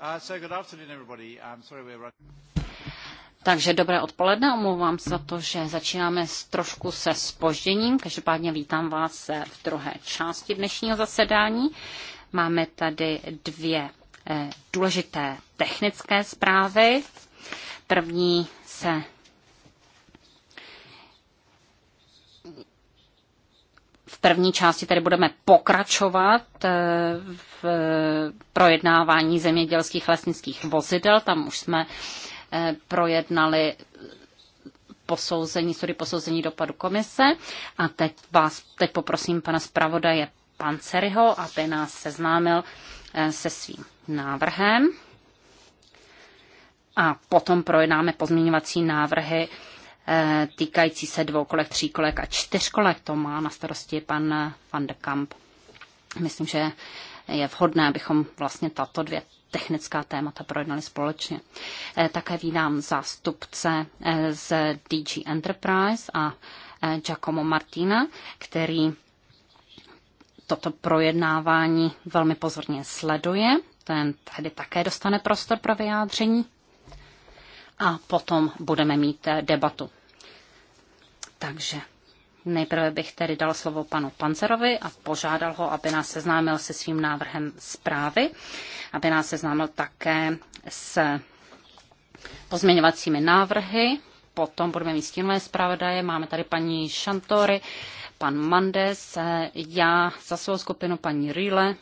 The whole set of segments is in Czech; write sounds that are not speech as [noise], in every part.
Uh, Takže dobré odpoledne, omlouvám se za to, že začínáme s trošku se spožděním. Každopádně vítám vás v druhé části dnešního zasedání. Máme tady dvě eh, důležité technické zprávy. První se první části tedy budeme pokračovat eh, v eh, projednávání zemědělských lesnických vozidel. Tam už jsme eh, projednali posouzení, studii posouzení dopadu komise. A teď vás, teď poprosím pana zpravodaje Panceryho, aby nás seznámil se svým návrhem. A potom projednáme pozměňovací návrhy Eh, týkající se dvou, kolek tří kolek a čtyř kolek To má na starosti pan Van de Kamp. Myslím, že je vhodné, abychom vlastně tato dvě technická témata projednali společně. Eh, také vídám zástupce eh, z DG Enterprise a Giacomo Martina, který toto projednávání velmi pozorně sleduje. Ten tedy také dostane prostor pro vyjádření. A potom budeme mít debatu. Takže nejprve bych tedy dal slovo panu Pancerovi a požádal ho, aby nás seznámil se svým návrhem zprávy, aby nás seznámil také s pozměňovacími návrhy. Potom budeme mít stínové zpravodaje. Máme tady paní Šantory, pan Mandes, já za svou skupinu paní Rýle,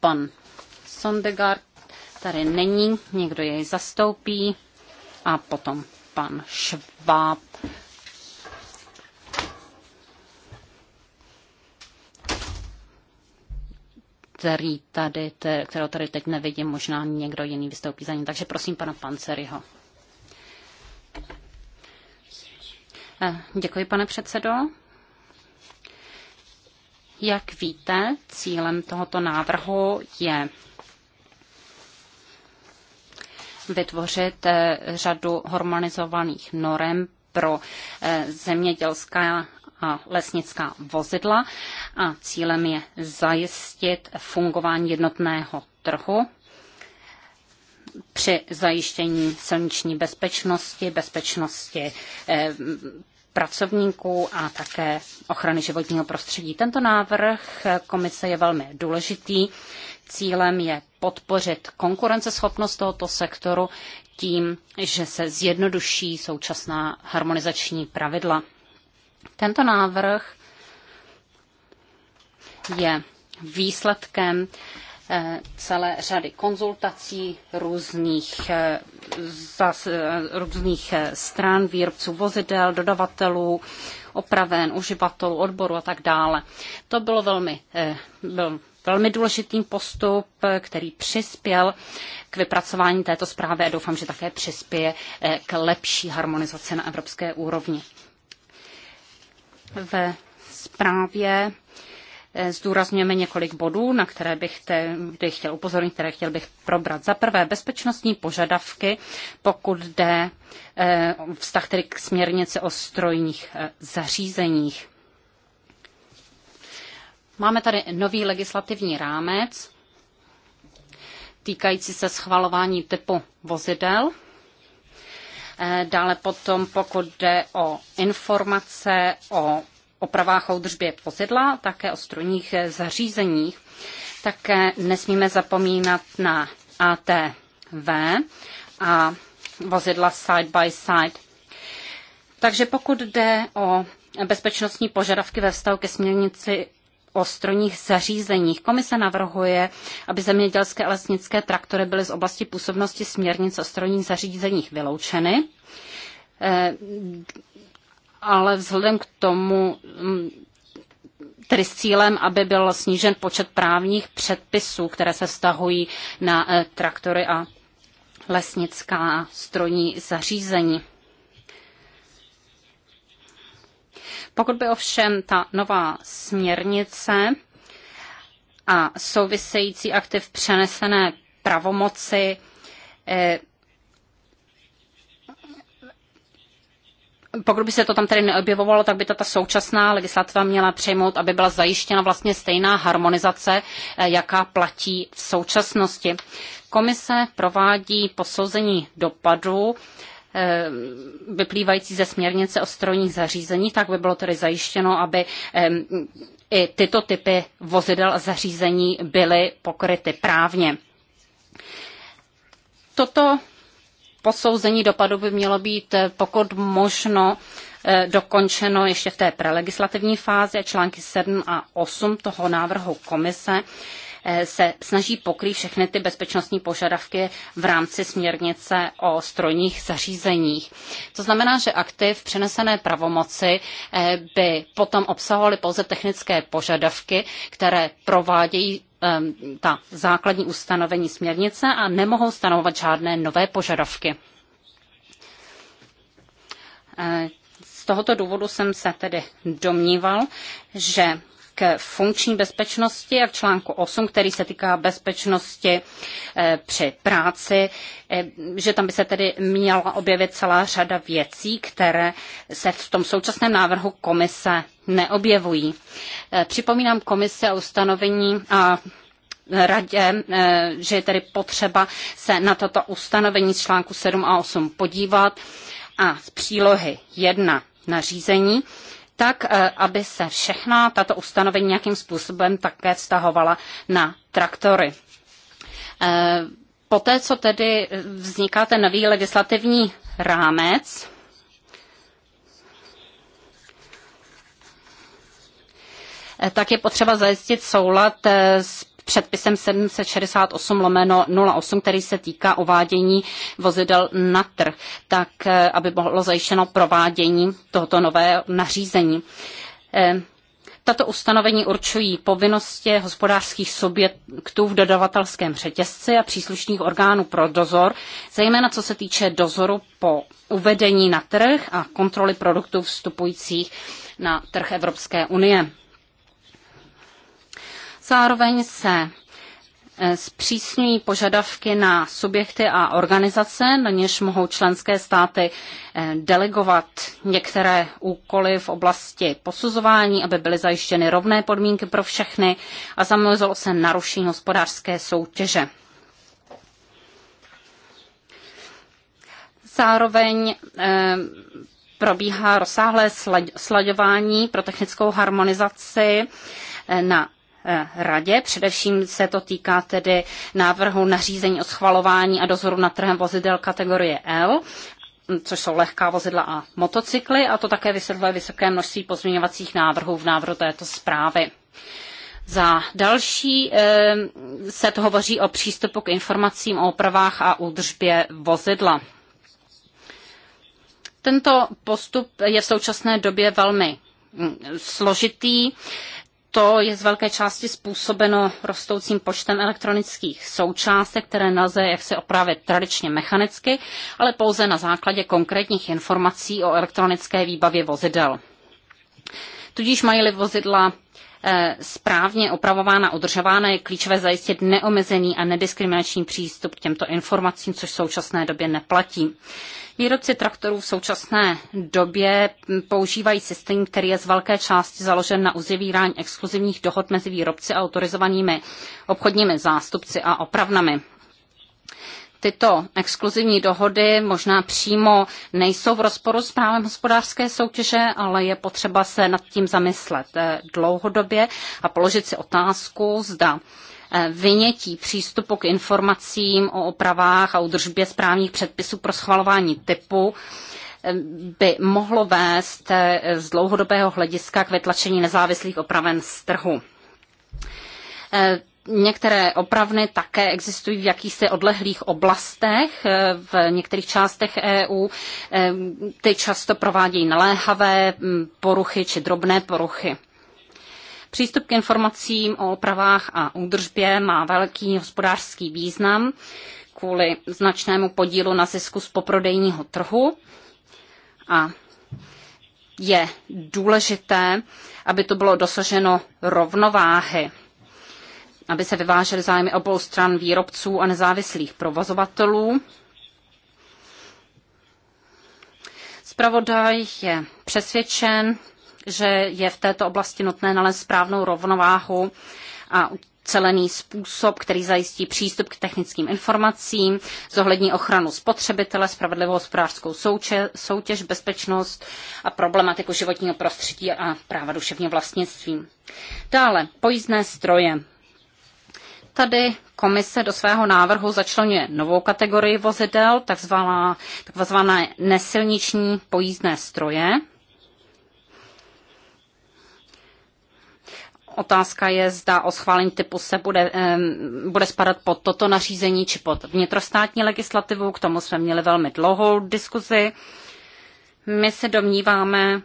pan Sondegard tady není, někdo jej zastoupí a potom pan Šváb který tady te, kterého tady teď nevidím, možná někdo jiný vystoupí za ním. Takže prosím pana Panceryho. Eh, děkuji, pane předsedo. Jak víte, cílem tohoto návrhu je vytvořit eh, řadu harmonizovaných norem pro eh, zemědělská a lesnická vozidla a cílem je zajistit fungování jednotného trhu při zajištění silniční bezpečnosti, bezpečnosti eh, pracovníků a také ochrany životního prostředí. Tento návrh komise je velmi důležitý. Cílem je podpořit konkurenceschopnost tohoto sektoru tím, že se zjednoduší současná harmonizační pravidla. Tento návrh je výsledkem eh, celé řady konzultací různých, eh, zas, eh, různých stran, výrobců vozidel, dodavatelů, opraven, uživatelů, odboru a tak dále. To bylo velmi, byl velmi důležitý postup, který přispěl k vypracování této zprávy a doufám, že také přispěje k lepší harmonizaci na evropské úrovni. Ve zprávě eh, zdůrazňujeme několik bodů, na které bych te, kde chtěl upozornit, které chtěl bych probrat. Za prvé bezpečnostní požadavky, pokud jde eh, vztah tedy k směrnici o strojních eh, zařízeních. Máme tady nový legislativní rámec týkající se schvalování typu vozidel Eh, dále potom, pokud jde o informace o opravách a údržbě vozidla, také o strojních eh, zařízeních, také eh, nesmíme zapomínat na ATV a vozidla side by side. Takže pokud jde o bezpečnostní požadavky ve vztahu ke směrnici o strojních zařízeních. Komise navrhuje, aby zemědělské a lesnické traktory byly z oblasti působnosti směrnic o strojních zařízeních vyloučeny. Eh, ale vzhledem k tomu, mm, tedy s cílem, aby byl snížen počet právních předpisů, které se vztahují na eh, traktory a lesnická strojní zařízení. Pokud by ovšem ta nová směrnice a související aktiv přenesené pravomoci eh, pokud by se to tam tedy neobjevovalo, tak by ta současná legislativa měla přejmout, aby byla zajištěna vlastně stejná harmonizace, eh, jaká platí v současnosti. Komise provádí posouzení dopadu Eh, vyplývající ze směrnice o strojních zařízení, tak by bylo tedy zajištěno, aby i tyto typy vozidel a zařízení byly pokryty právně. Toto posouzení dopadu by mělo být eh, pokud možno eh, dokončeno ještě v té prelegislativní fázi články 7 a 8 toho návrhu komise Eh, se snaží pokrýt všechny ty bezpečnostní požadavky v rámci směrnice o strojních zařízeních. To znamená, že akty v přenesené pravomoci eh, by potom obsahovaly pouze technické požadavky, které provádějí ta základní ustanovení směrnice a nemohou stanovovat žádné nové požadavky. Eh, z tohoto důvodu jsem se tedy domníval, že k funkční bezpečnosti a k článku 8, který se týká bezpečnosti eh, při práci, eh, že tam by se tedy měla objevit celá řada věcí, které se v tom současném návrhu komise neobjevují. Eh, připomínám komise o ustanovení a radě, že je tedy potřeba se na toto ustanovení z článku 7 a 8 podívat a z přílohy 1 nařízení, tak eh, aby se všechna tato ustanovení nějakým způsobem také vztahovala na traktory. Eh, poté, co tedy vzniká ten nový legislativní rámec, eh, tak je potřeba zajistit soulad s předpisem 768 lomeno 08, který se týká uvádění vozidel na trh, tak eh, aby bylo zajištěno provádění tohoto nového nařízení. Eh, tato ustanovení určují povinnosti hospodářských subjektů v dodavatelském řetězci a příslušných orgánů pro dozor, zejména co se týče dozoru po uvedení na trh a kontroly produktů vstupujících na trh Evropské unie. Zároveň se e, zpřísňují požadavky na subjekty a organizace, na něž mohou členské státy e, delegovat některé úkoly v oblasti posuzování, aby byly zajištěny rovné podmínky pro všechny a zamezilo se narušení hospodářské soutěže. Zároveň e, probíhá rozsáhlé slaďování pro technickou harmonizaci na Eh, radě. Především se to týká tedy návrhu nařízení o schvalování a dozoru nad trhem vozidel kategorie L což jsou lehká vozidla a motocykly, a to také vysvětluje vysoké množství pozměňovacích návrhů v návrhu této zprávy. Za další eh, se to hovoří o přístupu k informacím o opravách a údržbě vozidla. Tento postup je v současné době velmi mm, složitý to je z velké části způsobeno rostoucím počtem elektronických součástek, které nelze jaksi opravit tradičně mechanicky, ale pouze na základě konkrétních informací o elektronické výbavě vozidel. Tudíž mají-li vozidla Eh, správně opravována a udržována, je klíčové zajistit neomezený a nediskriminační přístup k těmto informacím, což v současné době neplatí. Výrobci traktorů v současné době používají systém, který je z velké části založen na uzavírání exkluzivních dohod mezi výrobci a autorizovanými obchodními zástupci a opravnami tyto exkluzivní dohody možná přímo nejsou v rozporu s právem hospodářské soutěže, ale je potřeba se nad tím zamyslet eh, dlouhodobě a položit si otázku, zda eh, vynětí přístupu k informacím o opravách a udržbě správních předpisů pro schvalování typu eh, by mohlo vést z dlouhodobého hlediska k vytlačení nezávislých opraven z trhu. Některé opravny také existují v jakýchsi odlehlých oblastech, eh, v některých částech EU. Eh, ty často provádějí naléhavé mm, poruchy či drobné poruchy. Přístup k informacím o opravách a údržbě má velký hospodářský význam kvůli značnému podílu na zisku z poprodejního trhu a je důležité, aby to bylo dosaženo rovnováhy aby se vyvážely zájmy obou stran výrobců a nezávislých provozovatelů. Spravodaj je přesvědčen, že je v této oblasti nutné nalézt správnou rovnováhu a celený způsob, který zajistí přístup k technickým informacím, zohlední ochranu spotřebitele, spravedlivou hospodářskou soutěž, bezpečnost a problematiku životního prostředí a práva duševního vlastnictví. Dále pojízdné stroje tady komise do svého návrhu začlenuje novou kategorii vozidel, takzvaná, takzvané nesilniční pojízdné stroje. Otázka je, zda o schválení typu se bude, bude spadat pod toto nařízení či pod vnitrostátní legislativu. K tomu jsme měli velmi dlouhou diskuzi. My se domníváme,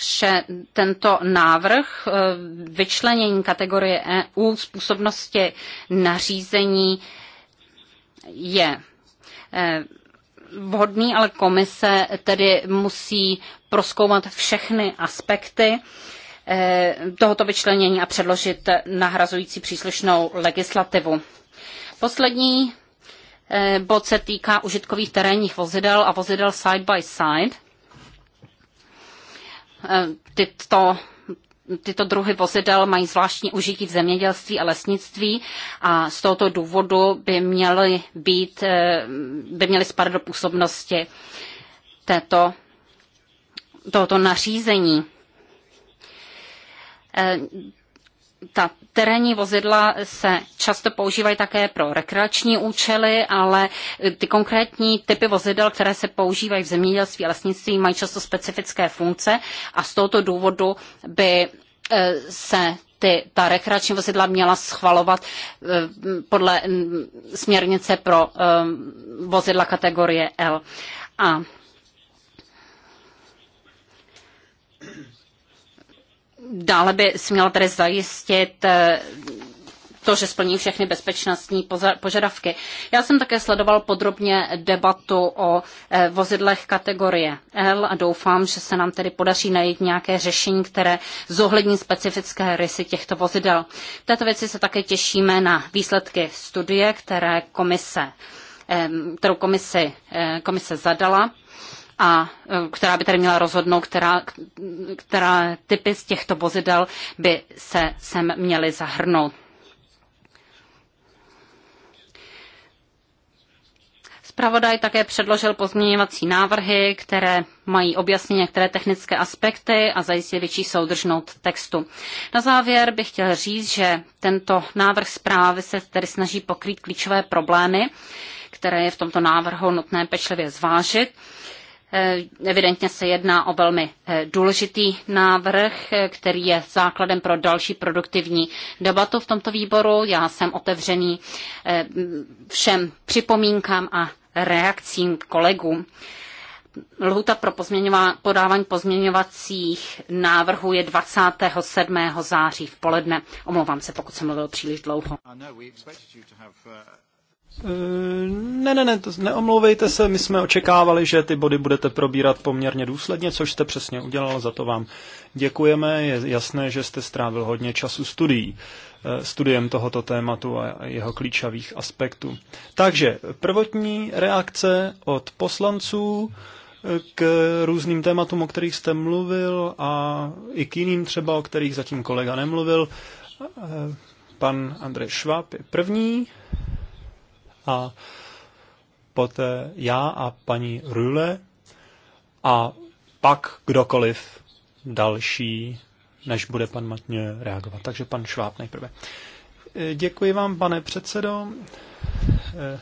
že tento návrh eh, vyčlenění kategorie EU působnosti nařízení je eh, vhodný, ale komise tedy musí proskoumat všechny aspekty eh, tohoto vyčlenění a předložit nahrazující příslušnou legislativu. Poslední bod se týká užitkových terénních vozidel a vozidel side by side. Eh, tyto tyto druhy vozidel mají zvláštní užití v zemědělství a lesnictví a z tohoto důvodu by měly, být, eh, by měly spadat do působnosti této, tohoto nařízení. Eh, ta terénní vozidla se často používají také pro rekreační účely, ale e, ty konkrétní typy vozidel, které se používají v zemědělství a lesnictví, mají často specifické funkce a z tohoto důvodu by e, se ty, ta rekreační vozidla měla schvalovat e, podle směrnice pro vozidla kategorie L. A dále by si měla tedy zajistit eh, to, že splní všechny bezpečnostní požadavky. Já jsem také sledoval podrobně debatu o eh, vozidlech kategorie L a doufám, že se nám tedy podaří najít nějaké řešení, které zohlední specifické rysy těchto vozidel. V této věci se také těšíme na výsledky studie, které komise eh, kterou komisi, komise zadala a e, která by tady měla rozhodnout, která, která typy z těchto vozidel by se sem měly zahrnout. Spravodaj také předložil pozměňovací návrhy, které mají objasnit některé technické aspekty a zajistit větší soudržnost textu. Na závěr bych chtěl říct, že tento návrh zprávy se tedy snaží pokrýt klíčové problémy, které je v tomto návrhu nutné pečlivě zvážit. Eh, evidentně se jedná o velmi eh, důležitý návrh, eh, který je základem pro další produktivní debatu v tomto výboru. Já jsem otevřený všem připomínkám a reakcím kolegů. Lhuta pro podávání pozměňovacích návrhů je 27. září v poledne. Omlouvám se, pokud jsem mluvil příliš dlouho. Eh, ne, ne, ne, to, neomlouvejte se, my jsme očekávali, že ty body budete probírat poměrně důsledně, což jste přesně udělal, za to vám děkujeme. Je jasné, že jste strávil hodně času studií, eh, studiem tohoto tématu a jeho klíčových aspektů. Takže prvotní reakce od poslanců eh, k různým tématům, o kterých jste mluvil a i k jiným třeba, o kterých zatím kolega nemluvil. Pan Andrej Šváb je první a poté já a paní Rule a pak kdokoliv další, než bude pan Matně reagovat. Takže pan Šváb nejprve. E, děkuji vám, pane předsedo. E,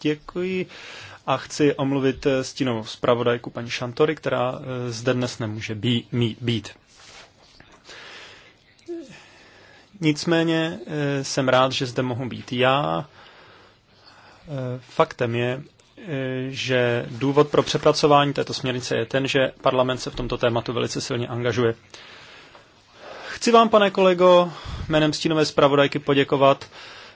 děkuji a chci omluvit stínovou zpravodajku paní Šantory, která e, zde dnes nemůže být. Nicméně jsem rád, že zde mohu být já Faktem je, že důvod pro přepracování této směrnice je ten, že parlament se v tomto tématu velice silně angažuje. Chci vám, pane kolego, jménem stínové zpravodajky poděkovat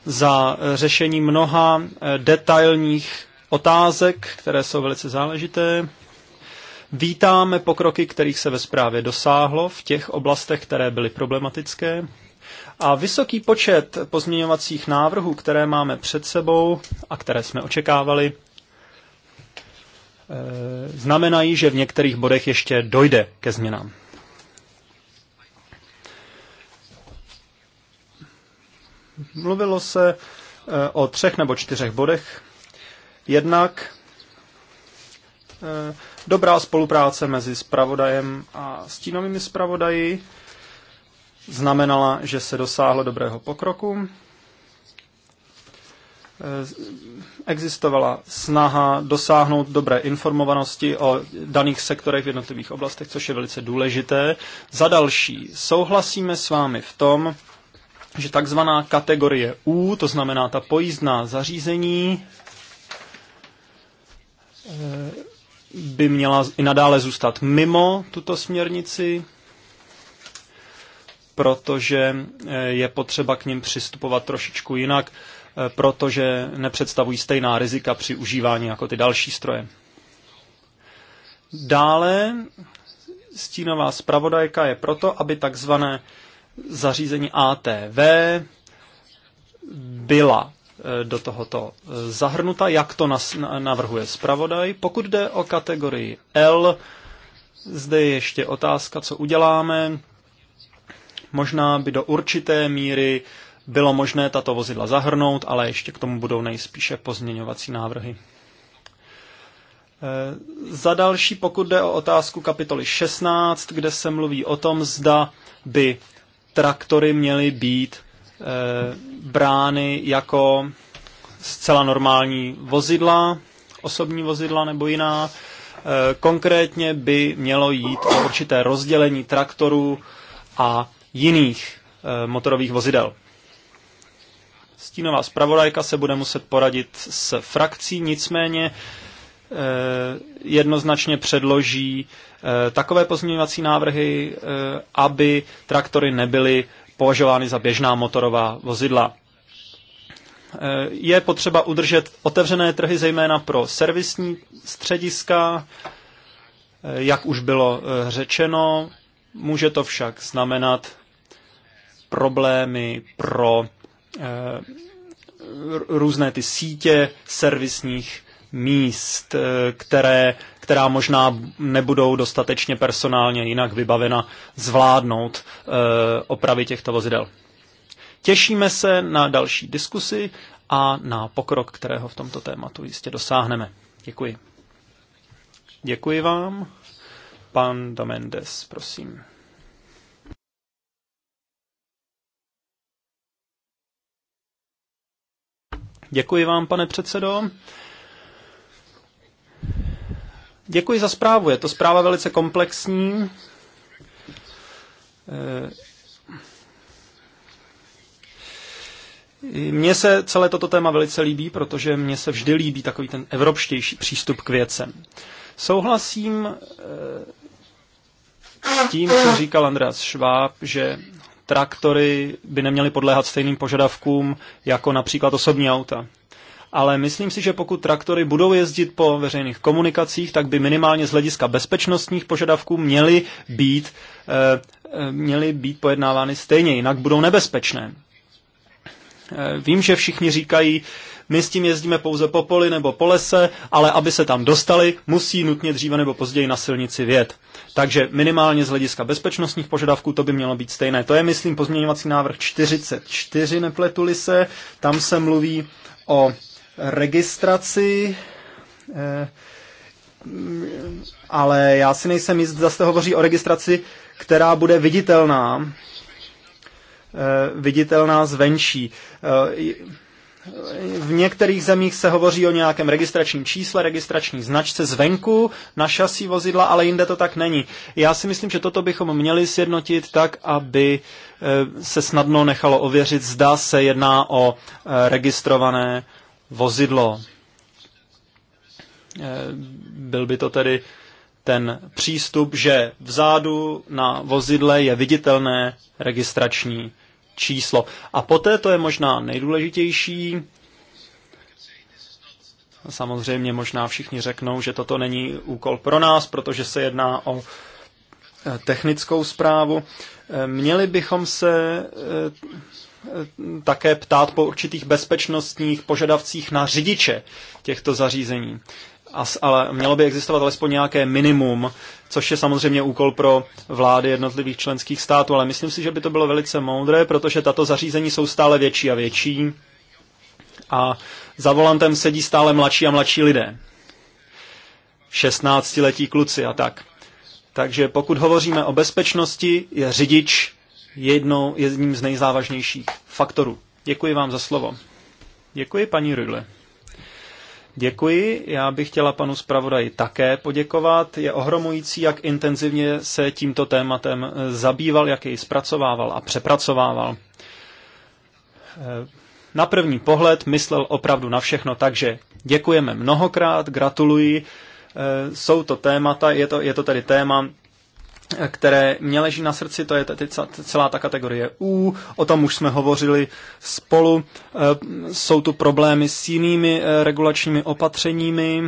za řešení mnoha eh, detailních otázek, které jsou velice záležité. Vítáme pokroky, kterých se ve zprávě dosáhlo v těch oblastech, které byly problematické. A vysoký počet pozměňovacích návrhů, které máme před sebou a které jsme očekávali, eh, znamenají, že v některých bodech ještě dojde ke změnám. Mluvilo se eh, o třech nebo čtyřech bodech. Jednak eh, dobrá spolupráce mezi spravodajem a stínovými spravodaji znamenala, že se dosáhlo dobrého pokroku. Eh, existovala snaha dosáhnout dobré informovanosti o daných sektorech v jednotlivých oblastech, což je velice důležité. Za další, souhlasíme s vámi v tom, že takzvaná kategorie U, to znamená ta pojízdná zařízení, eh, by měla i nadále zůstat mimo tuto směrnici protože eh, je potřeba k ním přistupovat trošičku jinak, eh, protože nepředstavují stejná rizika při užívání jako ty další stroje. Dále stínová zpravodajka je proto, aby takzvané zařízení ATV byla eh, do tohoto zahrnuta, jak to navrhuje zpravodaj. Pokud jde o kategorii L, zde je ještě otázka, co uděláme. Možná by do určité míry bylo možné tato vozidla zahrnout, ale ještě k tomu budou nejspíše pozměňovací návrhy. E, za další, pokud jde o otázku kapitoly 16, kde se mluví o tom, zda by traktory měly být e, brány jako zcela normální vozidla, osobní vozidla nebo jiná. E, konkrétně by mělo jít o určité rozdělení traktorů a jiných eh, motorových vozidel. Stínová zpravodajka se bude muset poradit s frakcí, nicméně eh, jednoznačně předloží eh, takové pozměňovací návrhy, aby traktory nebyly považovány za běžná motorová vozidla. Je potřeba udržet otevřené trhy zejména pro servisní střediska, jak už bylo řečeno, může to však znamenat problémy pro eh, různé ty sítě servisních míst, eh, které, která možná nebudou dostatečně personálně jinak vybavena zvládnout eh, opravy těchto vozidel. Těšíme se na další diskusy a na pokrok, kterého v tomto tématu jistě dosáhneme. Děkuji. Děkuji vám. Pan Domendes, prosím. Děkuji vám, pane předsedo. Děkuji za zprávu. Je to zpráva velice komplexní. Eh, mně se celé toto téma velice líbí, protože mně se vždy líbí takový ten evropštější přístup k věcem. Souhlasím eh, s tím, co říkal Andreas Schwab, že traktory by neměly podléhat stejným požadavkům jako například osobní auta. Ale myslím si, že pokud traktory budou jezdit po veřejných komunikacích, tak by minimálně z hlediska bezpečnostních požadavků měly být, eh, eh, měly být pojednávány stejně, jinak budou nebezpečné. Eh, vím, že všichni říkají, my s tím jezdíme pouze po poli nebo po lese, ale aby se tam dostali, musí nutně dříve nebo později na silnici věd. Takže minimálně z hlediska bezpečnostních požadavků to by mělo být stejné. To je, myslím, pozměňovací návrh 44, nepletuli se. Tam se mluví o registraci. Eh, ale já si nejsem jist, zase hovoří o registraci, která bude viditelná, eh, viditelná zvenčí. Eh, v některých zemích se hovoří o nějakém registračním čísle, registrační značce zvenku na šasí vozidla, ale jinde to tak není. Já si myslím, že toto bychom měli sjednotit tak, aby eh, se snadno nechalo ověřit, zda se jedná o eh, registrované vozidlo. Eh, byl by to tedy ten přístup, že vzadu na vozidle je viditelné registrační číslo. A poté, to je možná nejdůležitější, samozřejmě možná všichni řeknou, že toto není úkol pro nás, protože se jedná o eh, technickou zprávu. Eh, měli bychom se eh, také ptát po určitých bezpečnostních požadavcích na řidiče těchto zařízení. As, ale mělo by existovat alespoň nějaké minimum, což je samozřejmě úkol pro vlády jednotlivých členských států, ale myslím si, že by to bylo velice moudré, protože tato zařízení jsou stále větší a větší a za volantem sedí stále mladší a mladší lidé. 16-letí kluci a tak. Takže pokud hovoříme o bezpečnosti, je řidič jednou, jedním z nejzávažnějších faktorů. Děkuji vám za slovo. Děkuji, paní Rydle. Děkuji. Já bych chtěla panu zpravodaji také poděkovat. Je ohromující, jak intenzivně se tímto tématem eh, zabýval, jak jej zpracovával a přepracovával. Eh, na první pohled myslel opravdu na všechno, takže děkujeme mnohokrát, gratuluji. Eh, jsou to témata, je to, je to tedy téma, které mě leží na srdci, to je tady celá ta kategorie U, o tom už jsme hovořili spolu. E, jsou tu problémy s jinými e, regulačními opatřeními,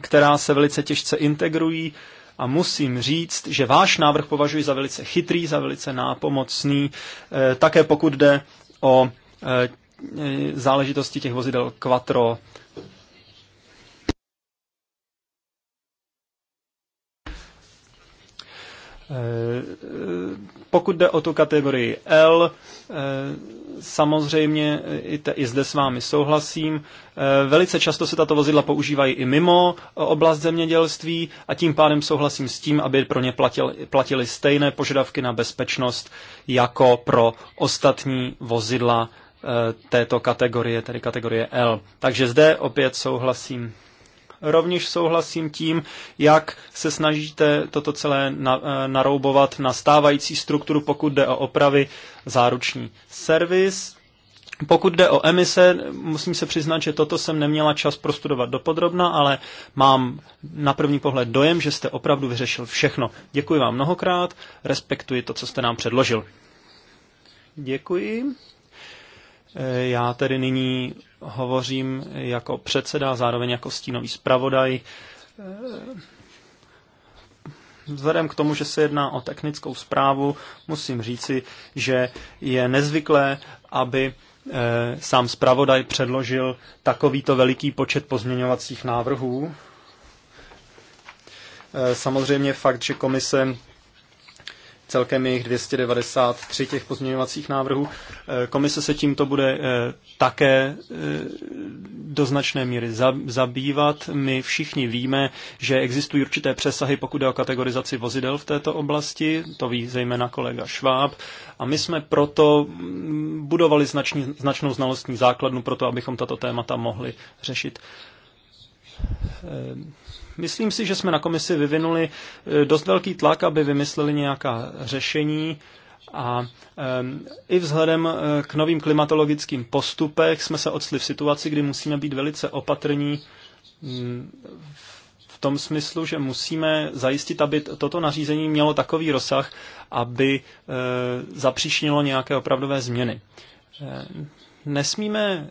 která se velice těžce integrují a musím říct, že váš návrh považuji za velice chytrý, za velice nápomocný, e, také pokud jde o záležitosti těch vozidel quattro Eh, pokud jde o tu kategorii L, eh, samozřejmě eh, i, te, i zde s vámi souhlasím. Velice často se tato vozidla používají i mimo oblast zemědělství a tím pádem souhlasím s tím, aby pro ně platil, platili stejné požadavky na bezpečnost jako pro ostatní vozidla této kategorie, tedy kategorie L. Takže zde opět souhlasím Rovněž souhlasím tím, jak se snažíte toto celé na, eh, naroubovat na stávající strukturu, pokud jde o opravy záruční servis. Pokud jde o emise, musím se přiznat, že toto jsem neměla čas prostudovat dopodrobna, ale mám na první pohled dojem, že jste opravdu vyřešil všechno. Děkuji vám mnohokrát, respektuji to, co jste nám předložil. Děkuji. Eh, já tedy nyní Hovořím jako předseda, zároveň jako stínový zpravodaj. Vzhledem k tomu, že se jedná o technickou zprávu, musím říci, že je nezvyklé, aby eh, sám zpravodaj předložil takovýto veliký počet pozměňovacích návrhů. Eh, samozřejmě fakt, že komise Celkem jejich jich 293 těch pozměňovacích návrhů. Eh, komise se tímto bude eh, také eh, do značné míry zabývat. My všichni víme, že existují určité přesahy, pokud je o kategorizaci vozidel v této oblasti. To ví zejména kolega Šváb. A my jsme proto mm, budovali značný, značnou znalostní základnu pro to, abychom tato témata mohli řešit Myslím si, že jsme na komisi vyvinuli eh, dost velký tlak, aby vymysleli nějaká řešení a ehm, i vzhledem eh, k novým klimatologickým postupech jsme se odstli v situaci, kdy musíme být velice opatrní mm, v tom smyslu, že musíme zajistit, aby toto nařízení mělo takový rozsah, aby eh, zapříšnilo nějaké opravdové změny. Nesmíme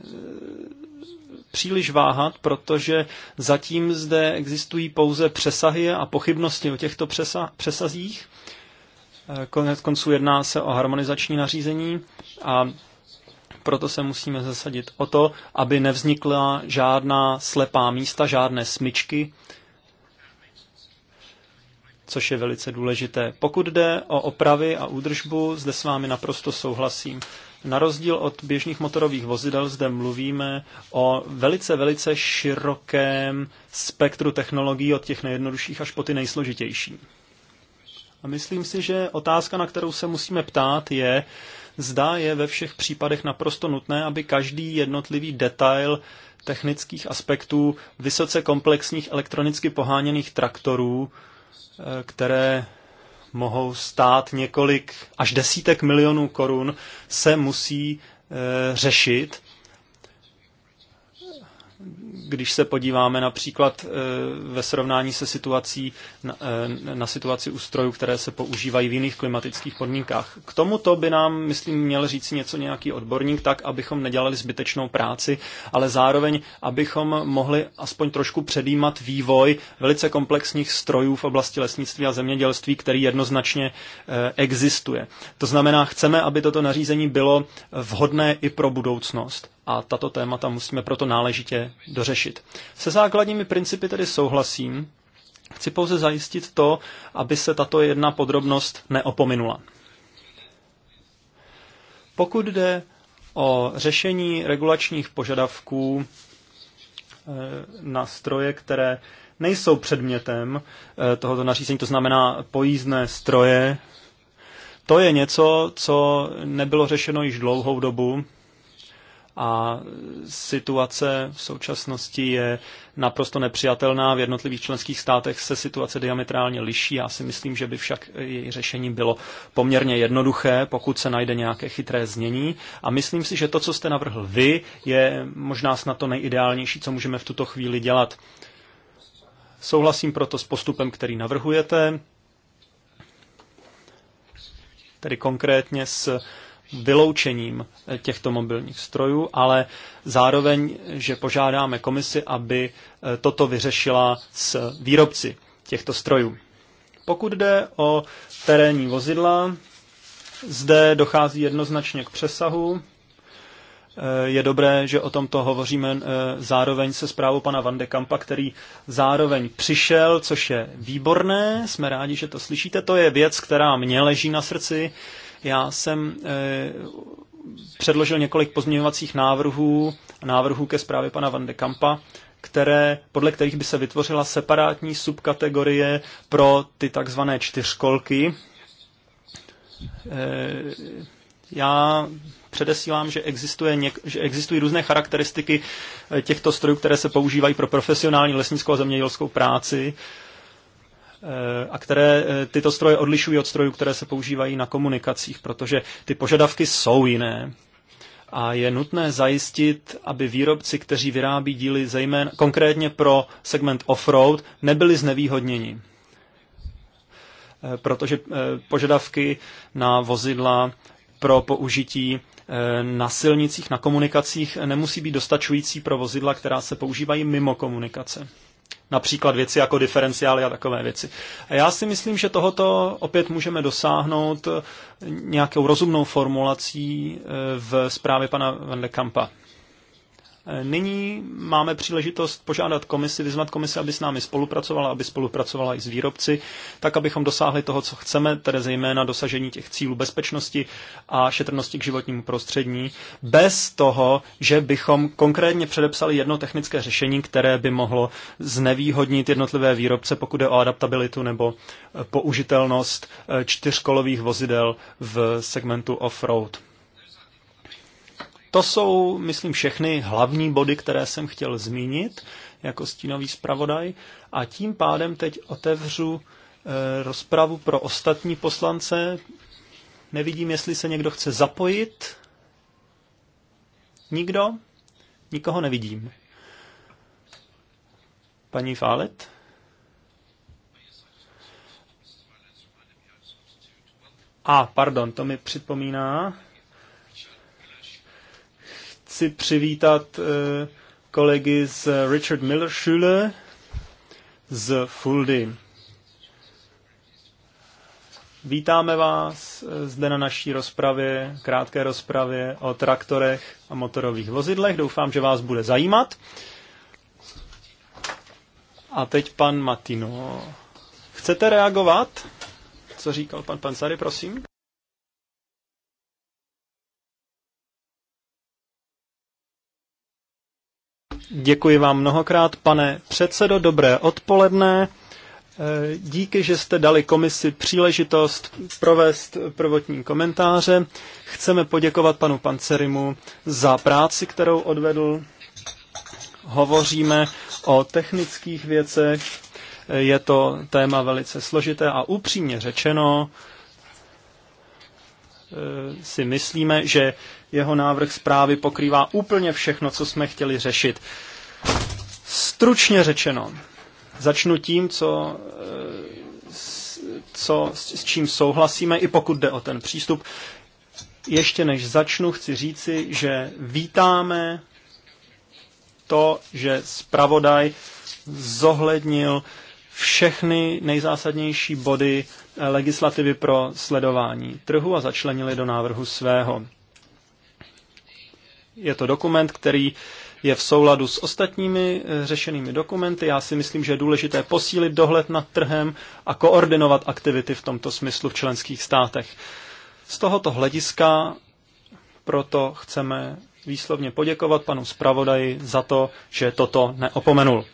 příliš váhat, protože zatím zde existují pouze přesahy a pochybnosti o těchto přesa- přesazích. Eh, konec konců jedná se o harmonizační nařízení a proto se musíme zasadit o to, aby nevznikla žádná slepá místa, žádné smyčky, což je velice důležité. Pokud jde o opravy a údržbu, zde s vámi naprosto souhlasím. Na rozdíl od běžných motorových vozidel zde mluvíme o velice, velice širokém spektru technologií od těch nejjednodušších až po ty nejsložitější. A myslím si, že otázka, na kterou se musíme ptát, je, zda je ve všech případech naprosto nutné, aby každý jednotlivý detail technických aspektů vysoce komplexních elektronicky poháněných traktorů, eh, které mohou stát několik až desítek milionů korun, se musí eh, řešit když se podíváme například eh, ve srovnání se situací na, eh, na situaci ústrojů, které se používají v jiných klimatických podmínkách. K tomuto by nám, myslím, měl říct něco nějaký odborník, tak abychom nedělali zbytečnou práci, ale zároveň, abychom mohli aspoň trošku předjímat vývoj velice komplexních strojů v oblasti lesnictví a zemědělství, který jednoznačně eh, existuje. To znamená, chceme, aby toto nařízení bylo vhodné i pro budoucnost a tato témata musíme proto náležitě dořešit. Se základními principy tedy souhlasím, chci pouze zajistit to, aby se tato jedna podrobnost neopominula. Pokud jde o řešení regulačních požadavků eh, na stroje, které nejsou předmětem eh, tohoto nařízení, to znamená pojízdné stroje, to je něco, co nebylo řešeno již dlouhou dobu a situace v současnosti je naprosto nepřijatelná. V jednotlivých členských státech se situace diametrálně liší. Já si myslím, že by však její řešení bylo poměrně jednoduché, pokud se najde nějaké chytré znění. A myslím si, že to, co jste navrhl vy, je možná snad to nejideálnější, co můžeme v tuto chvíli dělat. Souhlasím proto s postupem, který navrhujete, tedy konkrétně s vyloučením eh, těchto mobilních strojů, ale zároveň, že požádáme komisi, aby eh, toto vyřešila s výrobci těchto strojů. Pokud jde o terénní vozidla, zde dochází jednoznačně k přesahu. Eh, je dobré, že o tomto hovoříme zároveň se zprávou pana Van de Kampa, který zároveň přišel, což je výborné. Jsme rádi, že to slyšíte. To je věc, která mě leží na srdci. Já jsem eh, předložil několik pozměňovacích návrhů, návrhů ke zprávě pana Van de Kampa, které, podle kterých by se vytvořila separátní subkategorie pro ty takzvané čtyřkolky. Eh, já předesílám, že, existuje něk- že existují různé charakteristiky eh, těchto strojů, které se používají pro profesionální lesnickou a zemědělskou práci. Eh, a které eh, tyto stroje odlišují od strojů, které se používají na komunikacích, protože ty požadavky jsou jiné. A je nutné zajistit, aby výrobci, kteří vyrábí díly zejména konkrétně pro segment off-road, nebyli znevýhodněni. Eh, protože požadavky na vozidla pro použití na silnicích, na komunikacích nemusí být dostačující pro vozidla, která se používají mimo komunikace například věci jako diferenciály a takové věci. A já si myslím, že tohoto opět můžeme dosáhnout nějakou rozumnou formulací eh, v zprávě pana Van de Kampa. Nyní máme příležitost požádat komisi, vyzvat komisi, aby s námi spolupracovala, aby spolupracovala i s výrobci, tak abychom dosáhli toho, co chceme, tedy zejména dosažení těch cílů bezpečnosti a šetrnosti k životnímu prostředí, bez toho, že bychom konkrétně předepsali jedno technické řešení, které by mohlo znevýhodnit jednotlivé výrobce, pokud je o adaptabilitu nebo eh, použitelnost eh, čtyřkolových vozidel v segmentu off-road. To jsou, myslím, všechny hlavní body, které jsem chtěl zmínit jako stínový zpravodaj a tím pádem teď otevřu e, rozpravu pro ostatní poslance. Nevidím, jestli se někdo chce zapojit. Nikdo? Nikoho nevidím. Paní Fálet? A, pardon, to mi připomíná, chci přivítat eh, kolegy z Richard Miller Schule z Fuldy. Vítáme vás eh, zde na naší rozpravě, krátké rozpravě o traktorech a motorových vozidlech. Doufám, že vás bude zajímat. A teď pan Matino. Chcete reagovat? Co říkal pan Pansary, prosím? Děkuji vám mnohokrát, pane předsedo, dobré odpoledne. E, díky, že jste dali komisi příležitost provést prvotní komentáře. Chceme poděkovat panu Pancerimu za práci, kterou odvedl. Hovoříme o technických věcech. Je to téma velice složité a upřímně řečeno e, si myslíme, že jeho návrh zprávy pokrývá úplně všechno, co jsme chtěli řešit. Stručně řečeno, začnu tím, co, eh, co, s čím souhlasíme, i pokud jde o ten přístup. Ještě než začnu, chci říci, že vítáme to, že zpravodaj zohlednil všechny nejzásadnější body legislativy pro sledování trhu a začlenili do návrhu svého. Je to dokument, který je v souladu s ostatními eh, řešenými dokumenty. Já si myslím, že je důležité posílit dohled nad trhem a koordinovat aktivity v tomto smyslu v členských státech. Z tohoto hlediska proto chceme výslovně poděkovat panu zpravodaji za to, že toto neopomenul.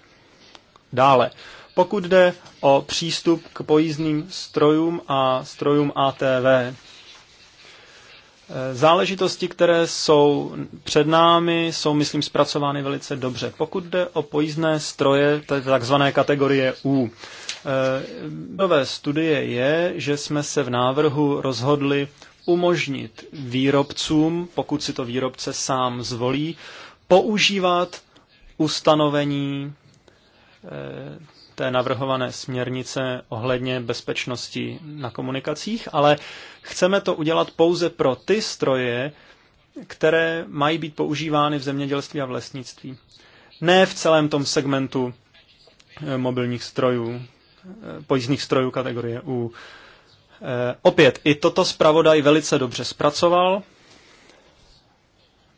Dále, pokud jde o přístup k pojízdným strojům a strojům ATV, Záležitosti, které jsou před námi, jsou, myslím, zpracovány velice dobře. Pokud jde o pojízdné stroje, takzvané kategorie U, eh, nové studie je, že jsme se v návrhu rozhodli umožnit výrobcům, pokud si to výrobce sám zvolí, používat ustanovení eh, té navrhované směrnice ohledně bezpečnosti na komunikacích, ale chceme to udělat pouze pro ty stroje, které mají být používány v zemědělství a v lesnictví. Ne v celém tom segmentu eh, mobilních strojů, eh, pojízdných strojů kategorie U. Eh, opět, i toto zpravodaj velice dobře zpracoval.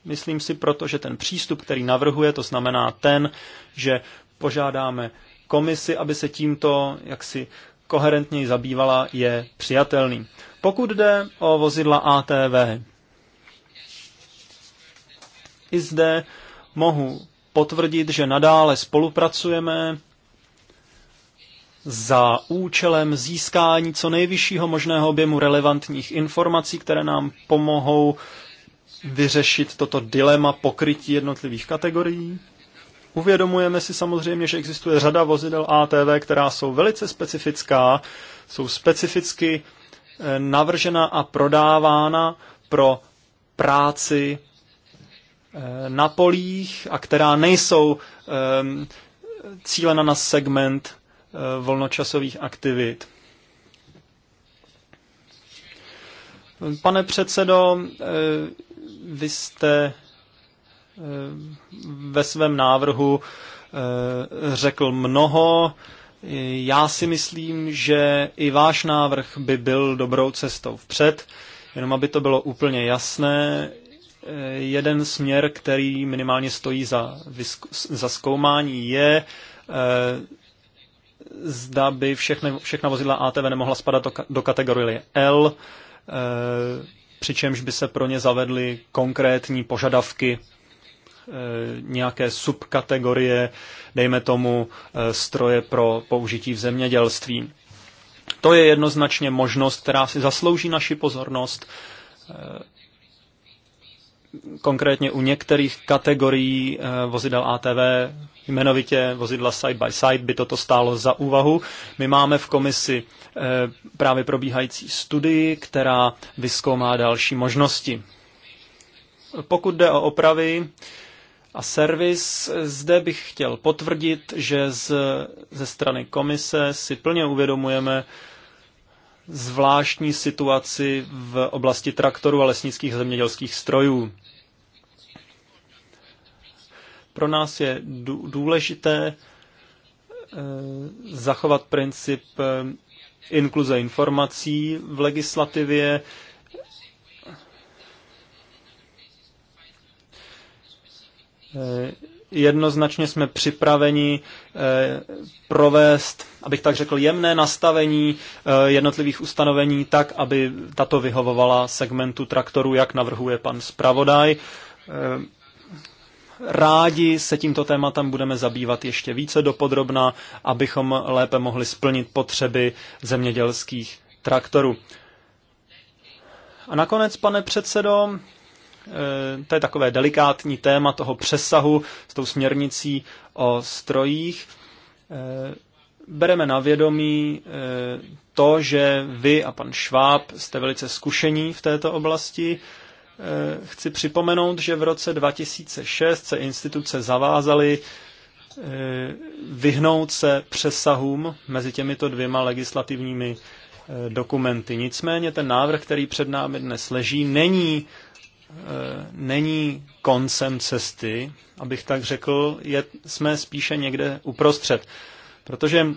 Myslím si proto, že ten přístup, který navrhuje, to znamená ten, že požádáme komisi, aby se tímto jaksi koherentněji zabývala, je přijatelný. Pokud jde o vozidla ATV, i zde mohu potvrdit, že nadále spolupracujeme za účelem získání co nejvyššího možného objemu relevantních informací, které nám pomohou vyřešit toto dilema pokrytí jednotlivých kategorií Uvědomujeme si samozřejmě, že existuje řada vozidel ATV, která jsou velice specifická, jsou specificky eh, navržena a prodávána pro práci eh, na polích a která nejsou ehm, cílena na segment eh, volnočasových aktivit. Pane předsedo, vy jste Eh, ve svém návrhu eh, řekl mnoho. Já si myslím, že i váš návrh by byl dobrou cestou vpřed, jenom aby to bylo úplně jasné. Eh, jeden směr, který minimálně stojí za, za zkoumání, je zda by všechny, všechna vozidla ATV nemohla spadat do, do kategorie L, přičemž by se pro ně zavedly konkrétní požadavky Eh, nějaké subkategorie, dejme tomu eh, stroje pro použití v zemědělství. To je jednoznačně možnost, která si zaslouží naši pozornost. Eh, konkrétně u některých kategorií vozidel ATV, jmenovitě vozidla side by side, by toto stálo za úvahu. My máme v komisi právě probíhající studii, která vyskoumá další možnosti. Pokud jde o opravy, a servis. Zde bych chtěl potvrdit, že z, ze strany komise si plně uvědomujeme zvláštní situaci v oblasti traktorů a lesnických zemědělských strojů. Pro nás je důležité eh, zachovat princip eh, inkluze informací v legislativě, Eh, jednoznačně jsme připraveni eh, provést, abych tak řekl, jemné nastavení eh, jednotlivých ustanovení tak, aby tato vyhovovala segmentu traktoru, jak navrhuje pan zpravodaj. Rádi se tímto tématem budeme zabývat ještě více dopodrobna, abychom lépe mohli splnit potřeby zemědělských traktorů. A nakonec, pane předsedo, Eh, to je takové delikátní téma toho přesahu s tou směrnicí o strojích. Eh, bereme na vědomí eh, to, že vy a pan Šváb jste velice zkušení v této oblasti. Chci připomenout, že v roce 2006 se instituce zavázaly vyhnout se přesahům mezi těmito dvěma legislativními dokumenty. Nicméně ten návrh, který před námi dnes leží, není Eh, není koncem cesty, abych tak řekl, je, jsme spíše někde uprostřed. Protože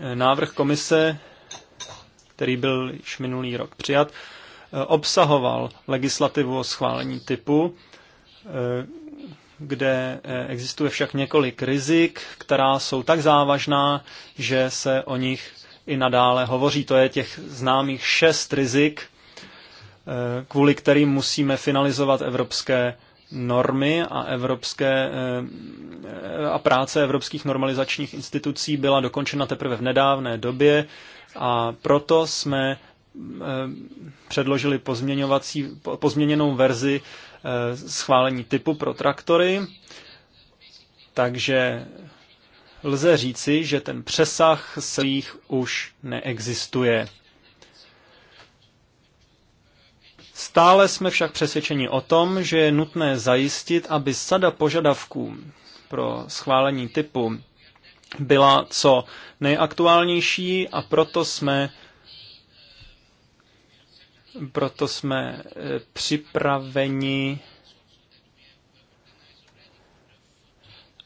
eh, návrh komise, který byl již minulý rok přijat, eh, obsahoval legislativu o schválení typu, kde existuje však několik rizik, která jsou tak závažná, že se o nich i nadále hovoří. To je těch známých šest rizik, Eh, kvůli kterým musíme finalizovat evropské normy a evropské eh, a práce evropských normalizačních institucí byla dokončena teprve v nedávné době a proto jsme eh, předložili pozměňovací, pozměněnou verzi schválení typu pro traktory. Takže lze říci, že ten přesah svých už neexistuje. Stále jsme však přesvědčeni o tom, že je nutné zajistit, aby sada požadavků pro schválení typu byla co nejaktuálnější a proto jsme proto jsme eh, připraveni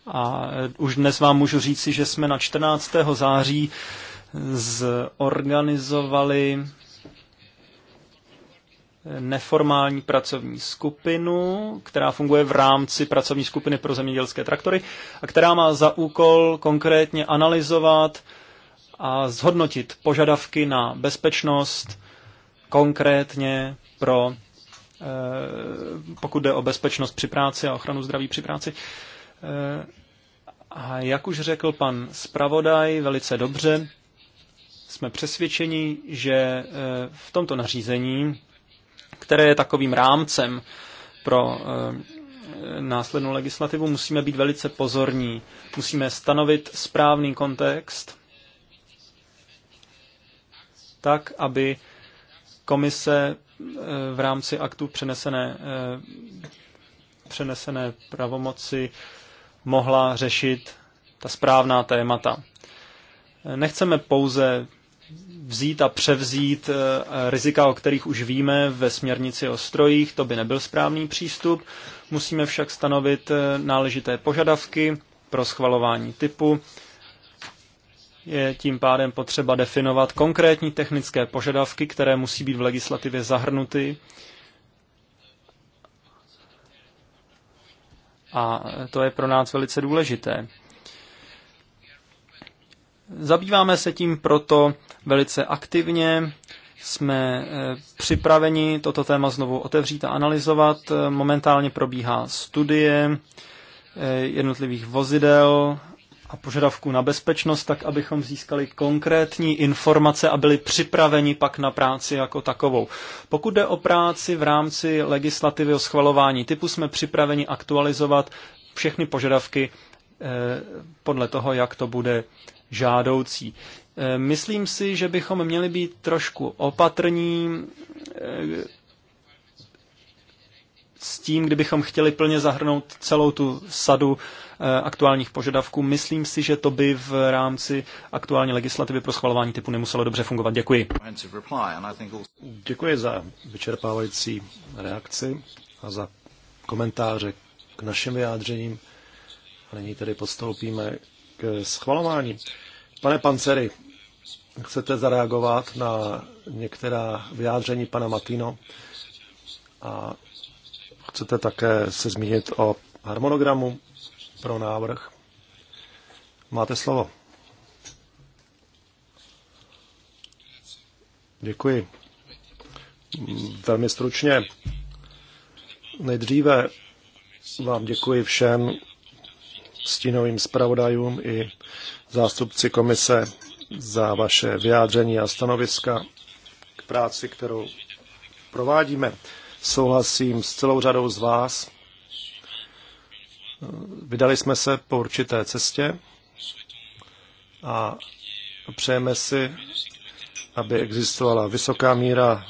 a eh, už dnes vám můžu říci, že jsme na 14. září zorganizovali neformální pracovní skupinu, která funguje v rámci pracovní skupiny pro zemědělské traktory a která má za úkol konkrétně analyzovat a zhodnotit požadavky na bezpečnost konkrétně pro, eh, pokud jde o bezpečnost při práci a ochranu zdraví při práci. Eh, a jak už řekl pan zpravodaj velice dobře, jsme přesvědčeni, že eh, v tomto nařízení které je takovým rámcem pro eh, následnou legislativu, musíme být velice pozorní. Musíme stanovit správný kontext tak, aby komise eh, v rámci aktu přenesené, eh, přenesené pravomoci mohla řešit ta správná témata. Nechceme pouze vzít a převzít eh, rizika, o kterých už víme ve směrnici o strojích, to by nebyl správný přístup. Musíme však stanovit eh, náležité požadavky pro schvalování typu. Je tím pádem potřeba definovat konkrétní technické požadavky, které musí být v legislativě zahrnuty. A to je pro nás velice důležité. Zabýváme se tím proto velice aktivně. Jsme eh, připraveni toto téma znovu otevřít a analyzovat. Eh, momentálně probíhá studie eh, jednotlivých vozidel a požadavků na bezpečnost, tak abychom získali konkrétní informace a byli připraveni pak na práci jako takovou. Pokud jde o práci v rámci legislativy o schvalování typu, jsme připraveni aktualizovat všechny požadavky podle toho, jak to bude žádoucí. Eh, myslím si, že bychom měli být trošku opatrní eh, s tím, kdybychom chtěli plně zahrnout celou tu sadu eh, aktuálních požadavků. Myslím si, že to by v rámci aktuální legislativy pro schvalování typu nemuselo dobře fungovat. Děkuji. Děkuji za vyčerpávající reakci a za komentáře k našim vyjádřením. A nyní tedy podstoupíme k schvalování. Pane Pancery, chcete zareagovat na některá vyjádření pana Matino a chcete také se zmínit o harmonogramu pro návrh. Máte slovo. Děkuji. Velmi stručně. Nejdříve vám děkuji všem stínovým zpravodajům i zástupci komise za vaše vyjádření a stanoviska k práci, kterou provádíme. Souhlasím s celou řadou z vás. Vydali jsme se po určité cestě a přejeme si, aby existovala vysoká míra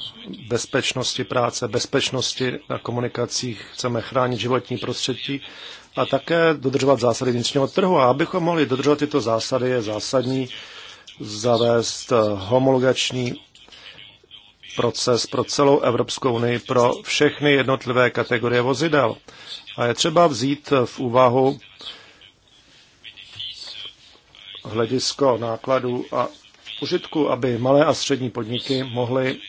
bezpečnosti práce, bezpečnosti na komunikacích, chceme chránit životní prostředí a také dodržovat zásady vnitřního trhu. A abychom mohli dodržovat tyto zásady, je zásadní, zavést eh, homologační proces pro celou Evropskou unii pro všechny jednotlivé kategorie vozidel. A je třeba vzít eh, v úvahu hledisko nákladů a užitku, aby malé a střední podniky mohly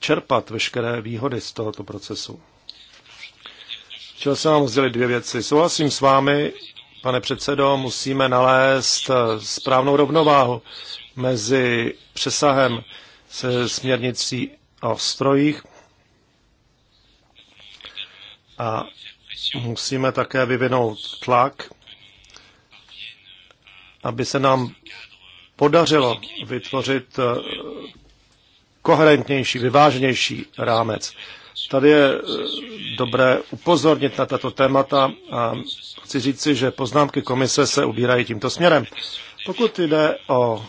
čerpat veškeré výhody z tohoto procesu. Chtěl jsem vám sdělit dvě věci. Souhlasím s vámi, pane předsedo, musíme nalézt eh, správnou rovnováhu mezi přesahem se směrnicí o strojích a musíme také vyvinout tlak, aby se nám podařilo vytvořit eh, koherentnější, vyváženější rámec. Tady je eh, dobré upozornit na tato témata a chci říci, že poznámky komise se ubírají tímto směrem. Pokud jde o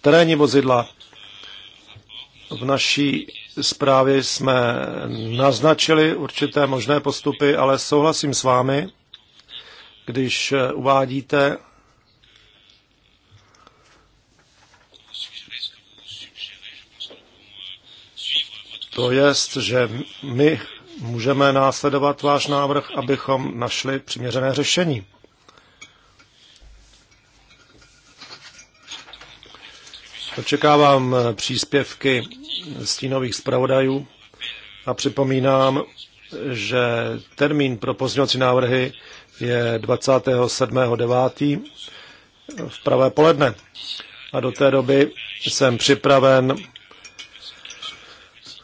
terénní vozidla, v naší zprávě jsme naznačili určité možné postupy, ale souhlasím s vámi, když eh, uvádíte, To je, že my můžeme následovat váš návrh, abychom našli přiměřené řešení. Očekávám příspěvky stínových zpravodajů a připomínám, že termín pro pozměňovací návrhy je 27.9. v pravé poledne. A do té doby jsem připraven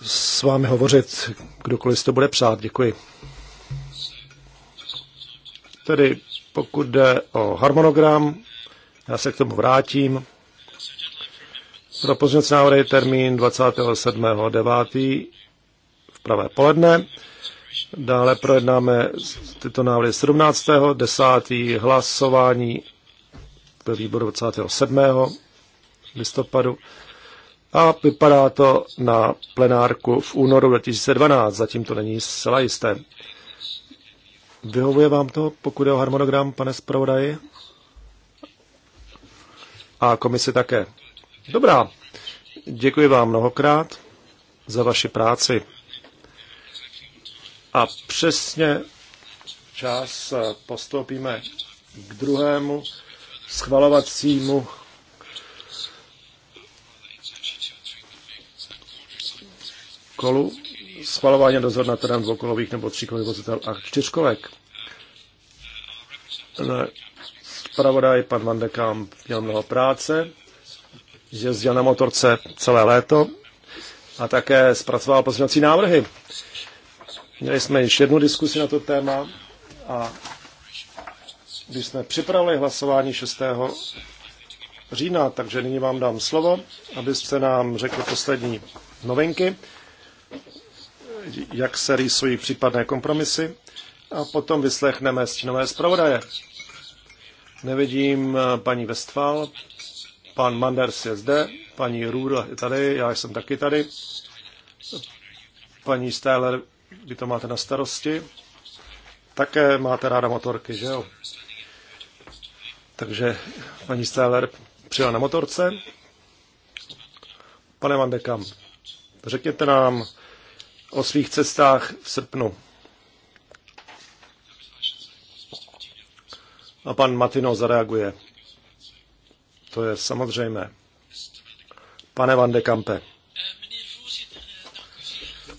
s vámi hovořit, kdokoliv to bude přát. Děkuji. Tedy pokud jde o harmonogram, já se k tomu vrátím. Pro pozměnce návrhy termín 27.9. v pravé poledne. Dále projednáme tyto návrhy 17. 10. hlasování ve výboru 27. listopadu a vypadá to na plenárku v únoru 2012. Zatím to není zcela jisté. Vyhovuje vám to, pokud je o harmonogram, pane zpravodaji? A komisi také. Dobrá. Děkuji vám mnohokrát za vaši práci. A přesně čas eh, postoupíme k druhému schvalovacímu kolu, schvalování a dozor nad trhem dvoukolových nebo tříkolových vozitel a čtyřkolek. Spravodaj pan Van de Kamp měl mnoho práce, jezdil na motorce celé léto a také zpracoval pozměňovací návrhy. Měli jsme již jednu diskusi na to téma a když jsme připravili hlasování 6. října, takže nyní vám dám slovo, abyste nám řekli poslední novinky jak se rýsují případné kompromisy a potom vyslechneme stínové zpravodaje. Nevidím eh, paní Westphal, pan Manders je zde, paní Růr je tady, já jsem taky tady. Paní Steller, vy to máte na starosti. Také máte ráda motorky, že jo? Takže paní Steller přijela na motorce. Pane Vandekam, řekněte nám, o svých cestách v srpnu. A pan Matino zareaguje. To je samozřejmé. Pane Van de Kampe.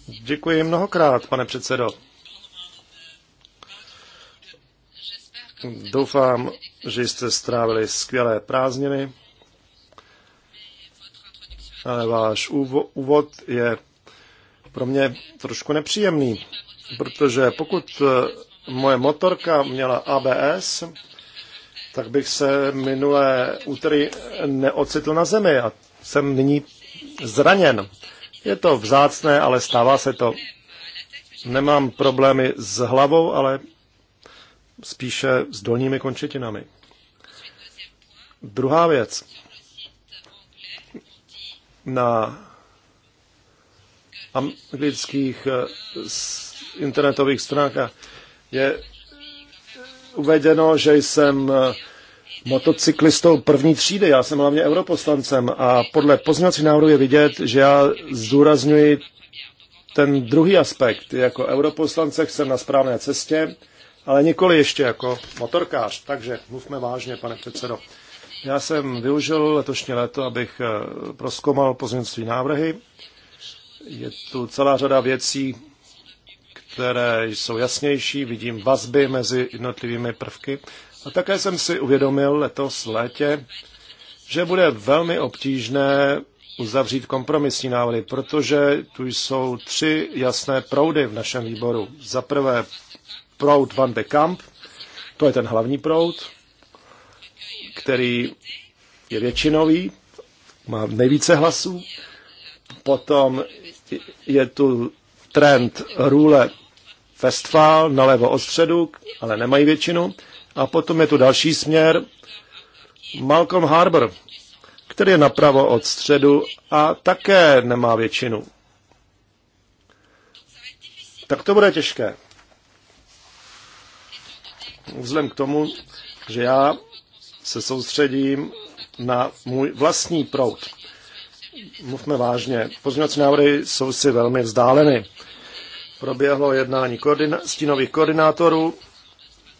Děkuji mnohokrát, pane předsedo. Doufám, že jste strávili skvělé prázdniny, ale váš úvod je pro mě trošku nepříjemný, protože pokud eh, moje motorka měla ABS, tak bych se minulé úterý neocitl na zemi a jsem nyní zraněn. Je to vzácné, ale stává se to. Nemám problémy s hlavou, ale spíše s dolními končetinami. Druhá věc. Na anglických eh, internetových stránkách je uvedeno, že jsem eh, motocyklistou první třídy. Já jsem hlavně europoslancem a podle pozměňovacích návrhu je vidět, že já zdůrazňuji ten druhý aspekt. Jako europoslance jsem na správné cestě, ale nikoli ještě jako motorkář. Takže mluvme vážně, pane předsedo. Já jsem využil letošní léto, abych eh, proskomal pozměňovací návrhy je tu celá řada věcí, které jsou jasnější, vidím vazby mezi jednotlivými prvky. A také jsem si uvědomil letos v létě, že bude velmi obtížné uzavřít kompromisní návrhy, protože tu jsou tři jasné proudy v našem výboru. Za prvé proud Van de Kamp, to je ten hlavní proud, který je většinový, má nejvíce hlasů. Potom je tu trend růle Westfál nalevo od středu, ale nemají většinu. A potom je tu další směr Malcolm Harbour, který je napravo od středu a také nemá většinu. Tak to bude těžké. Vzhledem k tomu, že já se soustředím na můj vlastní proud mluvme vážně. Pozměňovací návrhy jsou si velmi vzdáleny. Proběhlo jednání koordina- stínových koordinátorů,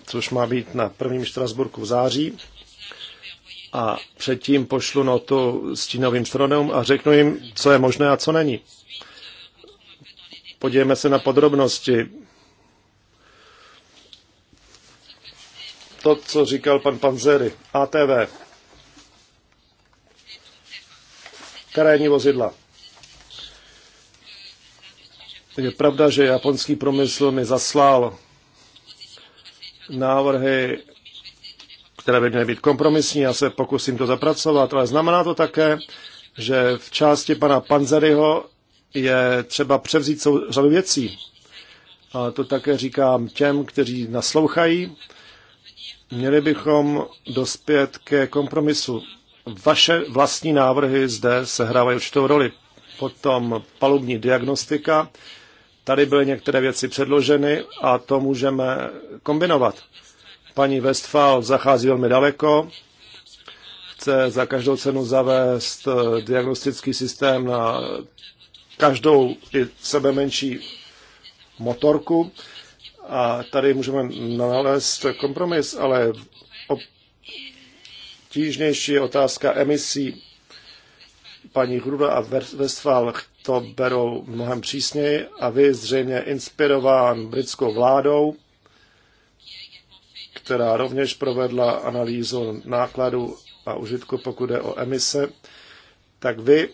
což má být na prvním Štrasburku v září. A předtím pošlu notu stínovým stranům a řeknu jim, co je možné a co není. Podívejme se na podrobnosti. To, co říkal pan Panzery, ATV. terénní vozidla. Je pravda, že japonský promysl mi zaslal návrhy, které by měly být kompromisní, já se pokusím to zapracovat, ale znamená to také, že v části pana Panzeryho je třeba převzít řadu věcí. A to také říkám těm, kteří naslouchají. Měli bychom dospět ke kompromisu vaše vlastní návrhy zde sehrávají určitou roli. Potom palubní diagnostika. Tady byly některé věci předloženy a to můžeme kombinovat. Paní Westphal zachází velmi daleko, chce za každou cenu zavést eh, diagnostický systém na každou i sebe menší motorku. A tady můžeme nalézt kompromis, ale obtížnější je otázka emisí. Paní Hruda a Westphal to berou mnohem přísněji a vy zřejmě inspirován britskou vládou, která rovněž provedla analýzu nákladu a užitku, pokud je o emise, tak vy,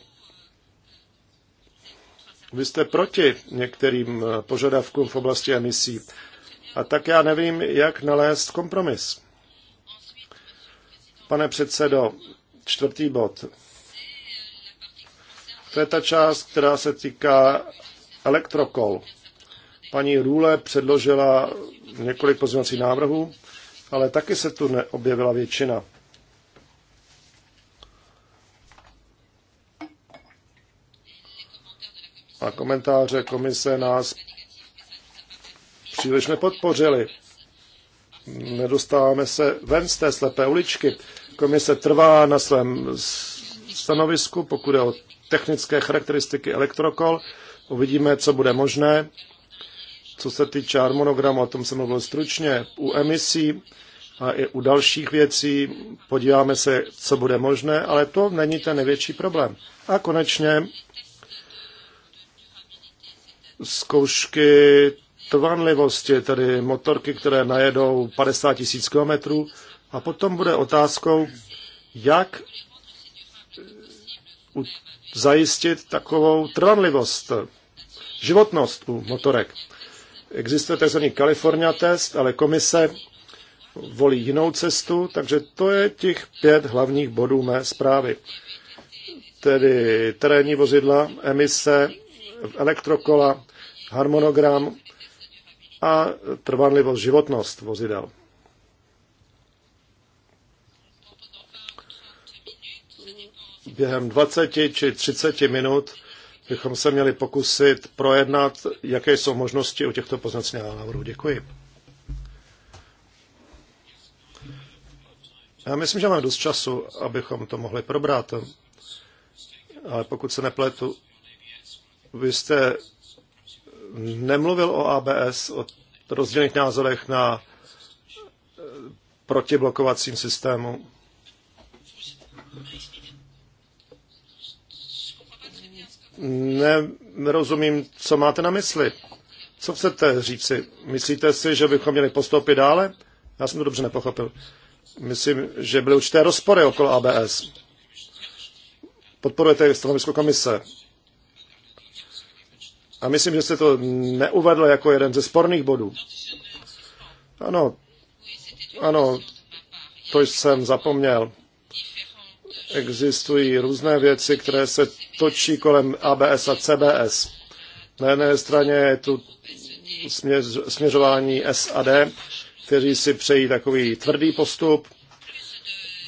vy jste proti některým požadavkům v oblasti emisí. A tak já nevím, jak nalézt kompromis. Pane předsedo, čtvrtý bod. To je ta část, která se týká elektrokol. Paní Růle předložila několik pozměňovacích návrhů, ale taky se tu neobjevila většina. A komentáře komise nás příliš nepodpořili nedostáváme se ven z té slepé uličky. Komise trvá na svém stanovisku, pokud je o technické charakteristiky elektrokol. Uvidíme, co bude možné. Co se týče harmonogramu, o tom jsem mluvil stručně, u emisí a i u dalších věcí podíváme se, co bude možné, ale to není ten největší problém. A konečně zkoušky trvanlivosti, tedy motorky, které najedou 50 tisíc kilometrů. A potom bude otázkou, jak zajistit takovou trvanlivost, životnost u motorek. Existuje tzv. California test, ale komise volí jinou cestu, takže to je těch pět hlavních bodů mé zprávy. Tedy terénní vozidla, emise, elektrokola, harmonogram, a trvanlivost, životnost vozidel. Během 20 či 30 minut bychom se měli pokusit projednat, jaké jsou možnosti u těchto poznacích návrhů. Děkuji. Já myslím, že máme dost času, abychom to mohli probrat. Ale pokud se nepletu, vy jste nemluvil o ABS, o rozdílných názorech na eh, protiblokovacím systému. Nerozumím, co máte na mysli. Co chcete říci? Myslíte si, že bychom měli postoupit dále? Já jsem to dobře nepochopil. Myslím, že byly určité rozpory okolo ABS. Podporujete stanovisko komise. A myslím, že se to neuvedl jako jeden ze sporných bodů. Ano, ano, to jsem zapomněl. Existují různé věci, které se točí kolem ABS a CBS. Na jedné straně je tu směř, směřování SAD, kteří si přejí takový tvrdý postup,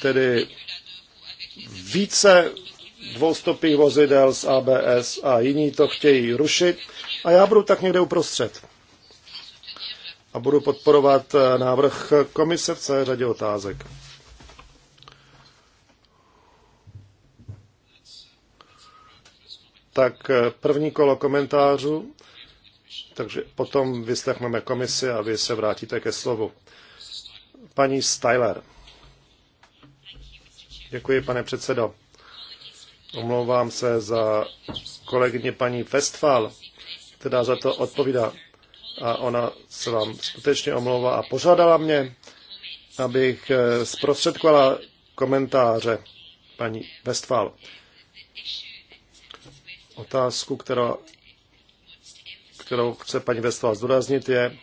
tedy více dvoustopých vozidel s ABS a jiní to chtějí rušit a já budu tak někde uprostřed. A budu podporovat eh, návrh komise v celé řadě otázek. Tak eh, první kolo komentářů, takže potom vyslechneme komisi a vy se vrátíte ke slovu. Paní Styler. Děkuji, pane předsedo omlouvám se za kolegyně paní Festfal, která za to odpovídá. A ona se vám skutečně omlouvá a požádala mě, abych eh, zprostředkovala komentáře paní Westfal. Otázku, kterou, kterou chce paní Westfal zdůraznit, je,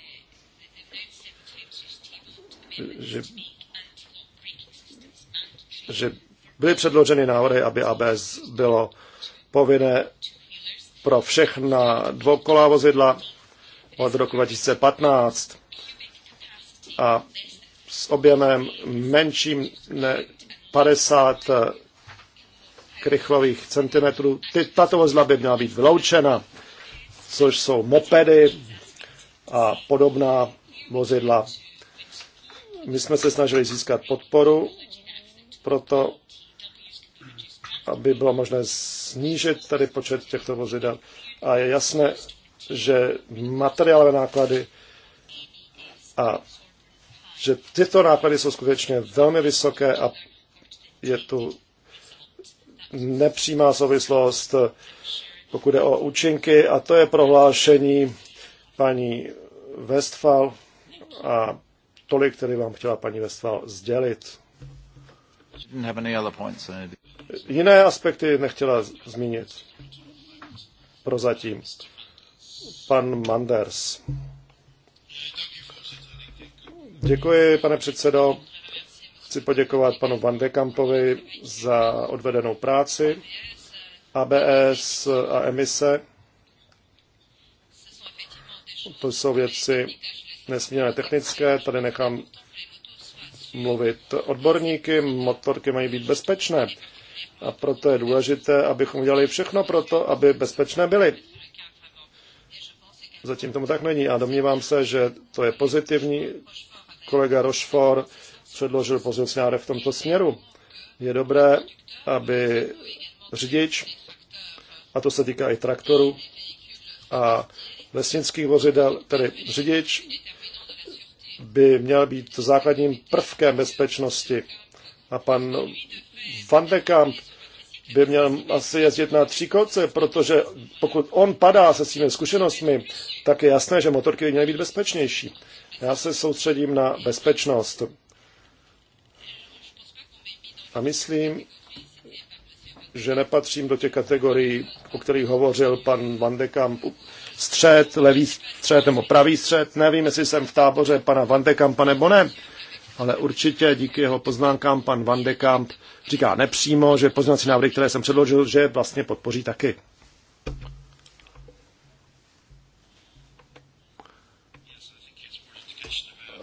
že, že byly předloženy návrhy, aby ABS bylo povinné pro všechna dvoukolá vozidla od roku 2015 a s objemem menším ne 50 eh, krychlových centimetrů. Ty, tato vozidla by měla být vyloučena, což jsou mopedy a podobná vozidla. My jsme se snažili získat podporu, proto aby bylo možné snížit tady počet těchto vozidel. A je jasné, že materiálové náklady a že tyto náklady jsou skutečně velmi vysoké a je tu nepřímá souvislost, pokud jde o účinky, a to je prohlášení paní Westfal a tolik, který vám chtěla paní Westfal sdělit. Jiné aspekty nechtěla zmínit. Prozatím. Pan Manders. Děkuji, pane předsedo. Chci poděkovat panu Van de Kampovi za odvedenou práci. ABS a emise. To jsou věci nesmírně technické. Tady nechám mluvit odborníky. Motorky mají být bezpečné. A proto je důležité, abychom udělali všechno pro to, aby bezpečné byly. Zatím tomu tak není a domnívám se, že to je pozitivní. Kolega Rochefort předložil pozitivní návrh v tomto směru. Je dobré, aby řidič, a to se týká i traktoru a lesnických vozidel, tedy řidič by měl být základním prvkem bezpečnosti. A pan Van de Kamp by měl asi jezdit na kolce, protože pokud on padá se svými zkušenostmi, tak je jasné, že motorky by měly být bezpečnější. Já se soustředím na bezpečnost. A myslím, že nepatřím do těch kategorií, o kterých hovořil pan Van de Kamp. Střed, levý střed nebo pravý střed, nevím, jestli jsem v táboře pana Van de Kampa nebo ne ale určitě díky jeho poznámkám pan Van de Kamp říká nepřímo, že poznávací návrhy, které jsem předložil, že vlastně podpoří taky.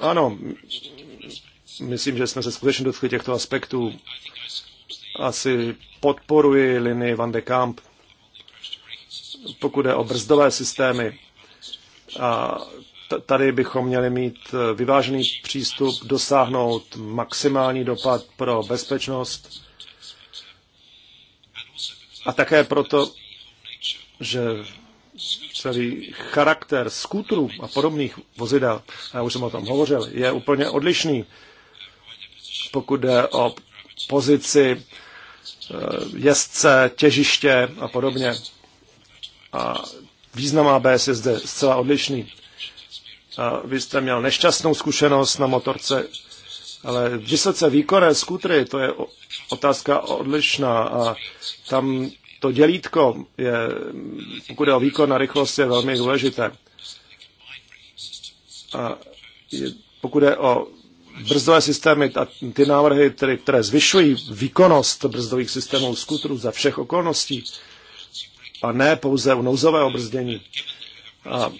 Ano, myslím, že jsme se skutečně dotkli těchto aspektů. Asi podporuji linii Van de Kamp, pokud je o brzdové systémy a tady bychom měli mít eh, vyvážený přístup, dosáhnout maximální dopad pro bezpečnost a také proto, že celý charakter skutrů a podobných vozidel, a já už jsem o tom hovořil, je úplně odlišný, pokud jde o pozici eh, jezdce, těžiště a podobně. A význam ABS je zde zcela odlišný a vy jste měl nešťastnou zkušenost na motorce, ale vysoce výkonné skutry, to je otázka odlišná a tam to dělítko, je, pokud je o výkon na rychlost, je velmi důležité. A je, pokud je o brzdové systémy a ty návrhy, které, které zvyšují výkonnost brzdových systémů skutrů za všech okolností a ne pouze u nouzového brzdění. A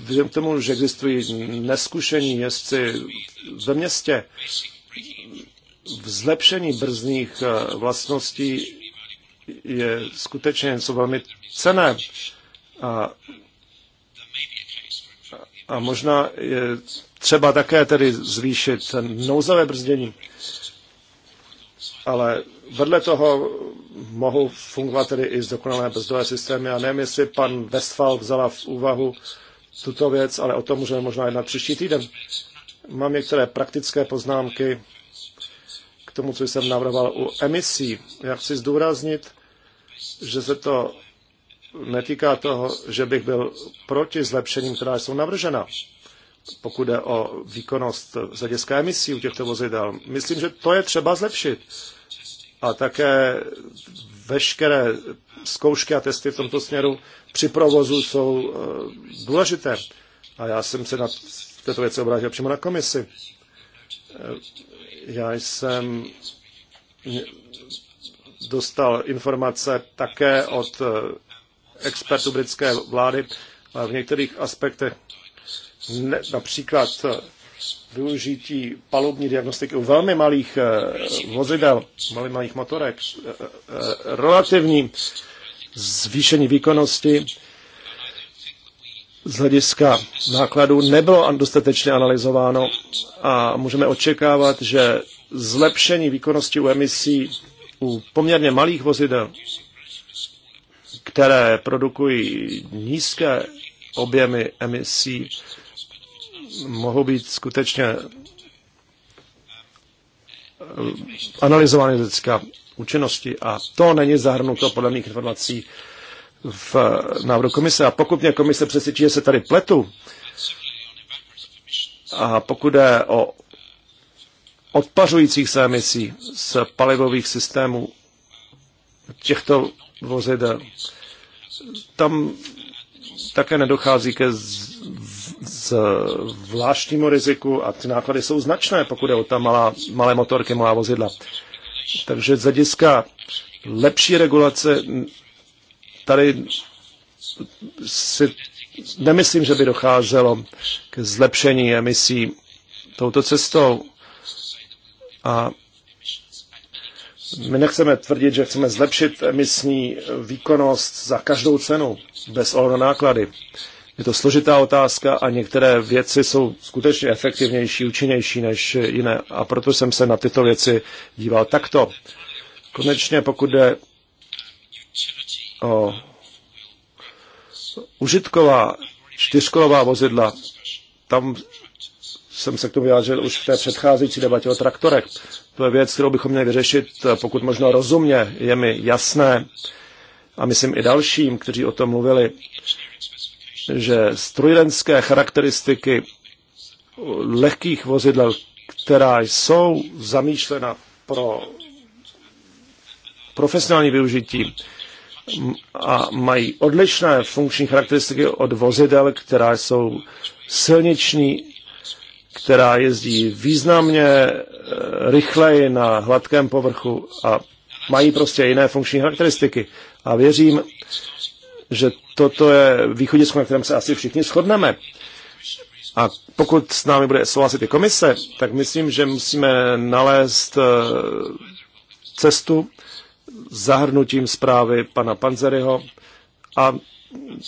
vzhledem k tomu, že existují neskušení jezdci ve městě, v zlepšení brzných eh, vlastností je skutečně něco velmi cené. A, a možná je třeba také tedy zvýšit nouzové brzdění. Ale vedle toho mohou fungovat tedy i zdokonalé brzdové systémy. A nevím, jestli pan Westphal vzala v úvahu uh, tuto věc, ale o tom můžeme možná jednat příští týden. Mám některé praktické poznámky k tomu, co jsem navrhoval u emisí. Já chci zdůraznit, že se to netýká toho, že bych byl proti zlepšením, která jsou navržena, pokud jde o výkonnost z hlediska emisí u těchto vozidel. Myslím, že to je třeba zlepšit. A také veškeré zkoušky a testy v tomto směru při provozu jsou eh, důležité. A já jsem se na této věci obrátil přímo na komisi. Eh, já jsem dostal informace také od eh, expertů britské vlády, ale v některých aspektech ne, například využití palubní diagnostiky u velmi malých eh, vozidel, velmi malých motorek, eh, eh, relativní zvýšení výkonnosti z hlediska nákladů nebylo dostatečně analyzováno a můžeme očekávat, že zlepšení výkonnosti u emisí u poměrně malých vozidel, které produkují nízké objemy emisí, mohou být skutečně eh, analyzovány lidská účinnosti a to není zahrnuto podle mých informací v eh, návrhu komise. A pokud mě komise přesvědčí, že se tady pletu, a pokud je o odpařujících se emisí z palivových systémů těchto vozidel, tam také nedochází ke zvláštnímu riziku a ty náklady jsou značné, pokud je o ta malá, malé motorky, malá vozidla. Takže z hlediska lepší regulace tady si nemyslím, že by docházelo k zlepšení emisí touto cestou. A my nechceme tvrdit, že chceme zlepšit emisní výkonnost za každou cenu, bez ohledu na náklady. Je to složitá otázka a některé věci jsou skutečně efektivnější, účinnější než jiné. A proto jsem se na tyto věci díval takto. Konečně pokud jde o užitková čtyřkolová vozidla, tam jsem se k tomu vyjádřil už v té předcházející debatě o traktorech. To je věc, kterou bychom měli vyřešit, pokud možno rozumně, je mi jasné, a myslím i dalším, kteří o tom mluvili, že strojírenské charakteristiky lehkých vozidel, která jsou zamýšlena pro profesionální využití a mají odlišné funkční charakteristiky od vozidel, která jsou silniční, která jezdí významně e, rychleji na hladkém povrchu a mají prostě jiné funkční charakteristiky. A věřím, že toto je východisko, na kterém se asi všichni shodneme. A pokud s námi bude souhlasit i komise, tak myslím, že musíme nalézt eh, cestu zahrnutím zprávy pana Panzeryho a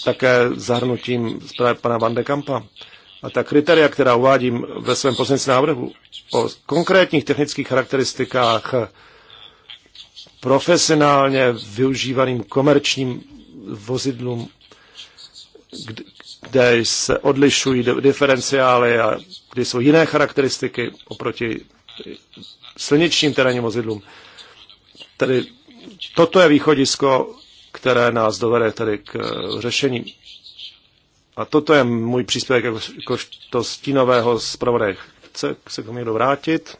také zahrnutím zprávy pana Van de Kampa. A ta kritéria, která uvádím ve svém posledním návrhu o konkrétních technických charakteristikách profesionálně využívaným komerčním vozidlům, kde se odlišují diferenciály a kde jsou jiné charakteristiky oproti silničním terénním vozidlům. Tedy toto je východisko, které nás dovede tedy k eh, řešení. A toto je můj příspěvek jako to stínového zpravodaje. Chce se k tomu někdo vrátit?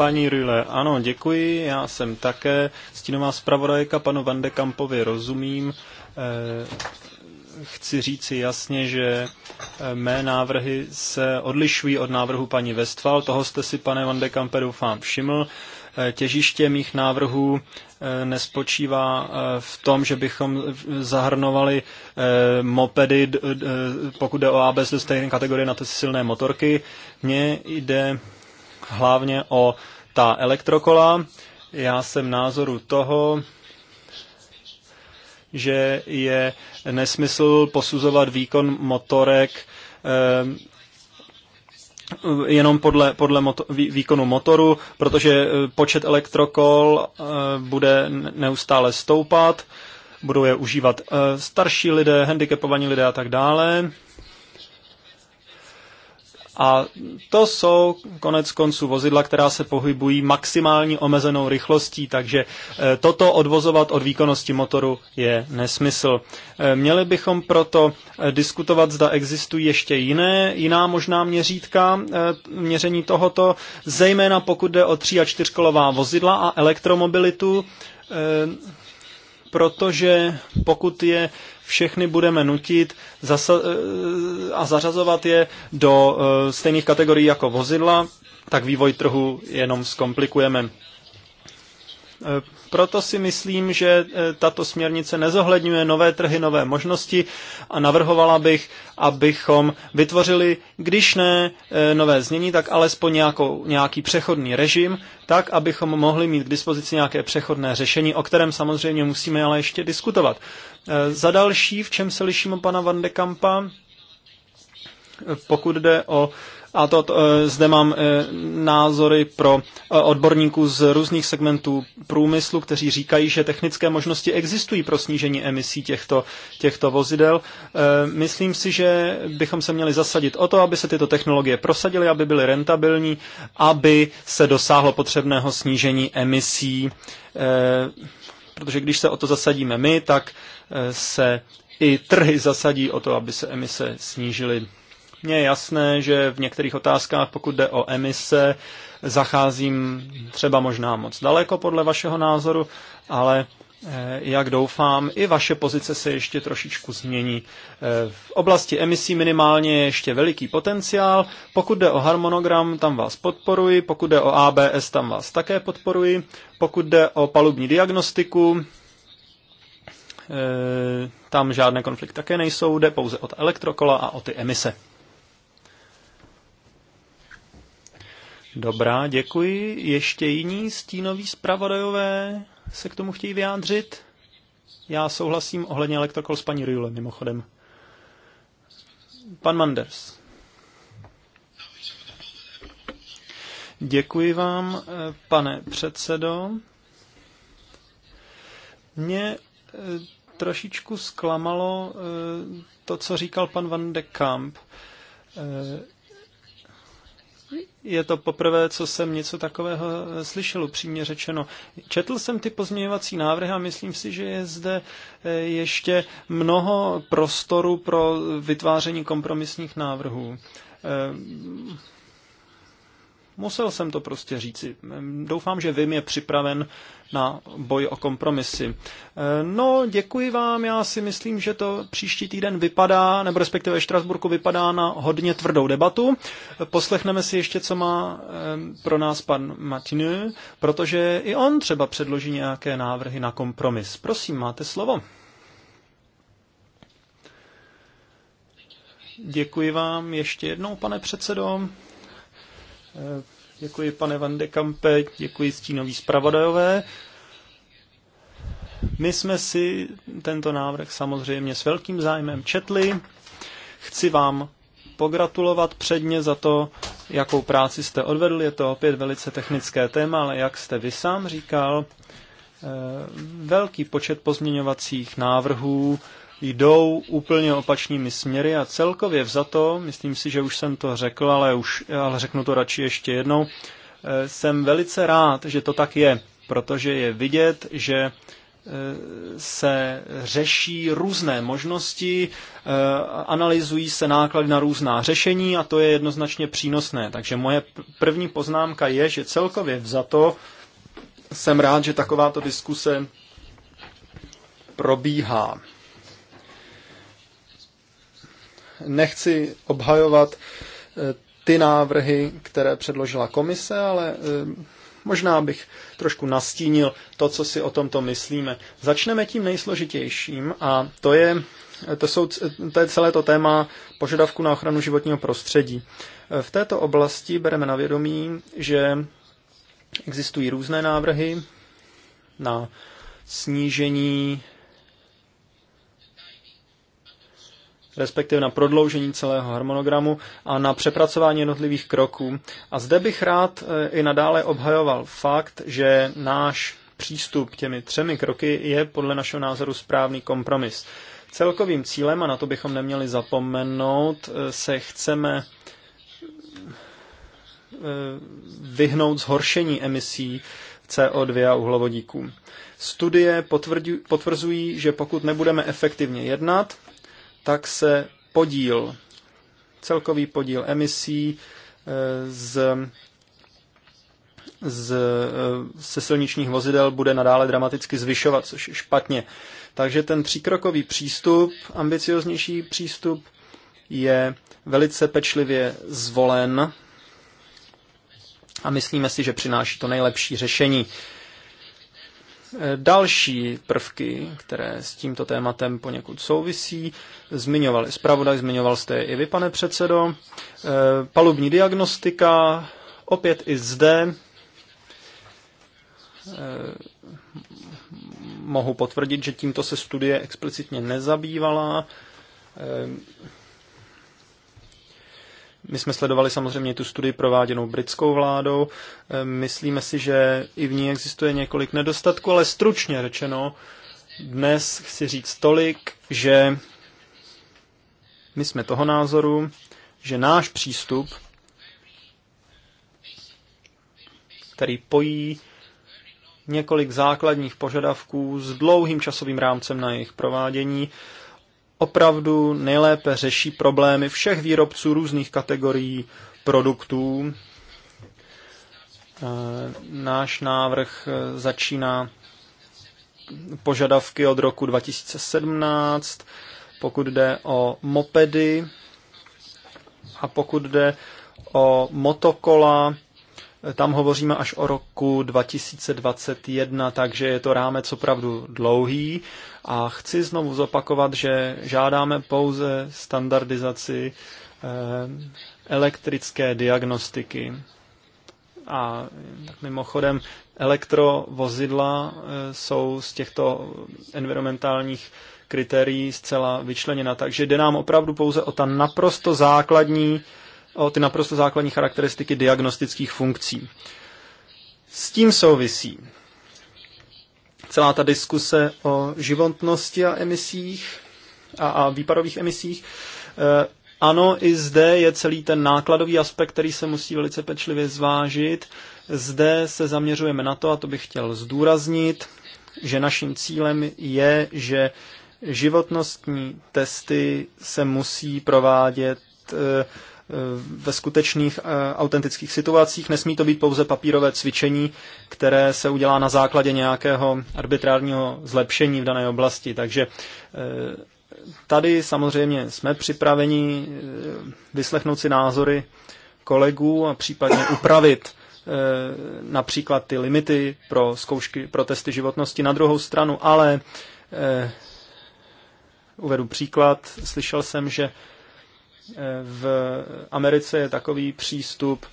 Paní Rüle, ano, děkuji. Já jsem také stínová zpravodajka, panu Vande Kampovi rozumím. Eh, chci říci jasně, že eh, mé návrhy se odlišují od návrhu paní Westphal, Toho jste si, pane Vande Kampe, doufám všiml. Eh, těžiště mých návrhů nespočívá v tom, že bychom zahrnovali mopedy, pokud jde o ABS, do stejné kategorie na ty silné motorky. Mně jde hlavně o ta elektrokola. Já jsem názoru toho, že je nesmysl posuzovat výkon motorek eh, jenom podle, podle moto, výkonu motoru, protože eh, počet elektrokol eh, bude neustále stoupat, budou je užívat starší lidé, handicapovaní lidé a tak dále. A to jsou konec konců vozidla, která se pohybují maximální omezenou rychlostí, takže e, toto odvozovat od výkonnosti motoru je nesmysl. E, měli bychom proto e, diskutovat, zda existují ještě jiné, jiná možná měřítka měření tohoto, zejména pokud jde o tři a čtyřkolová vozidla a elektromobilitu protože pokud je všechny budeme nutit eh, a zařazovat je do eh, stejných kategorií jako vozidla, tak vývoj trhu jenom zkomplikujeme. Eh, proto si myslím, že e, tato směrnice nezohledňuje nové trhy, nové možnosti a navrhovala bych, abychom vytvořili, když ne e, nové znění, tak alespoň nějakou, nějaký přechodný režim, tak, abychom mohli mít k dispozici nějaké přechodné řešení, o kterém samozřejmě musíme ale ještě diskutovat. E, za další, v čem se liším od pana Van de Kampa, pokud jde o a to, to eh, zde mám eh, názory pro eh, odborníků z různých segmentů průmyslu, kteří říkají, že technické možnosti existují pro snížení emisí těchto, těchto vozidel. Myslím si, že bychom se měli zasadit o to, aby se tyto technologie prosadily, aby byly rentabilní, aby se dosáhlo potřebného snížení emisí, protože když se o to zasadíme my, tak se i trhy zasadí o to, aby se emise snížily. Je jasné, že v některých otázkách, pokud jde o emise, zacházím třeba možná moc daleko podle vašeho názoru, ale eh, jak doufám, i vaše pozice se ještě trošičku změní. Eh, v oblasti emisí minimálně je ještě veliký potenciál. Pokud jde o harmonogram, tam vás podporuji. Pokud jde o ABS, tam vás také podporuji. Pokud jde o palubní diagnostiku, eh, tam žádné konflikty také nejsou. Jde pouze o ta elektrokola a o ty emise. Dobrá, děkuji. Ještě jiní stínoví zpravodajové se k tomu chtějí vyjádřit? Já souhlasím ohledně elektrokol s paní Rujule, mimochodem. Pan Manders. Děkuji vám, pane předsedo. Mě eh, trošičku zklamalo eh, to, co říkal pan Van de Kamp. Eh, je to poprvé, co jsem něco takového eh, slyšel, upřímně řečeno. Četl jsem ty pozměňovací návrhy a myslím si, že je zde eh, ještě mnoho prostoru pro vytváření kompromisních návrhů. Eh, Musel jsem to prostě říci. Doufám, že Vim je připraven na boj o kompromisy. Eh, no, děkuji vám. Já si myslím, že to příští týden vypadá, nebo respektive Štrasburku vypadá na hodně tvrdou debatu. Poslechneme si ještě, co má eh, pro nás pan Matinu, protože i on třeba předloží nějaké návrhy na kompromis. Prosím, máte slovo. Děkuji vám ještě jednou, pane předsedo. Eh, děkuji pane Van de Kampe, děkuji stínový zpravodajové. My jsme si tento návrh samozřejmě s velkým zájmem četli. Chci vám pogratulovat předně za to, jakou práci jste odvedli. Je to opět velice technické téma, ale jak jste vy sám říkal, eh, velký počet pozměňovacích návrhů jdou úplně opačnými směry a celkově vzato, myslím si, že už jsem to řekl, ale, už, ale řeknu to radši ještě jednou, eh, jsem velice rád, že to tak je, protože je vidět, že eh, se řeší různé možnosti, eh, analyzují se náklady na různá řešení a to je jednoznačně přínosné. Takže moje první poznámka je, že celkově vzato jsem rád, že takováto diskuse probíhá nechci obhajovat eh, ty návrhy, které předložila komise, ale eh, možná bych trošku nastínil to, co si o tomto myslíme. Začneme tím nejsložitějším a to je, eh, to, jsou, to je celé to téma požadavku na ochranu životního prostředí. V této oblasti bereme na vědomí, že existují různé návrhy na snížení respektive na prodloužení celého harmonogramu a na přepracování jednotlivých kroků. A zde bych rád e, i nadále obhajoval fakt, že náš přístup těmi třemi kroky je podle našeho názoru správný kompromis. Celkovým cílem, a na to bychom neměli zapomenout, e, se chceme e, vyhnout zhoršení emisí CO2 a uhlovodíků. Studie potvrzují, že pokud nebudeme efektivně jednat, tak se podíl, celkový podíl emisí eh, z, z, eh, se silničních vozidel bude nadále dramaticky zvyšovat, což je špatně. Takže ten tříkrokový přístup, ambicioznější přístup, je velice pečlivě zvolen a myslíme si, že přináší to nejlepší řešení. Eh, další prvky, které s tímto tématem poněkud souvisí, zmiňoval i zpravodaj, zmiňoval jste i vy, pane předsedo. Eh, palubní diagnostika, opět i zde eh, mohu potvrdit, že tímto se studie explicitně nezabývala. My jsme sledovali samozřejmě tu studii prováděnou britskou vládou. Eh, myslíme si, že i v ní existuje několik nedostatků, ale stručně řečeno, dnes chci říct tolik, že my jsme toho názoru, že náš přístup, který pojí několik základních požadavků s dlouhým časovým rámcem na jejich provádění, opravdu nejlépe řeší problémy všech výrobců různých kategorií produktů. E, náš návrh e, začíná požadavky od roku 2017, pokud jde o mopedy a pokud jde o motokola, tam hovoříme až o roku 2021, takže je to rámec opravdu dlouhý a chci znovu zopakovat, že žádáme pouze standardizaci eh, elektrické diagnostiky. A tak mimochodem, elektrovozidla eh, jsou z těchto environmentálních kritérií zcela vyčleněna. Takže jde nám opravdu pouze o ta naprosto základní o ty naprosto základní charakteristiky diagnostických funkcí. S tím souvisí celá ta diskuse o životnosti a emisích a, a výparových emisích. E, ano, i zde je celý ten nákladový aspekt, který se musí velice pečlivě zvážit. Zde se zaměřujeme na to, a to bych chtěl zdůraznit, že naším cílem je, že životnostní testy se musí provádět e, Eh, ve skutečných eh, autentických situacích. Nesmí to být pouze papírové cvičení, které se udělá na základě nějakého arbitrárního zlepšení v dané oblasti. Takže eh, tady samozřejmě jsme připraveni vyslechnout si názory kolegů a případně upravit například ty limity pro zkoušky, pro testy životnosti na druhou stranu, ale uvedu příklad. Slyšel jsem, že v Americe je takový přístup,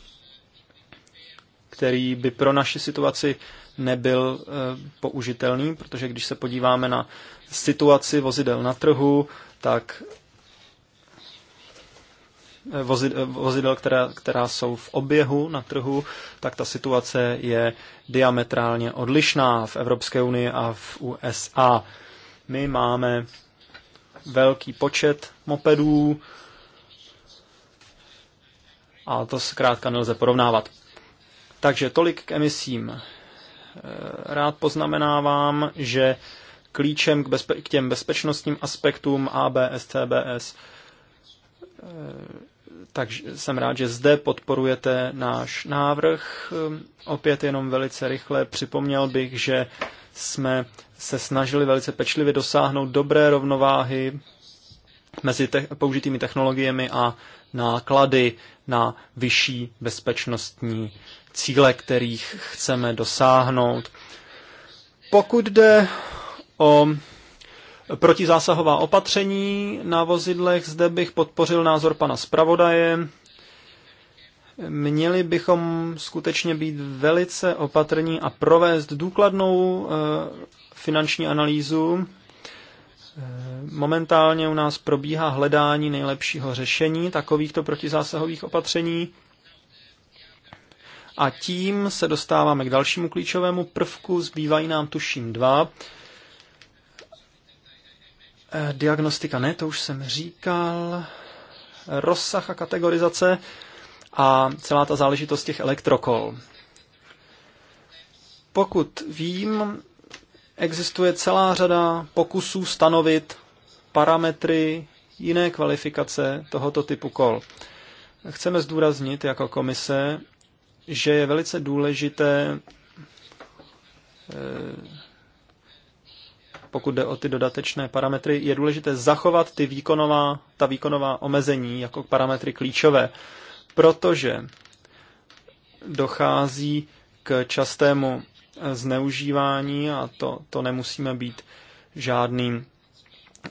který by pro naši situaci nebyl eh, použitelný, protože když se podíváme na situaci vozidel na trhu, tak eh, eh, vozidel, která, která jsou v oběhu na trhu, tak ta situace je diametrálně odlišná v Evropské unii a v USA. My máme velký počet mopedů, a to zkrátka nelze porovnávat. Takže tolik k emisím. E, rád poznamenávám, že klíčem k, bezpe- k těm bezpečnostním aspektům ABS, CBS, e, takže jsem rád, že zde podporujete náš návrh. E, opět jenom velice rychle připomněl bych, že jsme se snažili velice pečlivě dosáhnout dobré rovnováhy mezi te- použitými technologiemi a náklady na vyšší bezpečnostní cíle, kterých chceme dosáhnout. Pokud jde o protizásahová opatření na vozidlech, zde bych podpořil názor pana zpravodaje. Měli bychom skutečně být velice opatrní a provést důkladnou eh, finanční analýzu Momentálně u nás probíhá hledání nejlepšího řešení takovýchto protizásahových opatření. A tím se dostáváme k dalšímu klíčovému prvku. Zbývají nám tuším dva. Eh, diagnostika ne, to už jsem říkal. Rozsah a kategorizace a celá ta záležitost těch elektrokol. Pokud vím, Existuje celá řada pokusů stanovit parametry jiné kvalifikace tohoto typu kol. Chceme zdůraznit jako komise, že je velice důležité, eh, pokud jde o ty dodatečné parametry, je důležité zachovat ty výkonová, ta výkonová omezení jako parametry klíčové, protože dochází k častému zneužívání a to, to nemusíme být žádný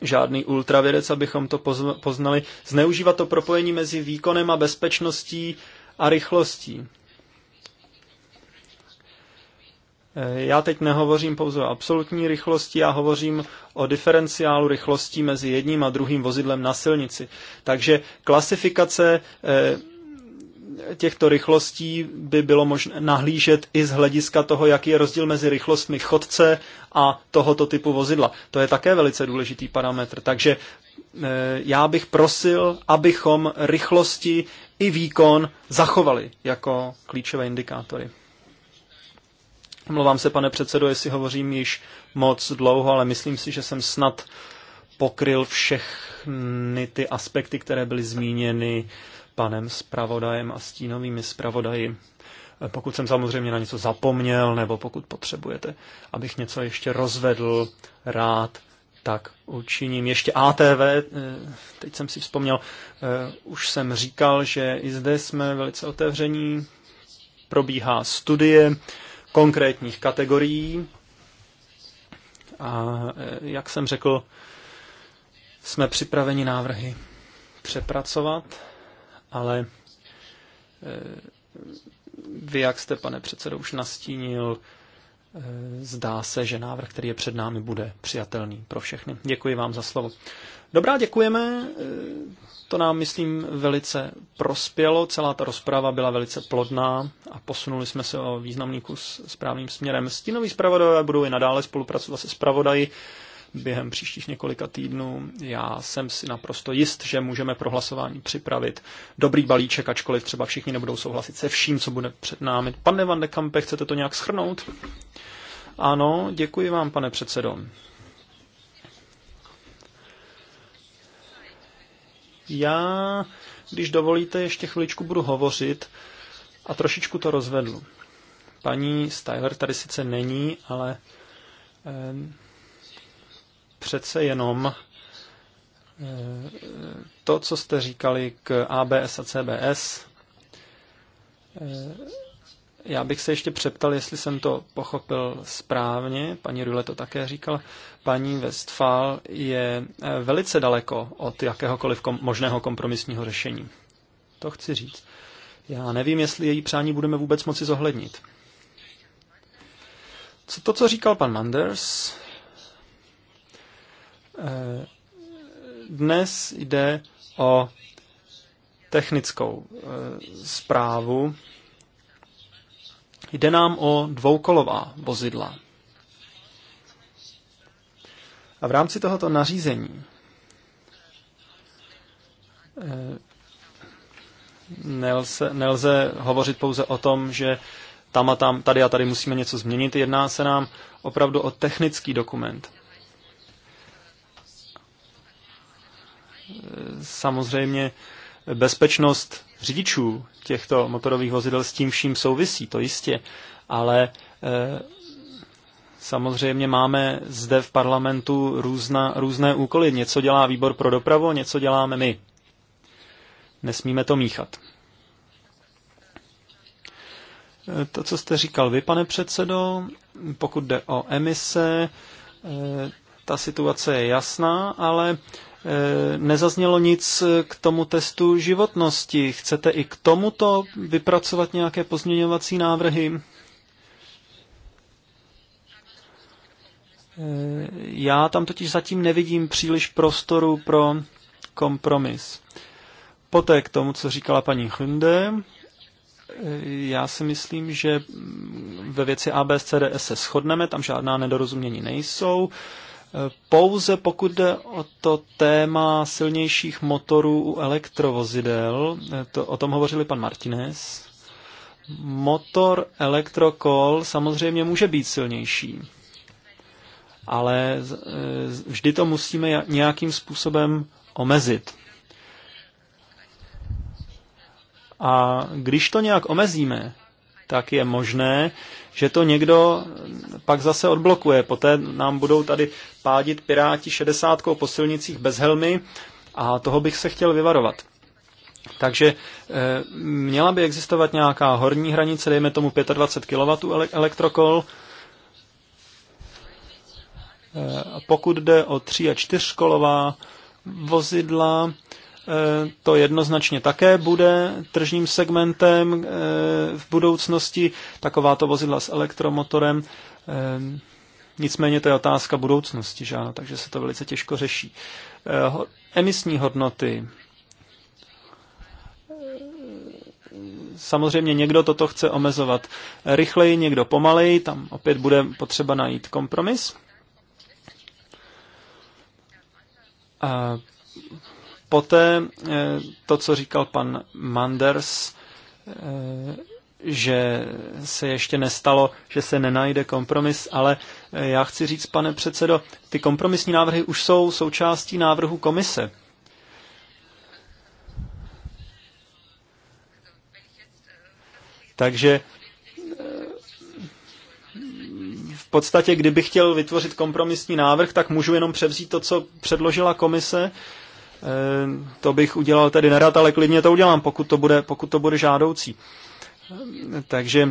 žádný ultravědec, abychom to poznali. Zneužívat to propojení mezi výkonem a bezpečností a rychlostí. Eh, já teď nehovořím pouze o absolutní rychlosti, já hovořím o diferenciálu rychlostí mezi jedním a druhým vozidlem na silnici. Takže klasifikace eh, těchto rychlostí by bylo možné nahlížet i z hlediska toho, jaký je rozdíl mezi rychlostmi chodce a tohoto typu vozidla. To je také velice důležitý parametr. Takže eh, já bych prosil, abychom rychlosti i výkon zachovali jako klíčové indikátory. Mluvám se, pane předsedo, jestli hovořím již moc dlouho, ale myslím si, že jsem snad pokryl všechny ty aspekty, které byly zmíněny panem zpravodajem a stínovými zpravodaji. Pokud jsem samozřejmě na něco zapomněl, nebo pokud potřebujete, abych něco ještě rozvedl, rád, tak učiním. Ještě ATV, eh, teď jsem si vzpomněl, eh, už jsem říkal, že i zde jsme velice otevření, probíhá studie konkrétních kategorií a eh, jak jsem řekl, jsme připraveni návrhy přepracovat ale e, vy, jak jste, pane předsedo, už nastínil, e, zdá se, že návrh, který je před námi, bude přijatelný pro všechny. Děkuji vám za slovo. Dobrá, děkujeme. E, to nám, myslím, velice prospělo. Celá ta rozprava byla velice plodná a posunuli jsme se o významný kus správným směrem. Stínoví zpravodajové budou i nadále spolupracovat se zpravodaji během příštích několika týdnů. Já jsem si naprosto jist, že můžeme pro hlasování připravit dobrý balíček, ačkoliv třeba všichni nebudou souhlasit se vším, co bude před námi. Pane Van de Kampe, chcete to nějak schrnout? Ano, děkuji vám, pane předsedo. Já, když dovolíte, ještě chviličku budu hovořit a trošičku to rozvedlu. Paní Styler tady sice není, ale eh, přece jenom eh, to, co jste říkali k ABS a CBS, eh, já bych se ještě přeptal, jestli jsem to pochopil správně. Paní Rule to také říkala. Paní Westphal je eh, velice daleko od jakéhokoliv kom- možného kompromisního řešení. To chci říct. Já nevím, jestli její přání budeme vůbec moci zohlednit. Co to, co říkal pan Manders, Eh, dnes jde o technickou eh, zprávu. Jde nám o dvoukolová vozidla. A v rámci tohoto nařízení eh, nelze, nelze hovořit pouze o tom, že tam a tam, tady a tady musíme něco změnit. Jedná se nám opravdu o technický dokument. samozřejmě bezpečnost řidičů těchto motorových vozidel s tím vším souvisí, to jistě, ale eh, Samozřejmě máme zde v parlamentu různa, různé úkoly. Něco dělá výbor pro dopravu, něco děláme my. Nesmíme to míchat. Eh, to, co jste říkal vy, pane předsedo, pokud jde o emise, eh, ta situace je jasná, ale Eh, nezaznělo nic eh, k tomu testu životnosti. Chcete i k tomuto vypracovat nějaké pozměňovací návrhy? Eh, já tam totiž zatím nevidím příliš prostoru pro kompromis. Poté k tomu, co říkala paní Chunde, já si myslím, že ve věci ABCDS e se shodneme, tam žádná nedorozumění nejsou pouze pokud jde o to téma silnějších motorů u elektrovozidel, to, o tom hovořili pan Martinez, motor elektrokol samozřejmě může být silnější, ale e, vždy to musíme nějakým způsobem omezit. A když to nějak omezíme, tak je možné, že to někdo pak zase odblokuje. Poté nám budou tady pádit piráti šedesátkou po silnicích bez helmy a toho bych se chtěl vyvarovat. Takže eh, měla by existovat nějaká horní hranice, dejme tomu 25 kW elektrokol. Eh, pokud jde o 3 a 4 kolová vozidla, Eh, to jednoznačně také bude tržním segmentem eh, v budoucnosti, takováto vozidla s elektromotorem. Eh, nicméně to je otázka budoucnosti, že ano, takže se to velice těžko řeší. Emisní hodnoty. Samozřejmě někdo toto chce omezovat rychleji, někdo pomaleji, tam opět bude potřeba najít kompromis. A Poté eh, to, co říkal pan Manders, eh, že se ještě nestalo, že se nenajde kompromis, ale eh, já chci říct, pane předsedo, ty kompromisní návrhy už jsou součástí návrhu komise. Takže v podstatě, kdybych chtěl vytvořit kompromisní návrh, tak můžu jenom převzít to, co předložila komise Eh, to bych udělal tedy nerad, ale klidně to udělám, pokud to bude, pokud to bude žádoucí. Eh, takže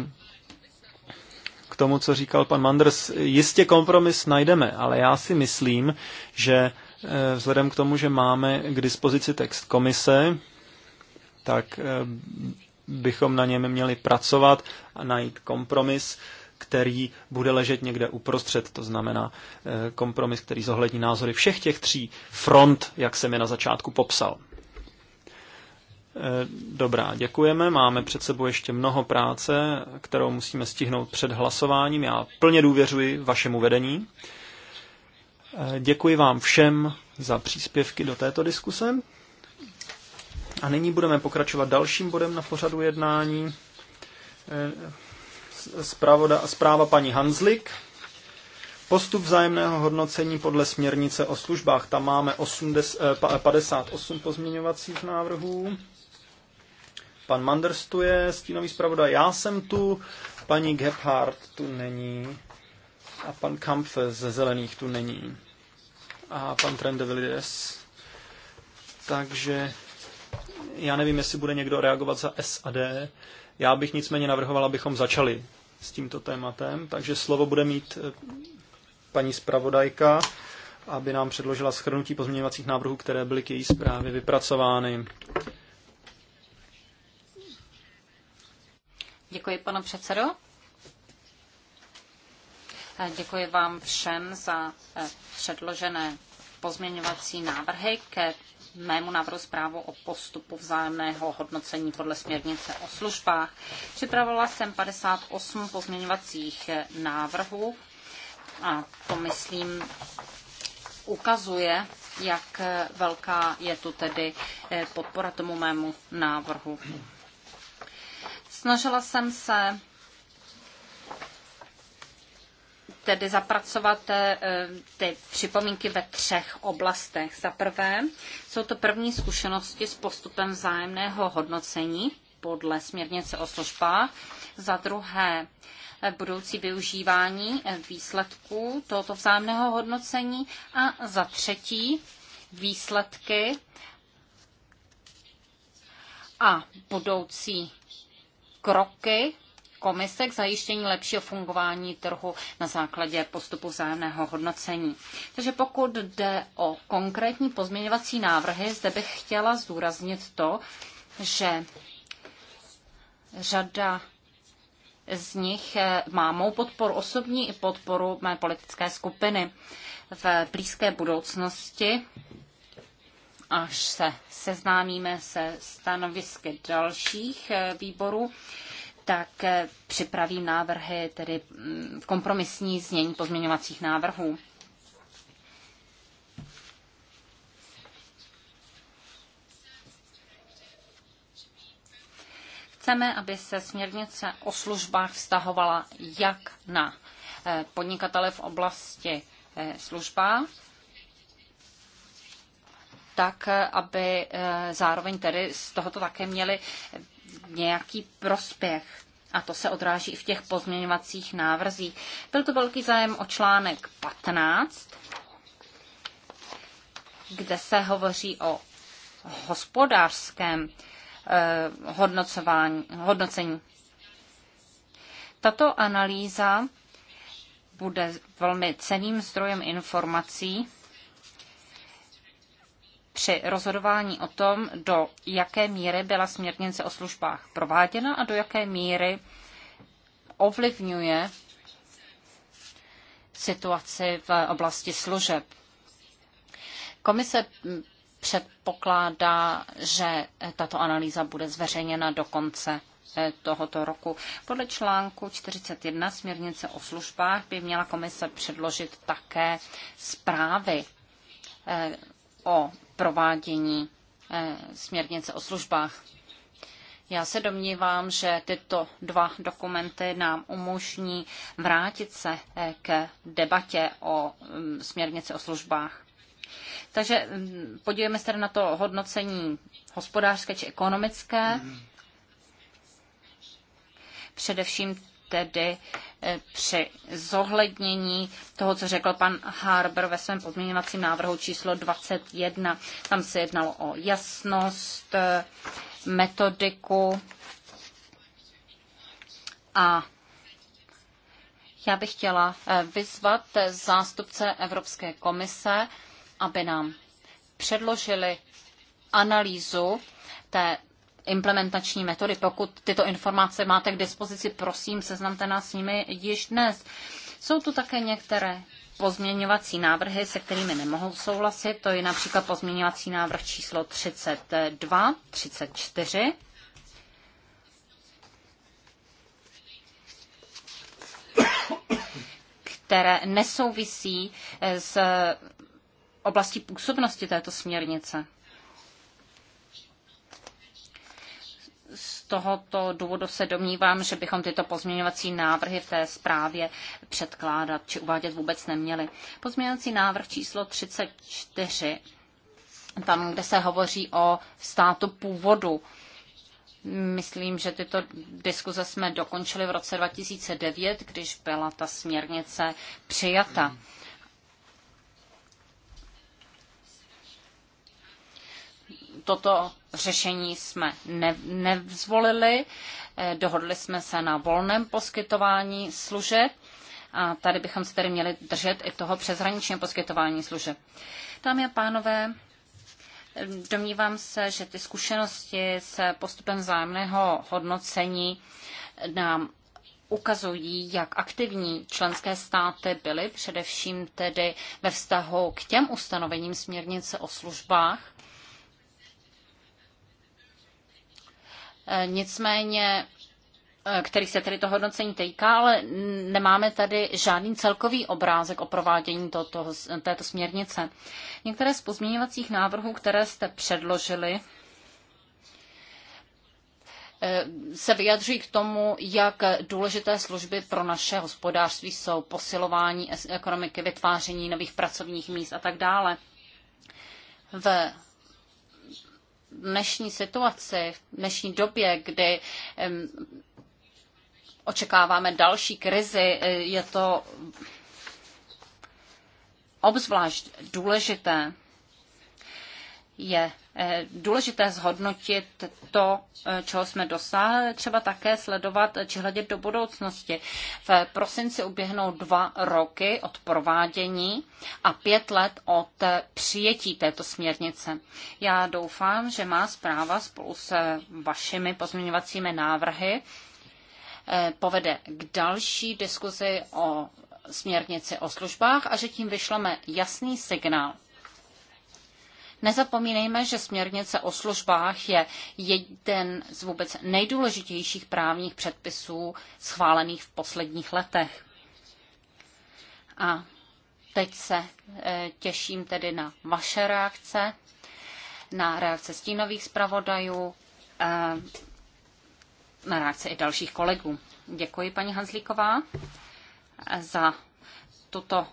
k tomu, co říkal pan Manders, jistě kompromis najdeme, ale já si myslím, že eh, vzhledem k tomu, že máme k dispozici text komise, tak bychom na něm měli pracovat a najít kompromis, který bude ležet někde uprostřed, to znamená eh, kompromis, který zohlední názory všech těch tří front, jak jsem je na začátku popsal. Eh, dobrá, děkujeme. Máme před sebou ještě mnoho práce, kterou musíme stihnout před hlasováním. Já plně důvěřuji vašemu vedení. Eh, děkuji vám všem za příspěvky do této diskuse. A nyní budeme pokračovat dalším bodem na pořadu jednání zpravoda, zpráva paní Hanzlik. Postup vzájemného hodnocení podle směrnice o službách. Tam máme 80, 58 eh, pozměňovacích návrhů. Pan Manders tu je, stínový zpravodaj. Já jsem tu, paní Gebhardt tu není a pan Kampf ze Zelených tu není. A pan Trendevilides. Takže já nevím, jestli bude někdo reagovat za SAD. Já bych nicméně navrhoval, abychom začali s tímto tématem, takže slovo bude mít eh, paní zpravodajka, aby nám předložila shrnutí pozměňovacích návrhů, které byly k její zprávě vypracovány. Děkuji, pane předsedo. Eh, děkuji vám všem za eh, předložené pozměňovací návrhy ke mému návrhu zprávu o postupu vzájemného hodnocení podle směrnice o službách. Připravila jsem 58 pozměňovacích návrhů a to, myslím, ukazuje, jak velká je tu tedy eh, podpora tomu mému návrhu. Snažila jsem se tedy zapracovat eh, ty připomínky ve třech oblastech. Za prvé jsou to první zkušenosti s postupem vzájemného hodnocení podle směrnice o službách. Za druhé eh, budoucí využívání eh, výsledků tohoto vzájemného hodnocení a za třetí výsledky a budoucí kroky komise k zajištění lepšího fungování trhu na základě postupu vzájemného hodnocení. Takže pokud jde o konkrétní pozměňovací návrhy, zde bych chtěla zdůraznit to, že řada z nich eh, má mou podporu osobní i podporu mé politické skupiny. V blízké budoucnosti, až se seznámíme se stanovisky dalších eh, výborů, tak eh, připravím návrhy, tedy mm, kompromisní znění pozměňovacích návrhů. Chceme, aby se směrnice o službách vztahovala jak na eh, podnikatele v oblasti eh, služba, tak aby zároveň tedy z tohoto také měli nějaký prospěch. A to se odráží i v těch pozměňovacích návrzích. Byl to velký zájem o článek 15, kde se hovoří o hospodářském eh, hodnocování, hodnocení. Tato analýza bude velmi ceným zdrojem informací při rozhodování o tom, do jaké míry byla směrnice o službách prováděna a do jaké míry ovlivňuje situaci v oblasti služeb. Komise předpokládá, že tato analýza bude zveřejněna do konce eh, tohoto roku. Podle článku 41 směrnice o službách by měla komise předložit také zprávy eh, o provádění eh, směrnice o službách. Já se domnívám, že tyto dva dokumenty nám umožní vrátit se eh, k debatě o mm, směrnici o službách. Takže mm, podívejme se na to hodnocení hospodářské či ekonomické. Mhm. Především tedy Eh, při zohlednění toho, co řekl pan Harber ve svém pozměňovacím návrhu číslo 21. Tam se jednalo o jasnost, eh, metodiku a já bych chtěla eh, vyzvat zástupce Evropské komise, aby nám předložili analýzu té implementační metody. Pokud tyto informace máte k dispozici, prosím, seznamte nás s nimi již dnes. Jsou tu také některé pozměňovací návrhy, se kterými nemohou souhlasit. To je například pozměňovací návrh číslo 32, 34. které nesouvisí s oblastí působnosti této směrnice. tohoto důvodu se domnívám, že bychom tyto pozměňovací návrhy v té zprávě předkládat či uvádět vůbec neměli. Pozměňovací návrh číslo 34, tam, kde se hovoří o státu původu. Myslím, že tyto diskuze jsme dokončili v roce 2009, když byla ta směrnice přijata. toto řešení jsme ne, nevzvolili. Eh, dohodli jsme se na volném poskytování služeb a tady bychom se tedy měli držet i toho přeshraničního poskytování služeb. Dámy a pánové, domnívám se, že ty zkušenosti se postupem vzájemného hodnocení nám ukazují, jak aktivní členské státy byly, především tedy ve vztahu k těm ustanovením směrnice o službách, Eh, nicméně eh, který se tedy to hodnocení týká, ale nemáme tady žádný celkový obrázek o provádění to, této směrnice. Některé z pozměňovacích návrhů, které jste předložili, eh, se vyjadřují k tomu, jak důležité služby pro naše hospodářství jsou posilování ekonomiky, vytváření nových pracovních míst a tak dále. Ve dnešní situaci, v dnešní době, kdy očekáváme další krizi, e, je to obzvlášť důležité je eh, důležité zhodnotit to, eh, čeho jsme dosáhli, třeba také sledovat či hledět do budoucnosti. V prosinci uběhnou dva roky od provádění a pět let od eh, přijetí této směrnice. Já doufám, že má zpráva spolu s vašimi pozměňovacími návrhy povede k další diskuzi o směrnici o službách a že tím vyšleme jasný signál Nezapomínejme, že směrnice o službách je jeden z vůbec nejdůležitějších právních předpisů schválených v posledních letech. A teď se e, těším tedy na vaše reakce, na reakce stínových zpravodajů, e, na reakce i dalších kolegů. Děkuji, paní Hanzlíková, za tuto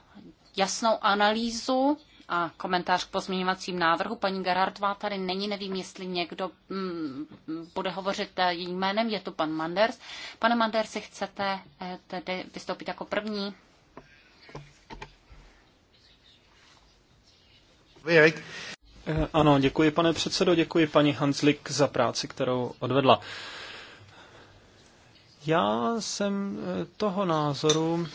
jasnou analýzu a komentář k pozměňovacím návrhu. Paní Gerardová tady není, nevím, jestli někdo mm, bude hovořit eh, jejím jménem, je to pan Manders. Pane si chcete eh, tedy vystoupit jako první? Eh, ano, děkuji pane předsedo, děkuji paní Hanslik za práci, kterou odvedla. Já jsem toho názoru,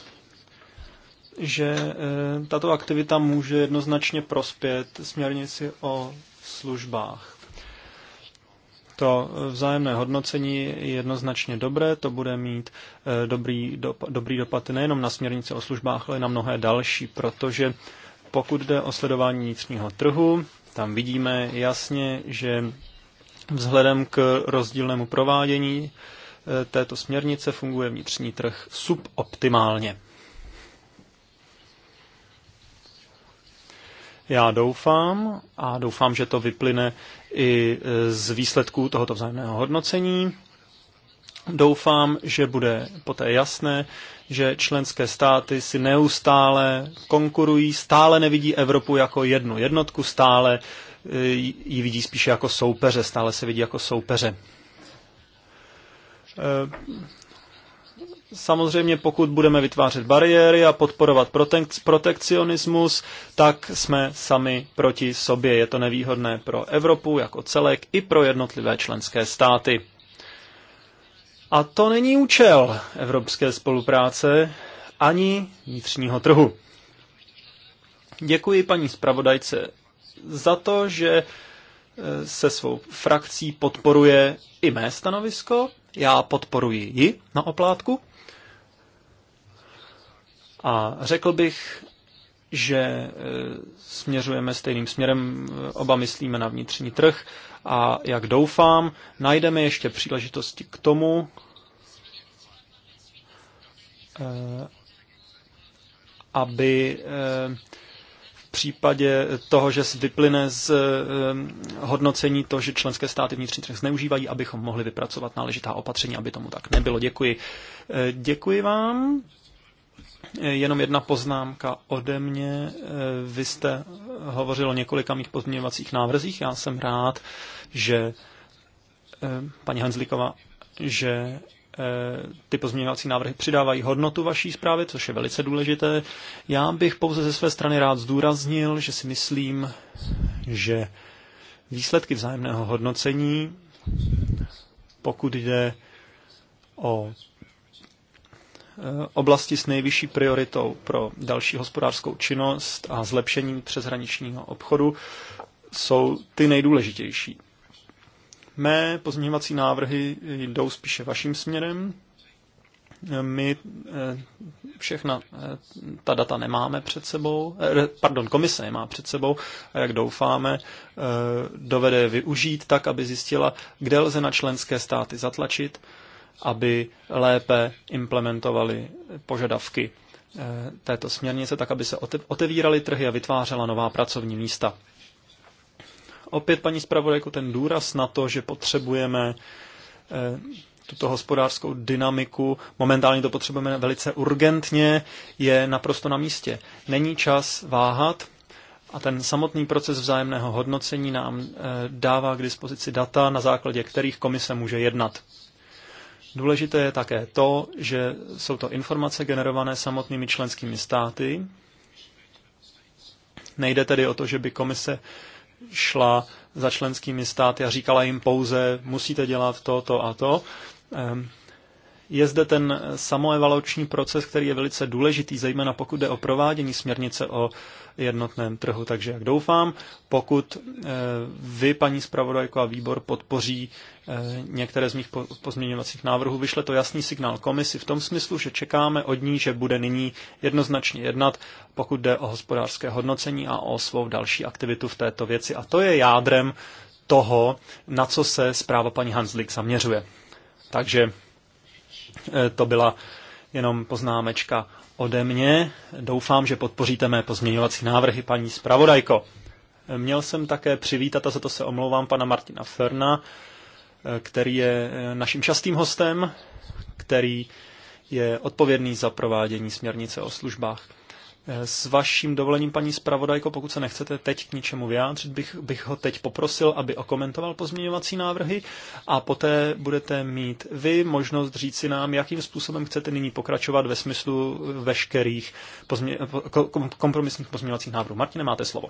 že eh, tato aktivita může jednoznačně prospět směrnici o službách. To vzájemné hodnocení je jednoznačně dobré, to bude mít eh, dobrý, do, dobrý dopad nejenom na směrnice o službách, ale i na mnohé další, protože pokud jde o sledování vnitřního trhu, tam vidíme jasně, že vzhledem k rozdílnému provádění eh, této směrnice funguje vnitřní trh suboptimálně. Já doufám a doufám, že to vyplyne i e, z výsledků tohoto vzájemného hodnocení. Doufám, že bude poté jasné, že členské státy si neustále konkurují, stále nevidí Evropu jako jednu jednotku, stále e, ji vidí spíše jako soupeře, stále se vidí jako soupeře. E, Samozřejmě pokud budeme vytvářet bariéry a podporovat protek- protekcionismus, tak jsme sami proti sobě. Je to nevýhodné pro Evropu jako celek i pro jednotlivé členské státy. A to není účel evropské spolupráce ani vnitřního trhu. Děkuji paní zpravodajce za to, že e, se svou frakcí podporuje i mé stanovisko. Já podporuji ji na oplátku. A řekl bych, že e, směřujeme stejným směrem, oba myslíme na vnitřní trh a jak doufám, najdeme ještě příležitosti k tomu, e, aby e, v případě toho, že vyplyne z hodnocení to, že členské státy vnitřní trh zneužívají, abychom mohli vypracovat náležitá opatření, aby tomu tak nebylo. Děkuji. Děkuji vám. Eh, jenom jedna poznámka ode mě. Eh, vy jste eh, hovořil o několika mých pozměňovacích návrzích. Já jsem rád, že paní Hanzlíková, že ty pozměňovací návrhy přidávají hodnotu vaší zprávy, což je velice důležité. Já bych pouze ze své strany rád zdůraznil, že si myslím, že výsledky vzájemného hodnocení, pokud jde o Eh, oblasti s nejvyšší prioritou pro další hospodářskou činnost a zlepšení přeshraničního obchodu jsou ty nejdůležitější. Mé pozměňovací návrhy jdou spíše vaším směrem. Eh, my eh, všechna ta data nemáme před sebou, pardon, komise je má před sebou a jak doufáme, dovede využít tak, aby zjistila, kde lze na členské státy zatlačit aby lépe implementovali požadavky eh, této směrnice, tak aby se otevíraly trhy a vytvářela nová pracovní místa. Opět, paní zpravodajku, ten důraz na to, že potřebujeme eh, tuto hospodářskou dynamiku, momentálně to potřebujeme velice urgentně, je naprosto na místě. Není čas váhat a ten samotný proces vzájemného hodnocení nám eh, dává k dispozici data, na základě kterých komise může jednat. Důležité je také to, že jsou to informace generované samotnými členskými státy. Nejde tedy o to, že by komise šla za členskými státy a říkala jim pouze, musíte dělat to, to a to. Ehm, je zde ten samoevaluační proces, který je velice důležitý, zejména pokud jde o provádění směrnice o jednotném trhu. Takže jak doufám, pokud eh, vy, paní zpravodajko a výbor, podpoří eh, některé z mých pozměňovacích návrhů, vyšle to jasný signál komisi v tom smyslu, že čekáme od ní, že bude nyní jednoznačně jednat, pokud jde o hospodářské hodnocení a o svou další aktivitu v této věci. A to je jádrem toho, na co se zpráva paní Hanslik zaměřuje. Takže Eh, to byla jenom poznámečka ode mě. Doufám, že podpoříte mé pozměňovací návrhy, paní zpravodajko. Eh, měl jsem také přivítat, a za to se omlouvám, pana Martina Ferna, eh, který je naším častým hostem, který je odpovědný za provádění směrnice o službách. S vaším dovolením, paní zpravodajko, pokud se nechcete teď k ničemu vyjádřit, bych, bych ho teď poprosil, aby okomentoval pozměňovací návrhy a poté budete mít vy možnost si nám, jakým způsobem chcete nyní pokračovat ve smyslu veškerých pozmě, kompromisních pozměňovacích návrhů. Martine, máte slovo.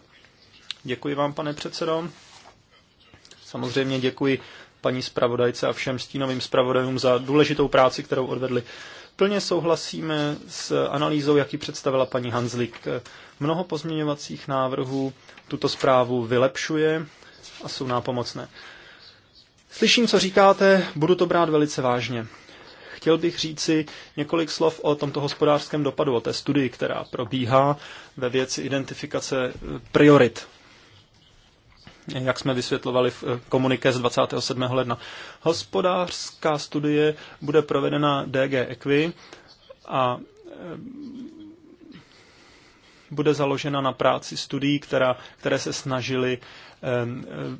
Děkuji vám, pane předsedo. Samozřejmě děkuji paní zpravodajce a všem stínovým zpravodajům za důležitou práci, kterou odvedli Plně souhlasíme s analýzou, jaký představila paní Hanzlik. Mnoho pozměňovacích návrhů tuto zprávu vylepšuje a jsou nápomocné. Slyším, co říkáte, budu to brát velice vážně. Chtěl bych říci několik slov o tomto hospodářském dopadu, o té studii, která probíhá ve věci identifikace priorit jak jsme vysvětlovali v eh, komuniké z 27. ledna. Hospodářská studie bude provedena DG Equi a eh, bude založena na práci studií, která, které se snažili eh,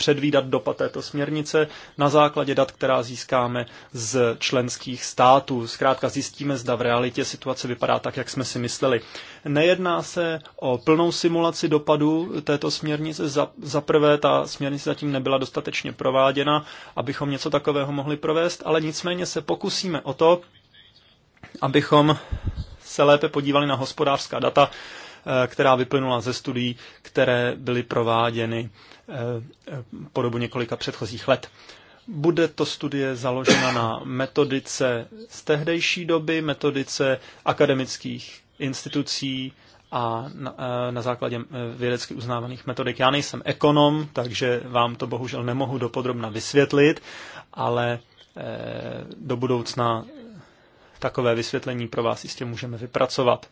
předvídat dopad této směrnice na základě dat, která získáme z členských států. Zkrátka zjistíme, zda v realitě situace vypadá tak, jak jsme si mysleli. Nejedná se o plnou simulaci dopadu této směrnice. Za, prvé, ta směrnice zatím nebyla dostatečně prováděna, abychom něco takového mohli provést, ale nicméně se pokusíme o to, abychom se lépe podívali na hospodářská data, Eh, která vyplynula ze studií, které byly prováděny eh, eh, po dobu několika předchozích let. Bude to studie založena na metodice z tehdejší doby, metodice akademických institucí a na, na základě vědecky uznávaných metodik. Já nejsem ekonom, takže vám to bohužel nemohu dopodrobna vysvětlit, ale do budoucna takové vysvětlení pro vás jistě můžeme vypracovat.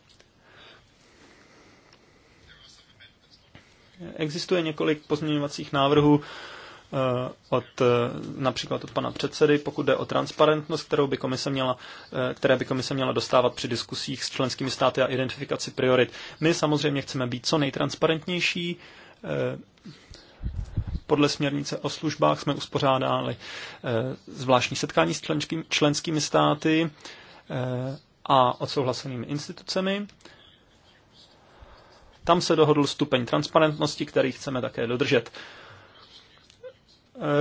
Existuje několik pozměňovacích návrhů eh, od, eh, například od pana předsedy, pokud jde o transparentnost, kterou by komise měla, eh, které by komise měla dostávat při diskusích s členskými státy a identifikaci priorit. My samozřejmě chceme být co nejtransparentnější. Podle směrnice o službách jsme uspořádali zvláštní setkání s členskými státy a odsouhlasenými institucemi tam se dohodl stupeň transparentnosti, který chceme také dodržet.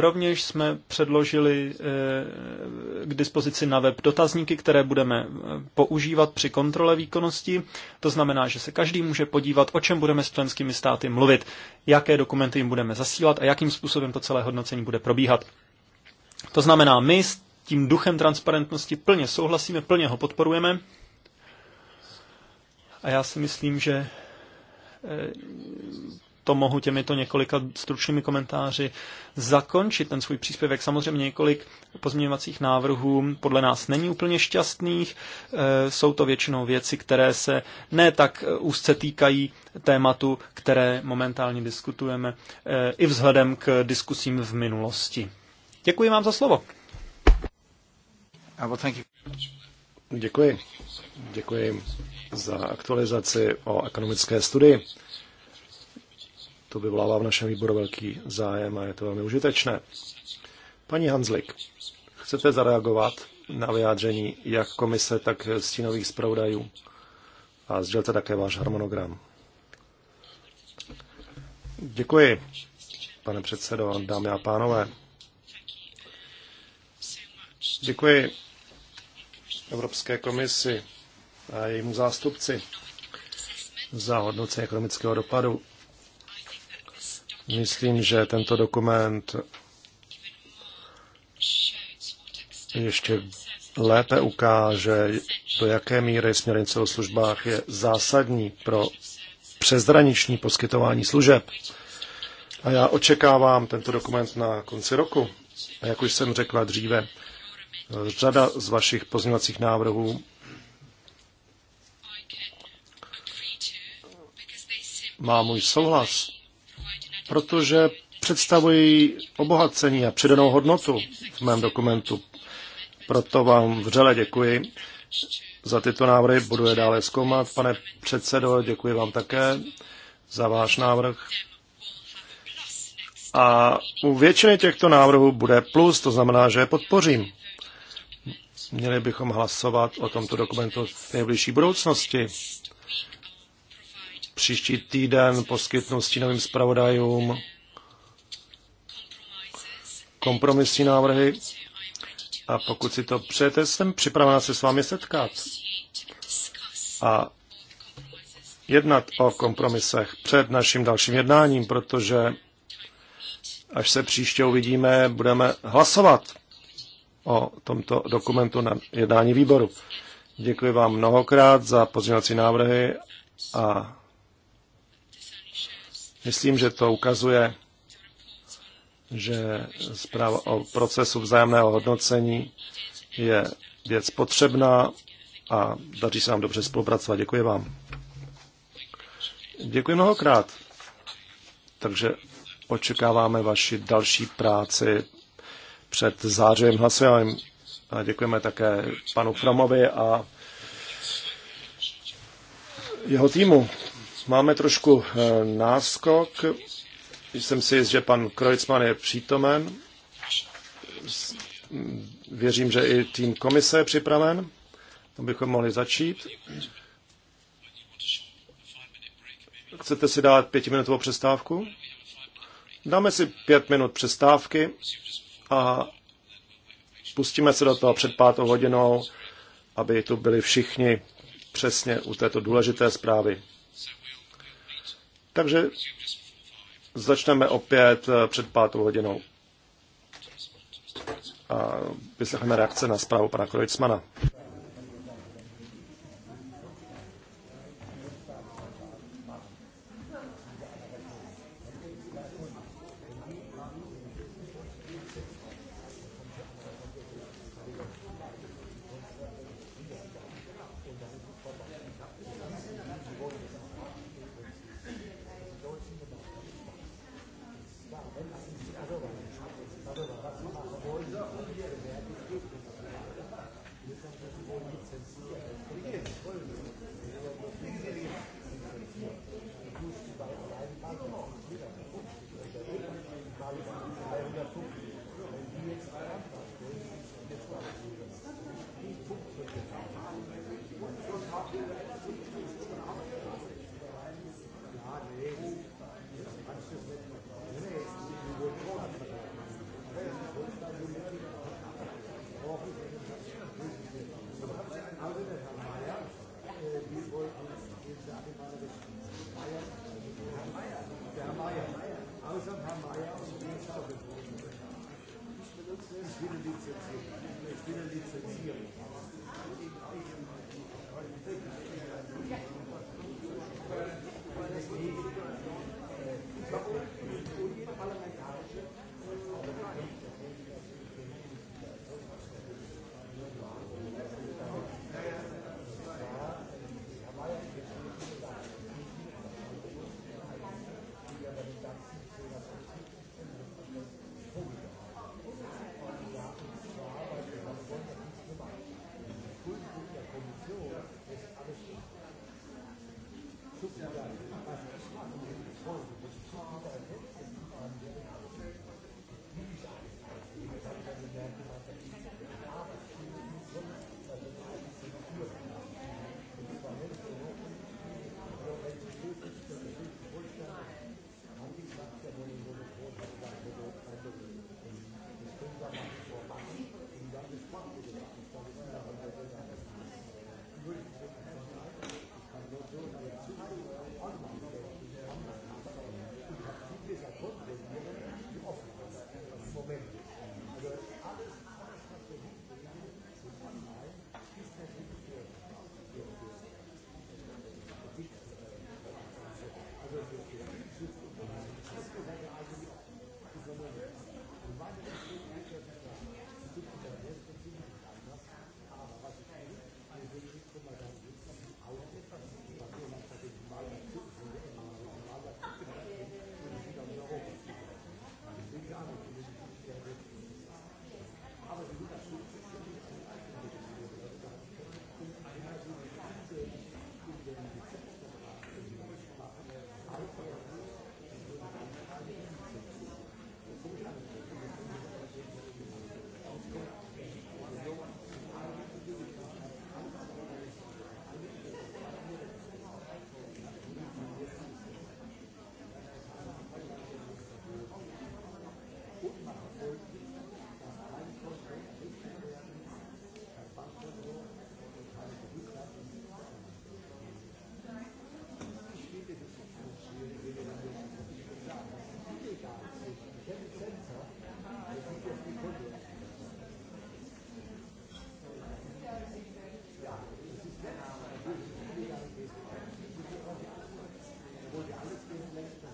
Rovněž jsme předložili eh, k dispozici na web dotazníky, které budeme eh, používat při kontrole výkonnosti. To znamená, že se každý může podívat, o čem budeme s členskými státy mluvit, jaké dokumenty jim budeme zasílat a jakým způsobem to celé hodnocení bude probíhat. To znamená, my s tím duchem transparentnosti plně souhlasíme, plně ho podporujeme. A já si myslím, že Eh, to mohu těmito několika stručnými komentáři zakončit ten svůj příspěvek. Samozřejmě několik pozměňovacích návrhů podle nás není úplně šťastných. Eh, jsou to většinou věci, které se ne tak úzce týkají tématu, které momentálně diskutujeme, eh, i vzhledem k diskusím v minulosti. Děkuji vám za slovo. Uh, Děkuji. Děkuji za aktualizaci o ekonomické studii. To vyvolává v našem výboru velký zájem a je to velmi užitečné. Paní Hanzlik, chcete zareagovat na vyjádření jak komise, tak stínových zpravodajů a sdělte také váš harmonogram. Děkuji, pane předsedo, dámy a pánové. Děkuji Evropské komisi a jejímu zástupci za hodnocení ekonomického dopadu. Myslím, že tento dokument ještě lépe ukáže, do jaké míry směrnice o službách je zásadní pro přezraniční poskytování služeb. A já očekávám tento dokument na konci roku. A jak už jsem řekla dříve, řada z vašich pozměňovacích návrhů má můj souhlas, protože představují obohacení a přidanou hodnotu v mém dokumentu. Proto vám vřele děkuji za tyto návrhy, budu je dále zkoumat. Pane předsedo, děkuji vám také za váš návrh. A u většiny těchto návrhů bude plus, to znamená, že je podpořím. Měli bychom hlasovat o tomto dokumentu v nejbližší budoucnosti. Příští týden poskytnu stínovým zpravodajům kompromisní návrhy a pokud si to přejete, jsem připravená se s vámi setkat a jednat o kompromisech před naším dalším jednáním, protože až se příště uvidíme, budeme hlasovat o tomto dokumentu na jednání výboru. Děkuji vám mnohokrát za pozměňovací návrhy a Myslím, že to ukazuje, že zpráva o procesu vzájemného hodnocení je věc potřebná a daří se nám dobře spolupracovat. Děkuji vám. Děkuji mnohokrát. Takže očekáváme vaši další práci před zářivým hlasováním. A děkujeme také panu Fromovi a jeho týmu. Máme trošku eh, náskok. Jsem si jist, že pan Krojcman je přítomen. Věřím, že i tým komise je připraven. To bychom mohli začít. Chcete si dát pětiminutovou přestávku? Dáme si pět minut přestávky a pustíme se do toho před pátou hodinou, aby tu byli všichni přesně u této důležité zprávy. Takže začneme opět eh, před pátou hodinou. A vyslechneme reakce na zprávu pana Krojcmana. Thank you.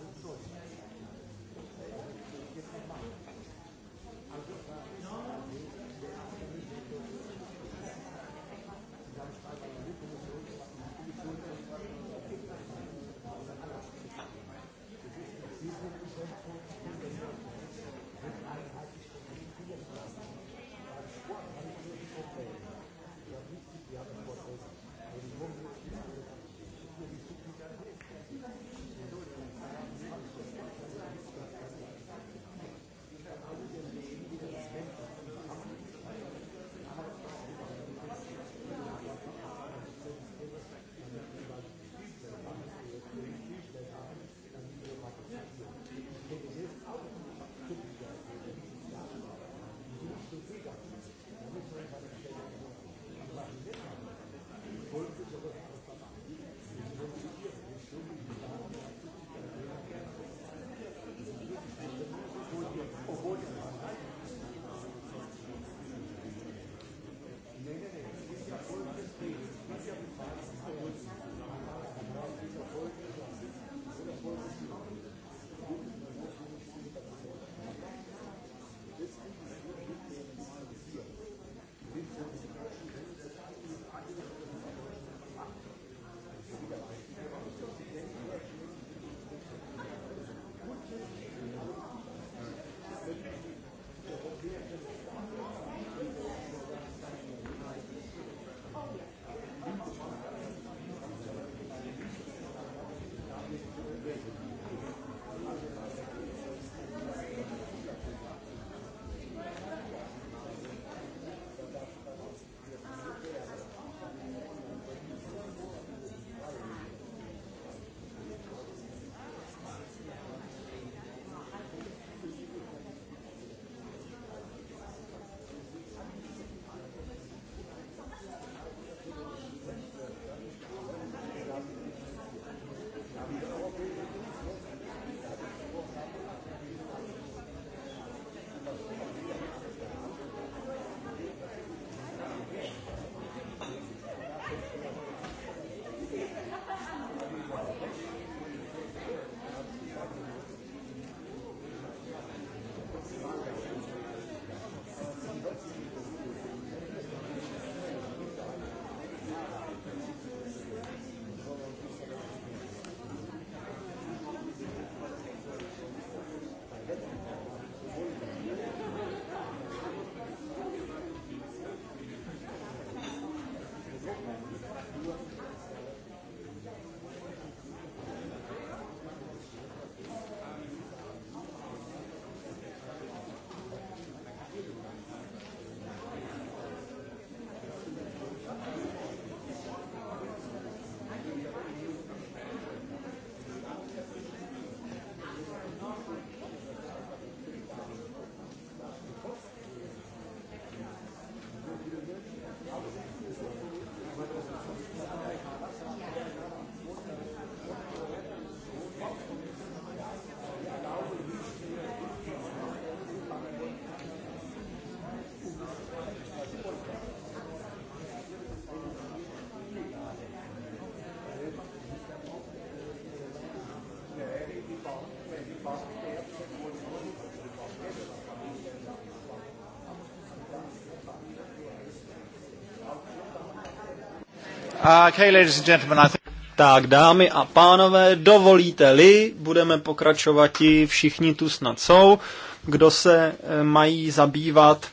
Tak, dámy a pánové, dovolíte-li, budeme pokračovat, i všichni tu snad jsou, kdo se eh, mají zabývat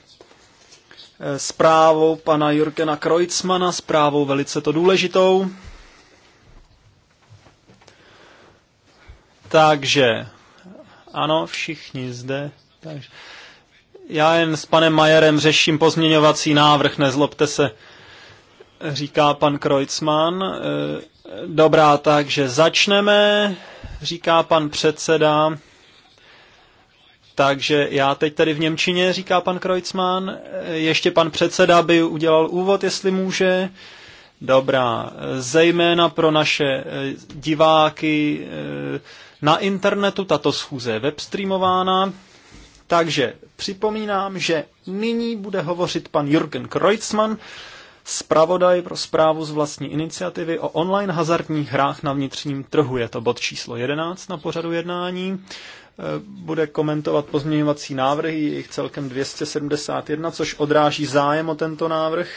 eh, zprávou pana Jurkena Kreutzmana, zprávou velice to důležitou. Takže, ano, všichni zde. Takže. Já jen s panem Majerem řeším pozměňovací návrh, nezlobte se říká pan Kreutzmann. E, dobrá, takže začneme, říká pan předseda. Takže já teď tady v Němčině, říká pan Kreutzmann. E, ještě pan předseda by udělal úvod, jestli může. Dobrá, zejména pro naše e, diváky na internetu, tato schůze je webstreamována. Takže připomínám, že nyní bude hovořit pan Jürgen Kreutzmann, Spravodaj pro zprávu z vlastní iniciativy o online hazardních hrách na vnitřním trhu. Je to bod číslo 11 na pořadu jednání. Eh, bude komentovat pozměňovací návrhy, jejich celkem 271, což odráží zájem o tento návrh.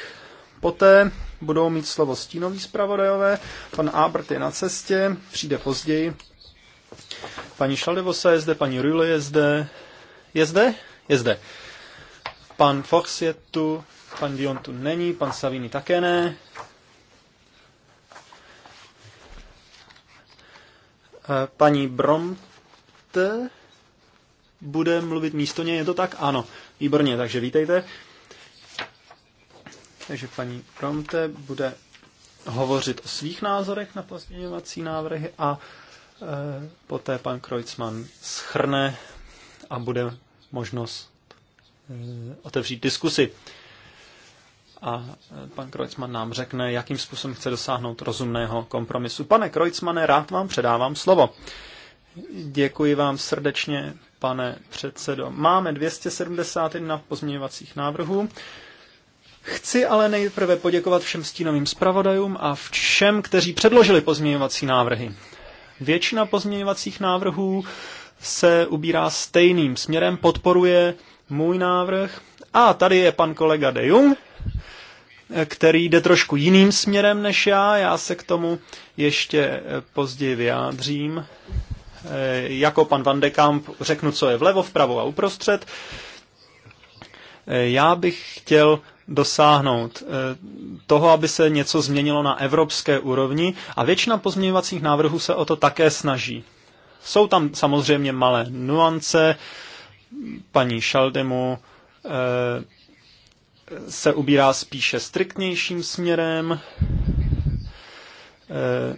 Poté budou mít slovo stínoví zpravodajové. Pan Abert je na cestě, přijde později. Paní Šaldevosa je zde, paní Rüle je zde. Je zde? Je zde. Pan Fox je tu, Pan Dion tu není, pan Savini také ne. Eh, paní Bromt bude mluvit místo něj, je to tak? Ano, výborně, takže vítejte. Takže paní Promte bude hovořit o svých názorech na pozměňovací návrhy a e, poté pan Kreutzmann schrne a bude možnost e, otevřít diskusy a e, pan Krojcman nám řekne, jakým způsobem chce dosáhnout rozumného kompromisu. Pane Krojcmane, rád vám předávám slovo. Děkuji vám srdečně, pane předsedo. Máme 271 pozměňovacích návrhů. Chci ale nejprve poděkovat všem stínovým zpravodajům a všem, kteří předložili pozměňovací návrhy. Většina pozměňovacích návrhů se ubírá stejným směrem, podporuje můj návrh. A tady je pan kolega De Jung, který jde trošku jiným směrem než já. Já se k tomu ještě později vyjádřím. Eh, jako pan Van de Kamp řeknu, co je vlevo, vpravo a uprostřed. Eh, já bych chtěl dosáhnout eh, toho, aby se něco změnilo na evropské úrovni a většina pozměňovacích návrhů se o to také snaží. Jsou tam samozřejmě malé nuance, paní Šaldemu, se ubírá spíše striktnějším směrem. Eh,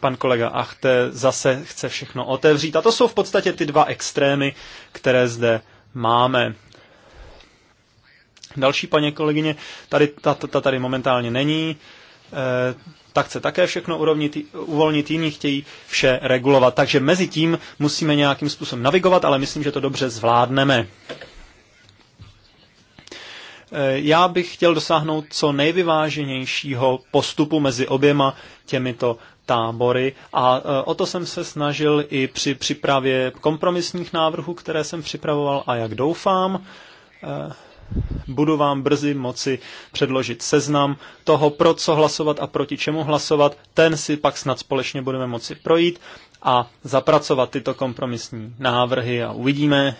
pan kolega Achte zase chce všechno otevřít. A to jsou v podstatě ty dva extrémy, které zde máme. Další paní kolegyně, tady, ta, ta tady momentálně není, e, eh, tak chce také všechno urovnit, uvolnit, jiní chtějí vše regulovat. Takže mezi tím musíme nějakým způsobem navigovat, ale myslím, že to dobře zvládneme. Eh, já bych chtěl dosáhnout co nejvyváženějšího postupu mezi oběma těmito tábory a eh, o to jsem se snažil i při přípravě kompromisních návrhů, které jsem připravoval a jak doufám, eh, budu vám brzy moci předložit seznam toho, pro co hlasovat a proti čemu hlasovat. Ten si pak snad společně budeme moci projít a zapracovat tyto kompromisní návrhy a uvidíme,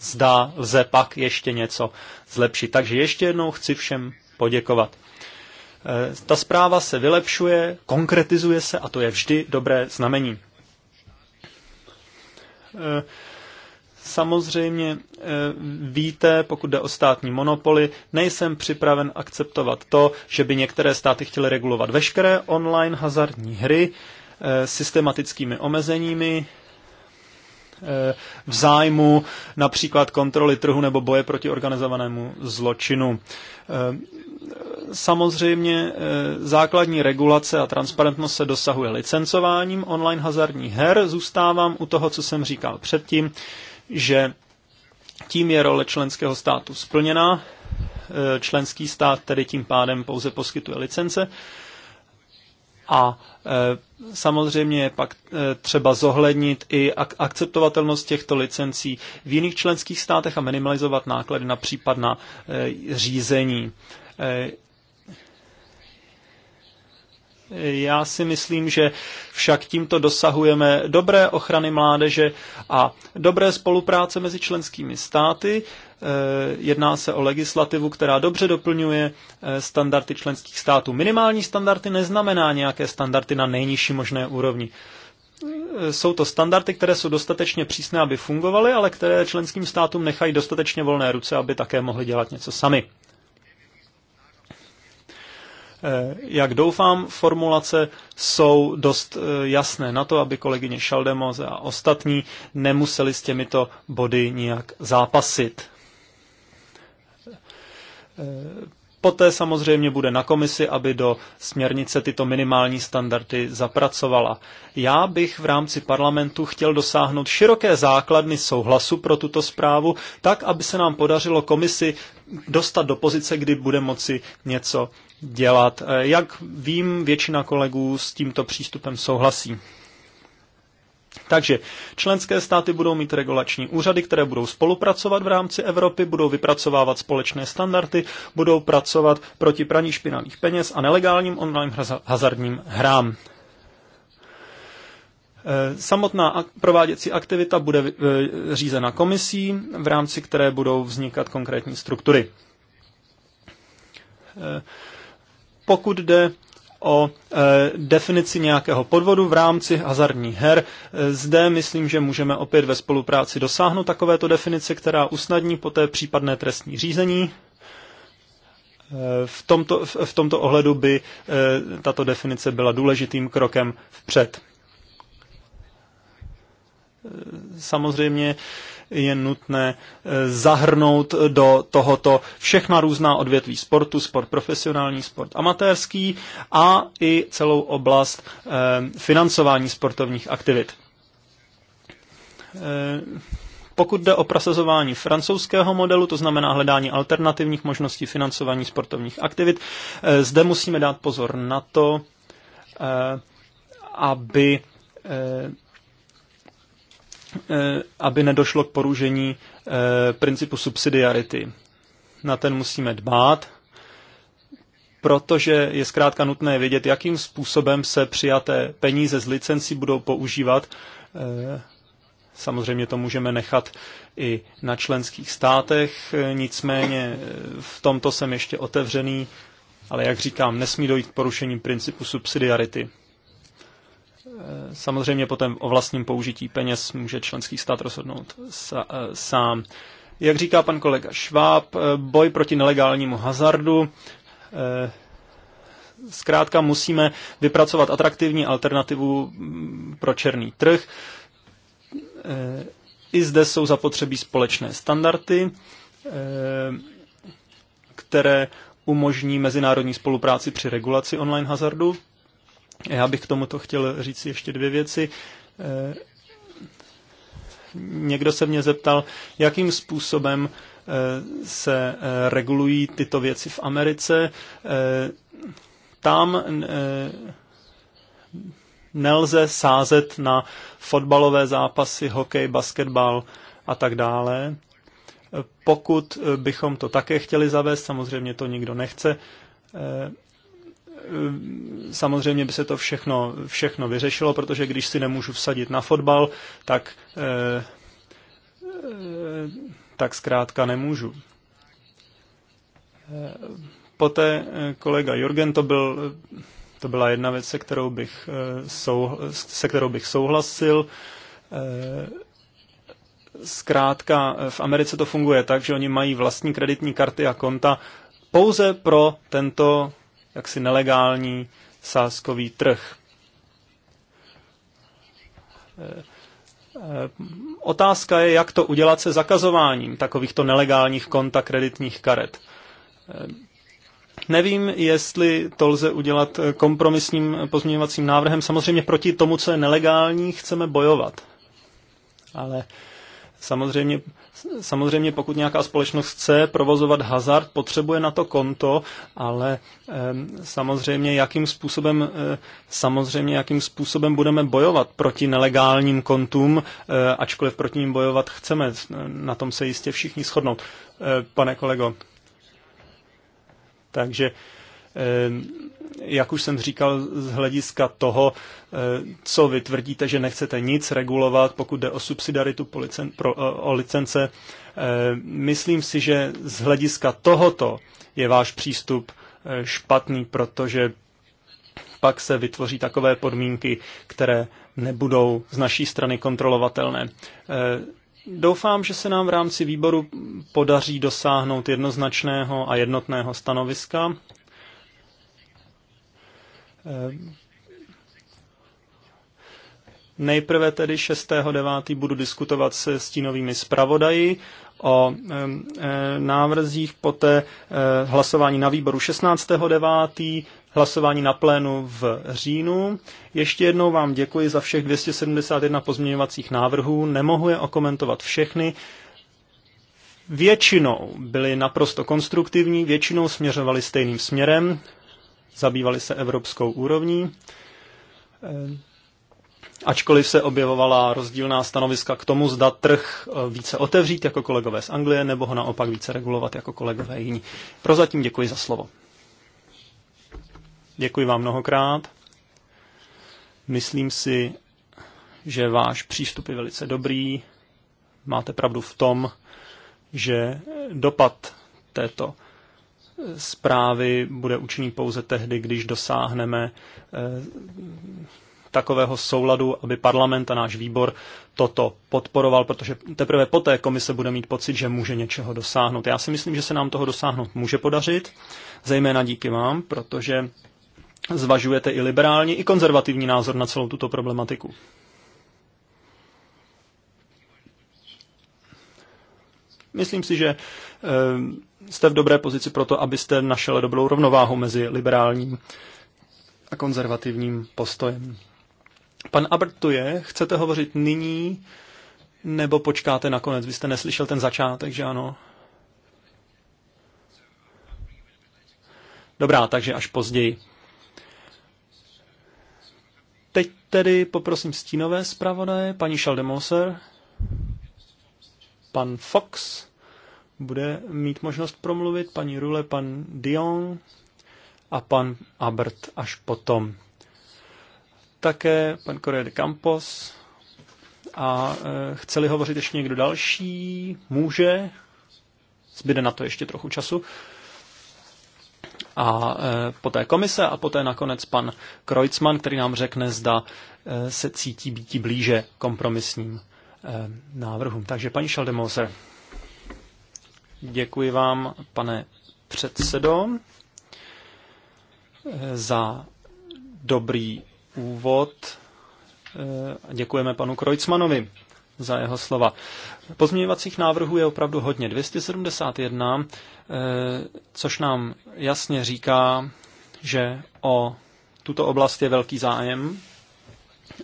zda lze pak ještě něco zlepšit. Takže ještě jednou chci všem poděkovat. E, ta zpráva se vylepšuje, konkretizuje se a to je vždy dobré znamení. E, samozřejmě e, víte, pokud jde o státní monopoly, nejsem připraven akceptovat to, že by některé státy chtěly regulovat veškeré online hazardní hry systematickými omezeními, v zájmu například kontroly trhu nebo boje proti organizovanému zločinu. E, samozřejmě e, základní regulace a transparentnost se dosahuje licencováním online hazardních her. Zůstávám u toho, co jsem říkal předtím, že tím je role členského státu splněna. E, členský stát tedy tím pádem pouze poskytuje licence a e, samozřejmě pak e, třeba zohlednit i ak- akceptovatelnost těchto licencí v jiných členských státech a minimalizovat náklady na případná e, řízení. Já si myslím, že však tímto dosahujeme dobré ochrany mládeže a dobré spolupráce mezi členskými státy, Eh, jedná se o legislativu, která dobře doplňuje eh, standardy členských států. Minimální standardy neznamená nějaké standardy na nejnižší možné úrovni. Eh, jsou to standardy, které jsou dostatečně přísné, aby fungovaly, ale které členským státům nechají dostatečně volné ruce, aby také mohli dělat něco sami. Jak doufám, formulace jsou dost jasné na to, aby kolegyně Šaldemoze a ostatní nemuseli s těmito body nijak zápasit. Poté samozřejmě bude na komisi, aby do směrnice tyto minimální standardy zapracovala. Já bych v rámci parlamentu chtěl dosáhnout široké základny souhlasu pro tuto zprávu, tak, aby se nám podařilo komisi dostat do pozice, kdy bude moci něco dělat. Jak vím, většina kolegů s tímto přístupem souhlasí. Takže členské státy budou mít regulační úřady, které budou spolupracovat v rámci Evropy, budou vypracovávat společné standardy, budou pracovat proti praní špinavých peněz a nelegálním online hazardním hrám. Eh, samotná prováděcí aktivita bude eh, řízena komisí, v rámci které budou vznikat konkrétní struktury. Eh, pokud jde o e, definici nějakého podvodu v rámci hazardních her. E, zde myslím, že můžeme opět ve spolupráci dosáhnout takovéto definice, která usnadní poté případné trestní řízení. E, v tomto, v tomto ohledu by tato definice byla důležitým krokem vpřed. Samozřejmě je nutné eh, zahrnout do tohoto všechna různá odvětví sportu, sport profesionální, sport amatérský a i celou oblast eh, financování sportovních aktivit. Eh, pokud jde o prosazování francouzského modelu, to znamená hledání alternativních možností financování sportovních aktivit, zde musíme dát pozor na to, aby Eh, aby nedošlo k porušení eh, principu subsidiarity. Na ten musíme dbát, protože je zkrátka nutné vědět, jakým způsobem se přijaté peníze z licencí budou používat. Eh, samozřejmě to můžeme nechat i na členských státech, nicméně v tomto jsem ještě otevřený, ale jak říkám, nesmí dojít k porušení principu subsidiarity. Samozřejmě potom o vlastním použití peněz může členský stát rozhodnout e, sám. Jak říká pan kolega Šváb, e, boj proti nelegálnímu hazardu. E, zkrátka musíme vypracovat atraktivní alternativu mm, pro černý trh. I zde jsou zapotřebí společné standardy, které umožní mezinárodní spolupráci při regulaci online hazardu. Já bych k tomuto chtěl říct ještě dvě věci. Eh, někdo se mě zeptal, jakým způsobem eh, se eh, regulují tyto věci v Americe. Tam nelze sázet na fotbalové zápasy, hokej, basketbal a tak dále. Pokud bychom to také chtěli zavést, samozřejmě to nikdo nechce, Eh, samozřejmě by se to všechno, všechno vyřešilo, protože když si nemůžu vsadit na fotbal, tak, eh, eh, tak zkrátka nemůžu. Poté kolega Jorgen, to, byl, to byla jedna věc, se kterou bych, se kterou bych souhlasil. Zkrátka v Americe to funguje tak, že oni mají vlastní kreditní karty a konta pouze pro tento jaksi nelegální sáskový trh. Eh, eh, otázka je, jak to udělat se zakazováním takovýchto nelegálních konta kreditních karet. Eh, nevím, jestli to lze udělat kompromisním pozměňovacím návrhem. Samozřejmě proti tomu, co je nelegální, chceme bojovat. Ale samozřejmě Samozřejmě, pokud nějaká společnost chce provozovat hazard, potřebuje na to konto, ale samozřejmě, jakým způsobem, eh, samozřejmě, jakým způsobem budeme bojovat proti nelegálním kontům, eh, ačkoliv proti ním bojovat chceme. Na tom se jistě všichni shodnou, eh, pane kolego. Takže Ehm, jak už jsem říkal, z hlediska toho, eh, co vy tvrdíte, že nechcete nic regulovat, pokud jde o subsidiaritu eh, o licence. Ehm, myslím si, že z hlediska tohoto je váš přístup eh, špatný, protože pak se vytvoří takové podmínky, které nebudou z naší strany kontrolovatelné. Ehm, doufám, že se nám v rámci výboru podaří dosáhnout jednoznačného a jednotného stanoviska Ehm, nejprve tedy 6.9. budu diskutovat se stínovými zpravodaji o ehm, eh, návrzích, poté eh, hlasování na výboru 16.9., hlasování na plénu v říjnu. Ještě jednou vám děkuji za všech 271 pozměňovacích návrhů. Nemohu je okomentovat všechny. Většinou byly naprosto konstruktivní, většinou směřovaly stejným směrem zabývali se evropskou úrovní. Eh, ačkoliv se objevovala rozdílná stanoviska k tomu, zda trh eh, více otevřít jako kolegové z Anglie, nebo ho naopak více regulovat jako kolegové jiní. Prozatím děkuji za slovo. Děkuji vám mnohokrát. Myslím si, že váš přístup je velice dobrý. Máte pravdu v tom, že dopad této zprávy bude účinný pouze tehdy, když dosáhneme eh, takového souladu, aby parlament a náš výbor toto podporoval, protože teprve poté komise bude mít pocit, že může něčeho dosáhnout. Já si myslím, že se nám toho dosáhnout může podařit, zejména díky vám, protože zvažujete i liberální, i konzervativní názor na celou tuto problematiku. Myslím si, že eh, jste v dobré pozici pro to, abyste našel dobrou rovnováhu mezi liberálním a konzervativním postojem. Pan Abertuje, chcete hovořit nyní nebo počkáte nakonec? Vy jste neslyšel ten začátek, že ano? Dobrá, takže až později. Teď tedy poprosím stínové zpravodaje, paní Šaldemoser, pan Fox bude mít možnost promluvit paní Rule, pan Dion a pan Abert až potom. Také pan Correa de Campos. A e, chceli hovořit ještě někdo další? Může. Zbyde na to ještě trochu času. A e, poté komise a poté nakonec pan Kreutzmann, který nám řekne, zda e, se cítí být blíže kompromisním e, návrhům. Takže paní Šaldemoser. Děkuji vám, pane předsedo, za dobrý úvod. Eh, děkujeme panu Krojcmanovi za jeho slova. Pozměňovacích návrhů je opravdu hodně. 271, eh, což nám jasně říká, že o tuto oblast je velký zájem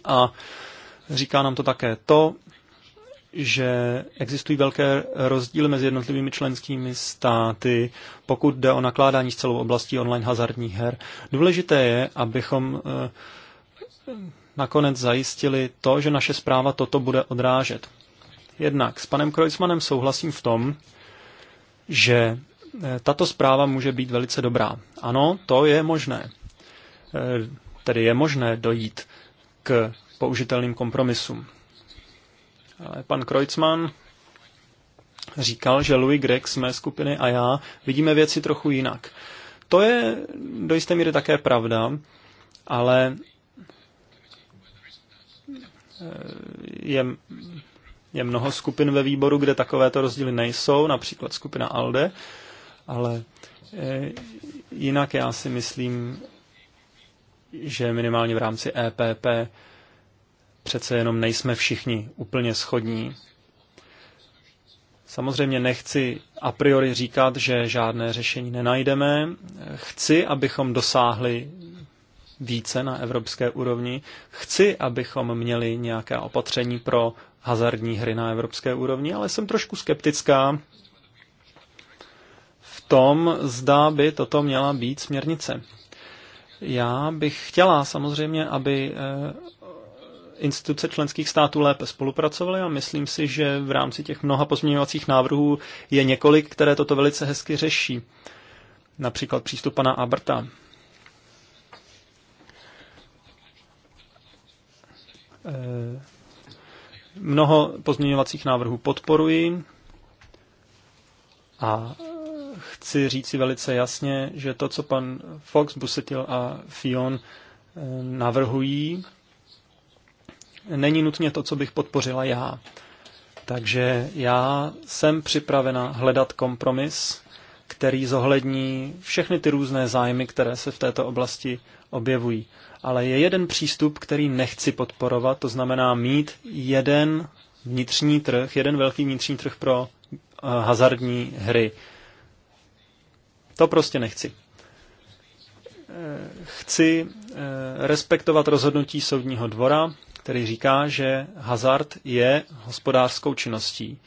a říká nám to také to, že existují velké rozdíly mezi jednotlivými členskými státy, pokud jde o nakládání s celou oblastí online hazardních her. Důležité je, abychom eh, nakonec zajistili to, že naše zpráva toto bude odrážet. Jednak s panem Kreuzmanem souhlasím v tom, že eh, tato zpráva může být velice dobrá. Ano, to je možné. Eh, tedy je možné dojít k použitelným kompromisům ale pan Kreutzmann říkal, že Louis Gregg z mé skupiny a já vidíme věci trochu jinak. To je do jisté míry také pravda, ale eh, je, je mnoho skupin ve výboru, kde takovéto rozdíly nejsou, například skupina ALDE, ale eh, jinak já si myslím, že minimálně v rámci EPP přece jenom nejsme všichni úplně schodní. Samozřejmě nechci a priori říkat, že žádné řešení nenajdeme. Chci, abychom dosáhli více na evropské úrovni. Chci, abychom měli nějaké opatření pro hazardní hry na evropské úrovni, ale jsem trošku skeptická v tom, zda by toto měla být směrnice. Já bych chtěla samozřejmě, aby eh, instituce členských států lépe spolupracovaly a myslím si, že v rámci těch mnoha pozměňovacích návrhů je několik, které toto velice hezky řeší. Například přístup pana Aberta. Eh, mnoho pozměňovacích návrhů podporuji a chci říci velice jasně, že to, co pan Fox, Busetil a Fion eh, navrhují, není nutně to, co bych podpořila já. Takže já jsem připravena hledat kompromis, který zohlední všechny ty různé zájmy, které se v této oblasti objevují. Ale je jeden přístup, který nechci podporovat, to znamená mít jeden vnitřní trh, jeden velký vnitřní trh pro eh, hazardní hry. To prostě nechci. Eh, chci eh, respektovat rozhodnutí soudního dvora který říká, že hazard je hospodářskou činností,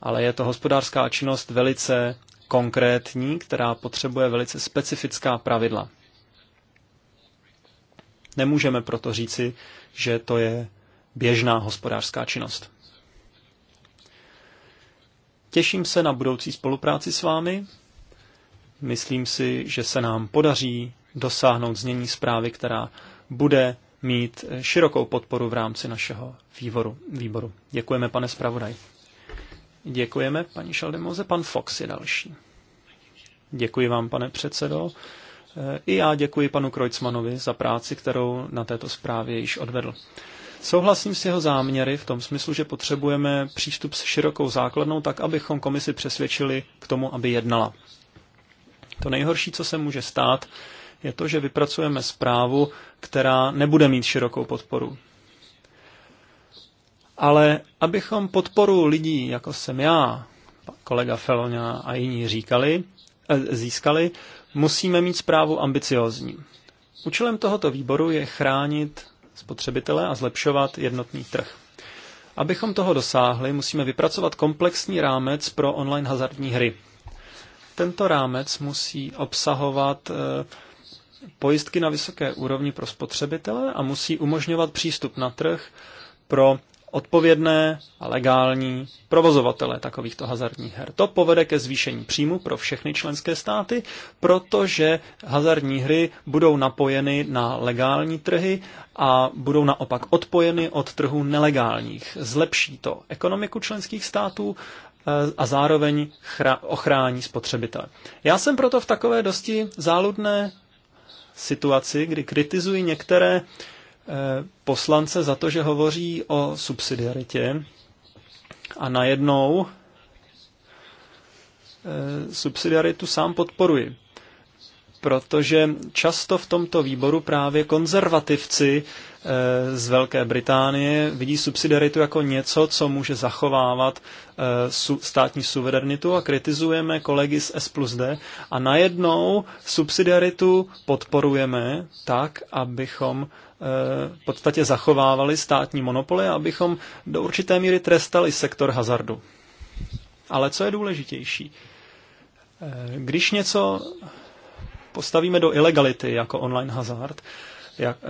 ale je to hospodářská činnost velice konkrétní, která potřebuje velice specifická pravidla. Nemůžeme proto říci, že to je běžná hospodářská činnost. Těším se na budoucí spolupráci s vámi. Myslím si, že se nám podaří dosáhnout znění zprávy, která bude mít širokou podporu v rámci našeho výboru. výboru. Děkujeme, pane zpravodaj. Děkujeme, paní Šaldemoze. Pan Fox je další. Děkuji vám, pane předsedo. I já děkuji panu Krojcmanovi za práci, kterou na této zprávě již odvedl. Souhlasím s jeho záměry v tom smyslu, že potřebujeme přístup s širokou základnou, tak abychom komisi přesvědčili k tomu, aby jednala. To nejhorší, co se může stát, je to, že vypracujeme zprávu, která nebude mít širokou podporu. Ale abychom podporu lidí, jako jsem já, kolega Feloňa a jiní říkali, eh, získali, musíme mít zprávu ambiciozní. Účelem tohoto výboru je chránit spotřebitele a zlepšovat jednotný trh. Abychom toho dosáhli, musíme vypracovat komplexní rámec pro online hazardní hry. Tento rámec musí obsahovat e, pojistky na vysoké úrovni pro spotřebitele a musí umožňovat přístup na trh pro odpovědné a legální provozovatele takovýchto hazardních her. To povede ke zvýšení příjmu pro všechny členské státy, protože hazardní hry budou napojeny na legální trhy a budou naopak odpojeny od trhu nelegálních. Zlepší to ekonomiku členských států eh, a zároveň ochrání spotřebitele. Já jsem proto v takové dosti záludné situaci, kdy kritizují některé eh, poslance za to, že hovoří o subsidiaritě a najednou eh, subsidiaritu sám podporuji protože často v tomto výboru právě konzervativci eh, z Velké Británie vidí subsidiaritu jako něco, co může zachovávat eh, státní suverenitu a kritizujeme kolegy z S plus D a najednou subsidiaritu podporujeme tak, abychom eh, v podstatě zachovávali státní monopoly a abychom do určité míry trestali sektor hazardu. Ale co je důležitější? Když něco postavíme do ilegality jako online hazard, jak, e,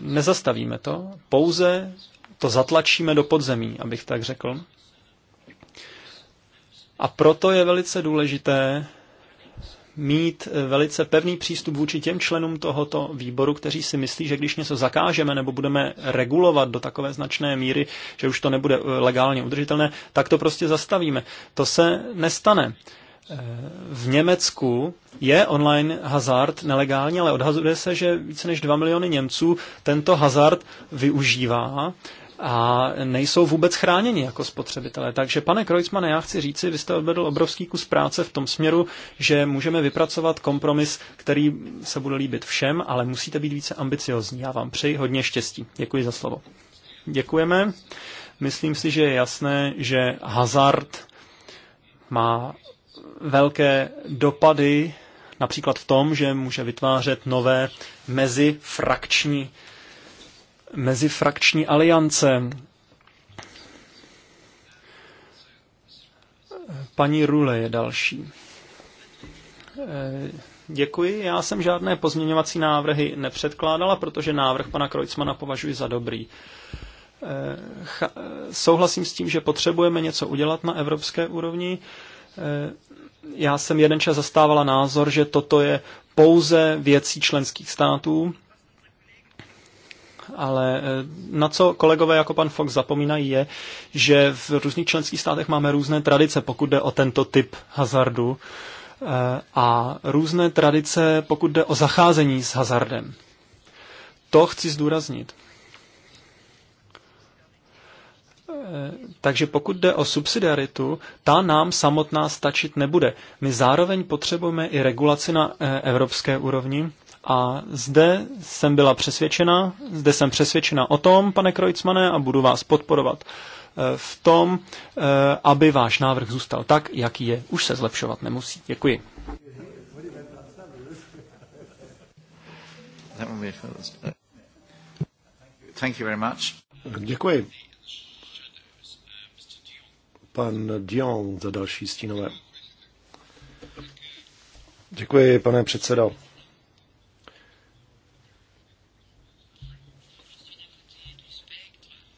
nezastavíme to, pouze to zatlačíme do podzemí, abych tak řekl. A proto je velice důležité mít eh, velice pevný přístup vůči těm členům tohoto výboru, kteří si myslí, že když něco zakážeme nebo budeme regulovat do takové značné míry, že už to nebude eh, legálně udržitelné, tak to prostě zastavíme. To se nestane v Německu je online hazard nelegální, ale odhazuje se, že více než 2 miliony Němců tento hazard využívá a nejsou vůbec chráněni jako spotřebitelé. Takže pane Krojcmane, já chci říci, vy jste odvedl obrovský kus práce v tom směru, že můžeme vypracovat kompromis, který se bude líbit všem, ale musíte být více ambiciozní. Já vám přeji hodně štěstí. Děkuji za slovo. Děkujeme. Myslím si, že je jasné, že hazard má velké dopady například v tom, že může vytvářet nové mezifrakční, mezifrakční aliance. Paní Rule je další. Eh, děkuji. Já jsem žádné pozměňovací návrhy nepředkládala, protože návrh pana Krojcmana považuji za dobrý. Eh, souhlasím s tím, že potřebujeme něco udělat na evropské úrovni eh, já jsem jeden čas zastávala názor, že toto je pouze věcí členských států, ale eh, na co kolegové jako pan Fox zapomínají je, že v různých členských státech máme různé tradice, pokud jde o tento typ hazardu eh, a různé tradice, pokud jde o zacházení s hazardem. To chci zdůraznit. takže pokud jde o subsidiaritu, ta nám samotná stačit nebude. My zároveň potřebujeme i regulaci na eh, evropské úrovni a zde jsem byla přesvědčena, zde jsem přesvědčena o tom, pane Krojcmane, a budu vás podporovat eh, v tom, eh, aby váš návrh zůstal tak, jaký je. Už se zlepšovat nemusí. Děkuji. Děkuji pan Dion za další stínové. Děkuji, pane předsedo.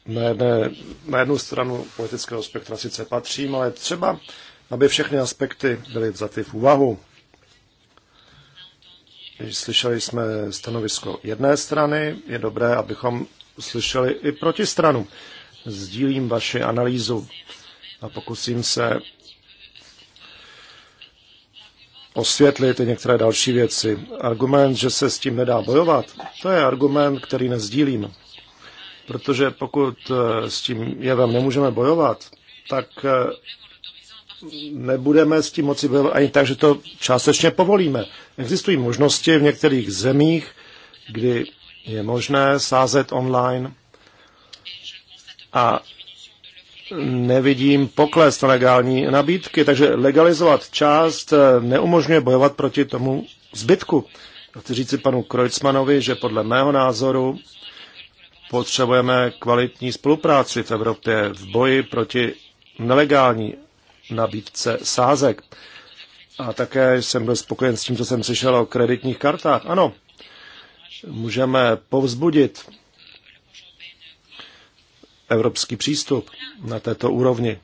Na, jedné, na jednu stranu politického spektra sice patřím, ale třeba, aby všechny aspekty byly vzaty v úvahu. Když slyšeli jsme stanovisko jedné strany, je dobré, abychom slyšeli i protistranu. Sdílím vaši analýzu a pokusím se osvětlit i některé další věci. Argument, že se s tím nedá bojovat, to je argument, který nezdílím. Protože pokud eh, s tím jevem nemůžeme bojovat, tak eh, nebudeme s tím moci bojovat ani tak, že to částečně povolíme. Existují možnosti v některých zemích, kdy je možné sázet online a nevidím pokles nelegální nabídky, takže legalizovat část eh, neumožňuje bojovat proti tomu zbytku. Chci říci panu Kreutzmanovi, že podle mého názoru potřebujeme kvalitní spolupráci v Evropě v boji proti nelegální nabídce sázek. A také jsem byl spokojen s tím, co jsem slyšel o kreditních kartách. Ano, můžeme povzbudit evropský přístup na této úrovni.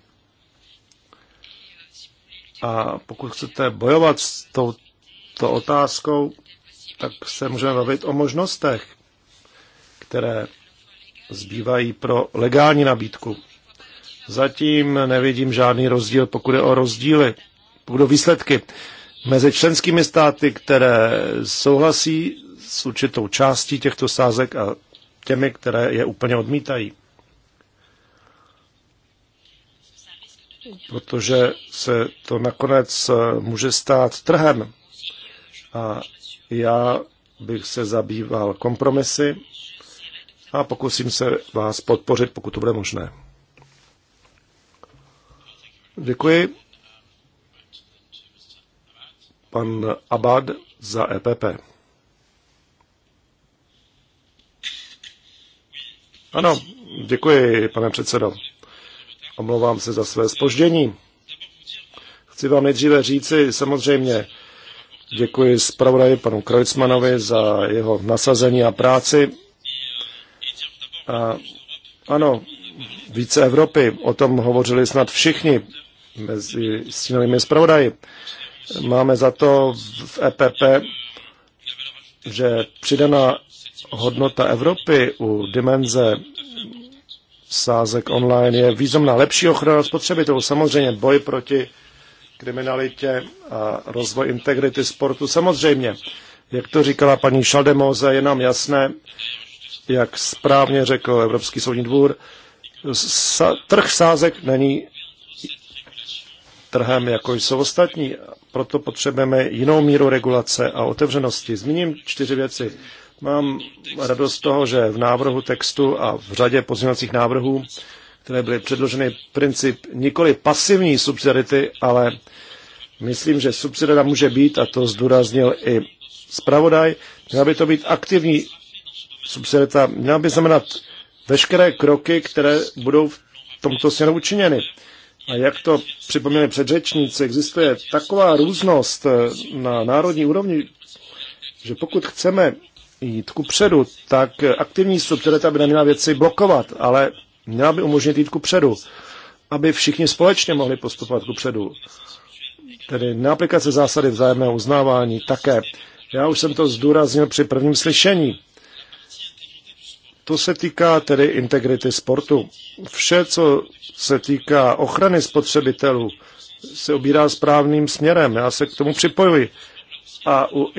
A pokud chcete bojovat s touto otázkou, tak se můžeme bavit o možnostech, které zbývají pro legální nabídku. Zatím nevidím žádný rozdíl, pokud je o rozdíly, pokud o výsledky mezi členskými státy, které souhlasí s určitou částí těchto sázek a těmi, které je úplně odmítají. protože se to nakonec eh, může stát trhem. A já bych se zabýval kompromisy a pokusím se vás podpořit, pokud to bude možné. Děkuji. Pan Abad za EPP. Ano, děkuji, pane předsedo. Omlouvám se za své spoždění. Chci vám nejdříve říci, samozřejmě děkuji zpravodaji panu Krojcmanovi za jeho nasazení a práci. A, ano, více Evropy, o tom hovořili snad všichni mezi stínovými zpravodaji. Máme za to v EPP, že přidaná hodnota Evropy u dimenze sázek online je významná lepší ochranu spotřebitelů. Samozřejmě boj proti kriminalitě a rozvoj integrity sportu. Samozřejmě, jak to říkala paní Šaldemoze, je nám jasné, jak správně řekl Evropský soudní dvůr, sa- trh sázek není trhem, jako jsou ostatní. Proto potřebujeme jinou míru regulace a otevřenosti. Zmíním čtyři věci. Mám radost z toho, že v návrhu textu a v řadě pozměňovacích návrhů, které byly předloženy, princip nikoli pasivní subsidiarity, ale myslím, že subsidiarita může být, a to zdůraznil i zpravodaj, měla by to být aktivní subsidiarita, měla by znamenat veškeré kroky, které budou v tomto směru učiněny. A jak to připomněli předřečníci, existuje taková různost eh, na národní úrovni, že pokud chceme jít ku předu, tak aktivní které by neměla věci blokovat, ale měla by umožnit jít ku předu, aby všichni společně mohli postupovat ku předu. Tedy na aplikace zásady vzájemného uznávání také. Já už jsem to zdůraznil při prvním slyšení. To se týká tedy integrity sportu. Vše, co se týká ochrany spotřebitelů, se obírá správným směrem. Já se k tomu připojuji. A u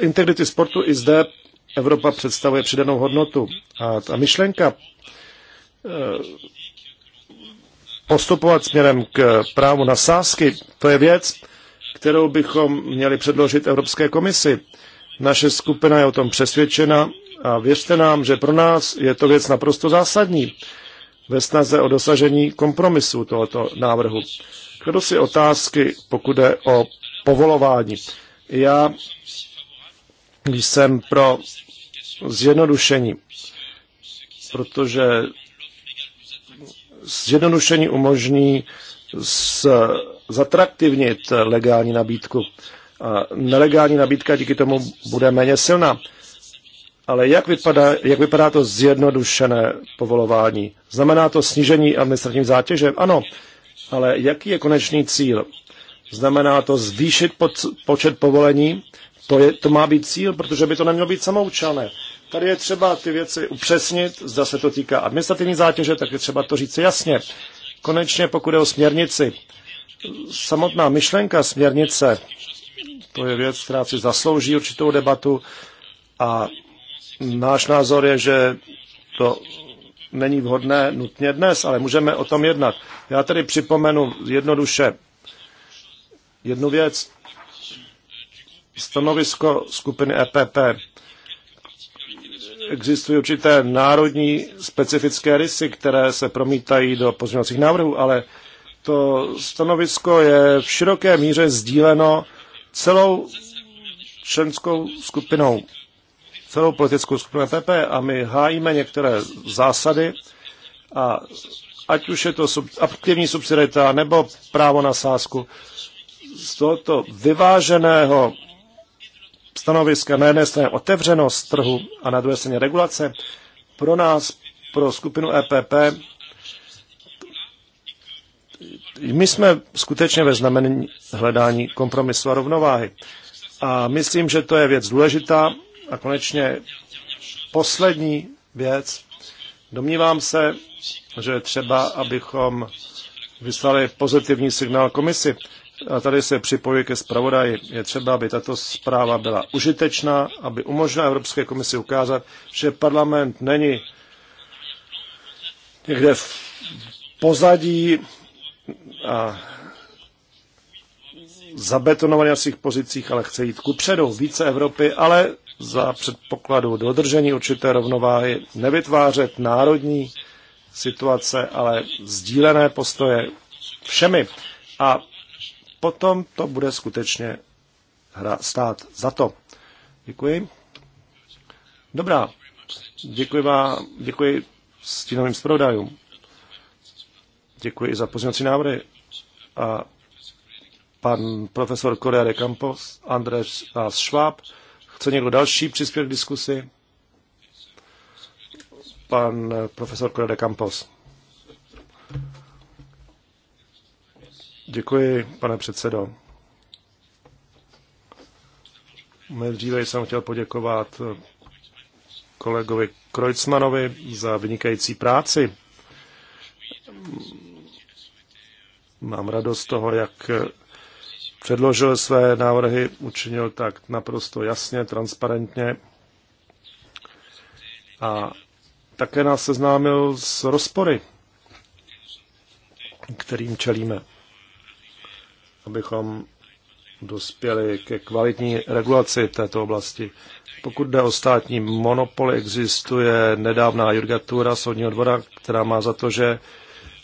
integrity sportu i zde Evropa představuje přidanou hodnotu. A ta myšlenka eh, postupovat směrem k právu na sázky, to je věc, kterou bychom měli předložit Evropské komisi. Naše skupina je o tom přesvědčena a věřte nám, že pro nás je to věc naprosto zásadní ve snaze o dosažení kompromisu tohoto návrhu. Kdo si otázky, pokud je o povolování. Já jsem pro zjednodušení, protože zjednodušení umožní z, zatraktivnit legální nabídku. A nelegální nabídka díky tomu bude méně silná. Ale jak vypadá, jak vypadá to zjednodušené povolování? Znamená to snížení administrativní zátěže? Ano, ale jaký je konečný cíl? Znamená to zvýšit pod, počet povolení to, je, to má být cíl, protože by to nemělo být samoučelné. Tady je třeba ty věci upřesnit, zda se to týká administrativní zátěže, tak je třeba to říct jasně. Konečně pokud je o směrnici. Samotná myšlenka směrnice, to je věc, která si zaslouží určitou debatu a náš názor je, že to není vhodné nutně dnes, ale můžeme o tom jednat. Já tady připomenu jednoduše jednu věc stanovisko skupiny EPP. Existují určité národní specifické rysy, které se promítají do pozměňovacích návrhů, ale to stanovisko je v široké míře sdíleno celou členskou skupinou, celou politickou skupinou EPP a my hájíme některé zásady a ať už je to sub, aktivní subsidiarita nebo právo na sázku, z tohoto vyváženého stanoviska, na jedné straně otevřenost trhu a na druhé straně regulace, pro nás, pro skupinu EPP, my jsme skutečně ve znamení hledání kompromisu a rovnováhy. A myslím, že to je věc důležitá. A konečně poslední věc. Domnívám se, že je třeba, abychom vyslali pozitivní signál komisi a tady se připojí ke zpravodaji, je třeba, aby tato zpráva byla užitečná, aby umožnila Evropské komisi ukázat, že parlament není někde v pozadí a zabetonovaný na svých pozicích, ale chce jít kupředu, více Evropy, ale za předpokladu dodržení určité rovnováhy, nevytvářet národní situace, ale sdílené postoje všemi. A potom to bude skutečně hra stát za to. Děkuji. Dobrá. Děkuji vám, děkuji stínovým zpravodajům. Děkuji za pozměňovací návrhy. A pan profesor Korea de Campos, Andrej Vás Schwab. Chce někdo další přispět k diskusi? Pan profesor Korea de Campos. Děkuji, pane předsedo. Nejdříve jsem chtěl poděkovat kolegovi Krojcmanovi za vynikající práci. Mám radost z toho, jak předložil své návrhy, učinil tak naprosto jasně, transparentně a také nás seznámil s rozpory, kterým čelíme abychom dospěli ke kvalitní regulaci této oblasti. Pokud jde o státní monopol, existuje nedávná judikatura soudního dvora, která má za to, že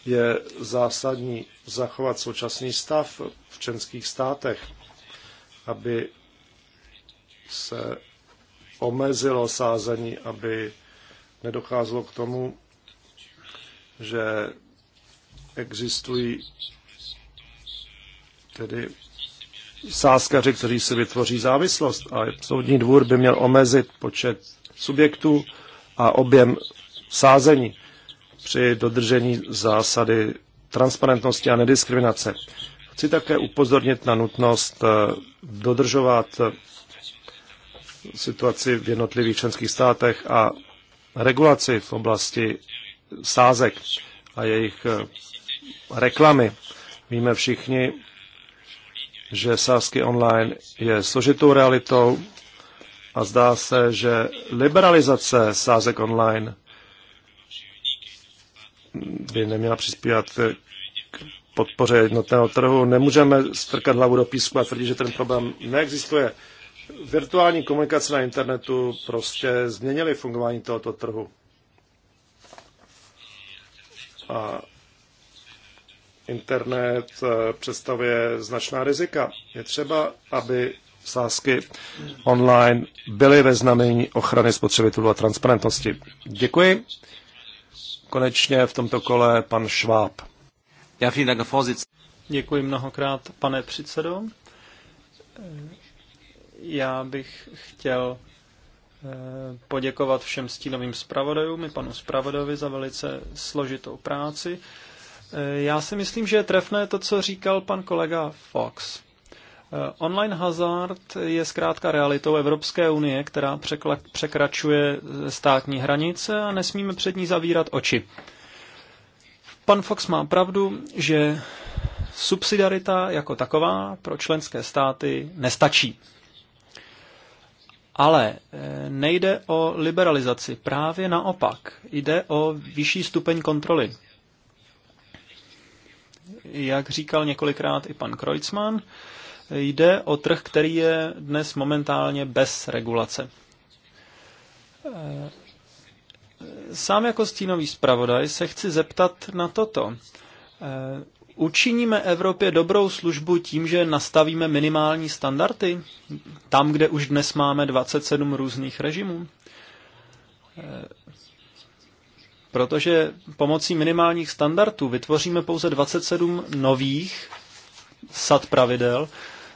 je zásadní zachovat současný stav v členských státech, aby se omezilo sázení, aby nedocházelo k tomu, že existují tedy sázkaři, kteří si vytvoří závislost. A soudní dvůr by měl omezit počet subjektů a objem sázení při dodržení zásady transparentnosti a nediskriminace. Chci také upozornit na nutnost eh, dodržovat eh, situaci v jednotlivých členských státech a regulaci v oblasti sázek a jejich eh, reklamy. Víme všichni, že sázky online je složitou realitou a zdá se, že liberalizace sázek online by neměla přispívat k podpoře jednotného trhu. Nemůžeme strkat hlavu do písku a tvrdit, že ten problém neexistuje. Virtuální komunikace na internetu prostě změnily fungování tohoto trhu. A internet eh, představuje značná rizika. Je třeba, aby sázky online byly ve znamení ochrany spotřebitelů a transparentnosti. Děkuji. Konečně v tomto kole pan Šváb. Děkuji mnohokrát, pane předsedo. Já bych chtěl eh, poděkovat všem stínovým zpravodajům i panu zpravodovi za velice složitou práci. Eh, já si myslím, že je trefné to, co říkal pan kolega Fox. Eh, online hazard je zkrátka realitou Evropské unie, která překračuje státní hranice a nesmíme před ní zavírat oči. Pan Fox má pravdu, že subsidiarita jako taková pro členské státy nestačí. Ale eh, nejde o liberalizaci, právě naopak. Jde o vyšší stupeň kontroly. Jak říkal několikrát i pan Kreutzmann, jde o trh, který je dnes momentálně bez regulace. Eh, sám jako stínový zpravodaj se chci zeptat na toto. Eh, učiníme Evropě dobrou službu tím, že nastavíme minimální standardy tam, kde už dnes máme 27 různých režimů? Eh, protože pomocí minimálních standardů vytvoříme pouze 27 nových sad pravidel,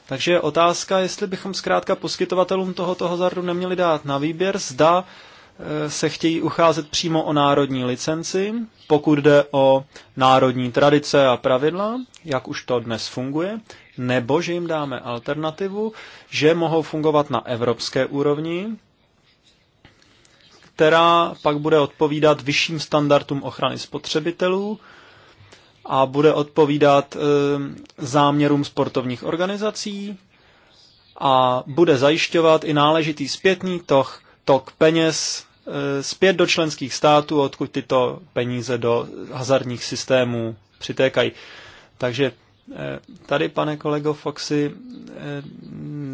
takže je otázka, jestli bychom zkrátka poskytovatelům tohoto hazardu neměli dát na výběr, zda e, se chtějí ucházet přímo o národní licenci, pokud jde o národní tradice a pravidla, jak už to dnes funguje, nebo že jim dáme alternativu, že mohou fungovat na evropské úrovni, která pak bude odpovídat vyšším standardům ochrany spotřebitelů a bude odpovídat eh, záměrům sportovních organizací a bude zajišťovat i náležitý zpětný toh tok peněz eh, zpět do členských států, odkud tyto peníze do hazardních systémů přitékají. Takže Eh, tady, pane kolego Foxy, eh,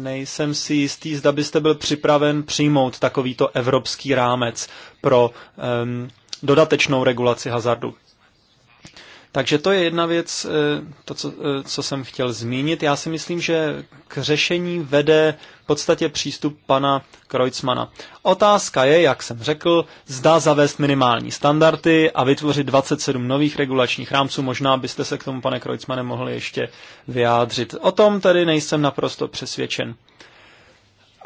nejsem si jistý, zda byste byl připraven přijmout takovýto evropský rámec pro um, dodatečnou regulaci hazardu. Takže to je jedna věc, eh, to, co, eh, co jsem chtěl zmínit. Já si myslím, že k řešení vede v podstatě přístup pana Kreutzmana. Otázka je, jak jsem řekl, zda zavést minimální standardy a vytvořit 27 nových regulačních rámců. Možná byste se k tomu, pane Kreutzmane, mohli ještě vyjádřit. O tom tedy nejsem naprosto přesvědčen.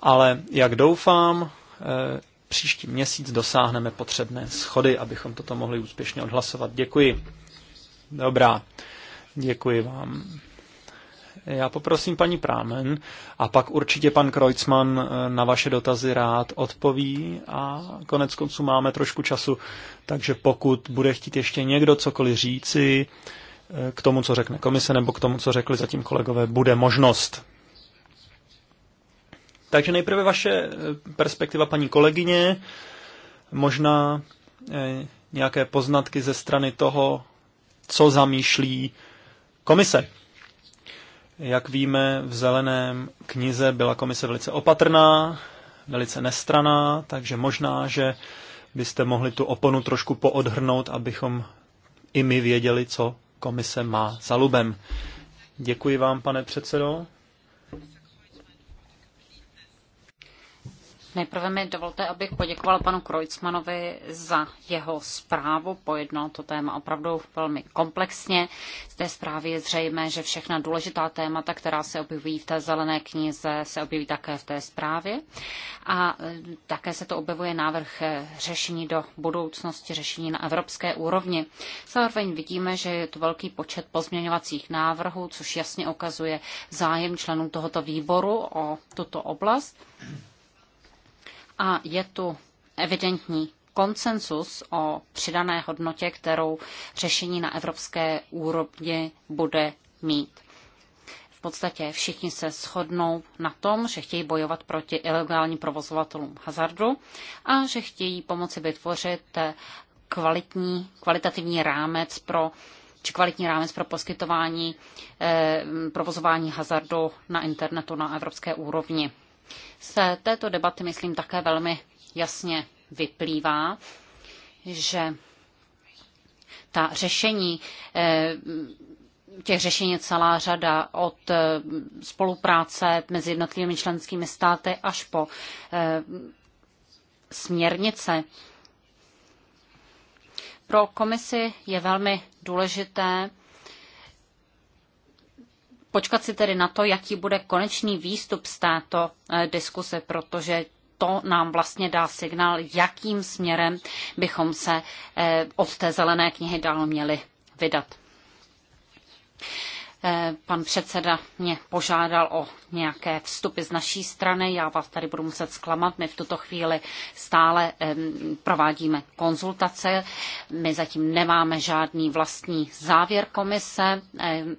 Ale jak doufám, eh, příští měsíc dosáhneme potřebné schody, abychom toto mohli úspěšně odhlasovat. Děkuji. Dobrá, děkuji vám. Já poprosím paní Prámen a pak určitě pan Kreutzmann eh, na vaše dotazy rád odpoví a konec konců máme trošku času, takže pokud bude chtít ještě někdo cokoliv říci eh, k tomu, co řekne komise nebo k tomu, co řekli zatím kolegové, bude možnost. Takže nejprve vaše eh, perspektiva paní kolegyně, možná nějaké poznatky ze strany toho, co zamýšlí komise. Jak víme, v zeleném knize byla komise velice opatrná, velice nestraná, takže možná, že byste mohli tu oponu trošku poodhrnout, abychom i my věděli, co komise má za lubem. Děkuji vám, pane předsedo. Nejprve mi dovolte, abych poděkovala panu Krojcmanovi za jeho zprávu. Pojednal to téma opravdu velmi komplexně. Z té zprávy je zřejmé, že všechna důležitá témata, která se objevují v té zelené knize, se objeví také v té zprávě. A e, také se to objevuje návrh e, řešení do budoucnosti, řešení na evropské úrovni. Zároveň vidíme, že je to velký počet pozměňovacích návrhů, což jasně ukazuje zájem členů tohoto výboru o tuto oblast a je tu evidentní konsensus o přidané hodnotě, kterou řešení na evropské úrovni bude mít. V podstatě všichni se shodnou na tom, že chtějí bojovat proti ilegálním provozovatelům hazardu a že chtějí pomoci vytvořit kvalitní, kvalitativní rámec pro či kvalitní rámec pro poskytování eh, provozování hazardu na internetu na evropské úrovni se této debaty, myslím, také velmi jasně vyplývá, že ta řešení, eh, těch řešení je celá řada od eh, spolupráce mezi jednotlivými členskými státy až po eh, směrnice. Pro komisi je velmi důležité, počkat si tedy na to, jaký bude konečný výstup z této eh, diskuse, protože to nám vlastně dá signál, jakým směrem bychom se eh, od té zelené knihy dál měli vydat. Eh, pan předseda mě požádal o nějaké vstupy z naší strany. Já vás tady budu muset zklamat. My v tuto chvíli stále provádíme konzultace. My zatím nemáme žádný vlastní závěr komise.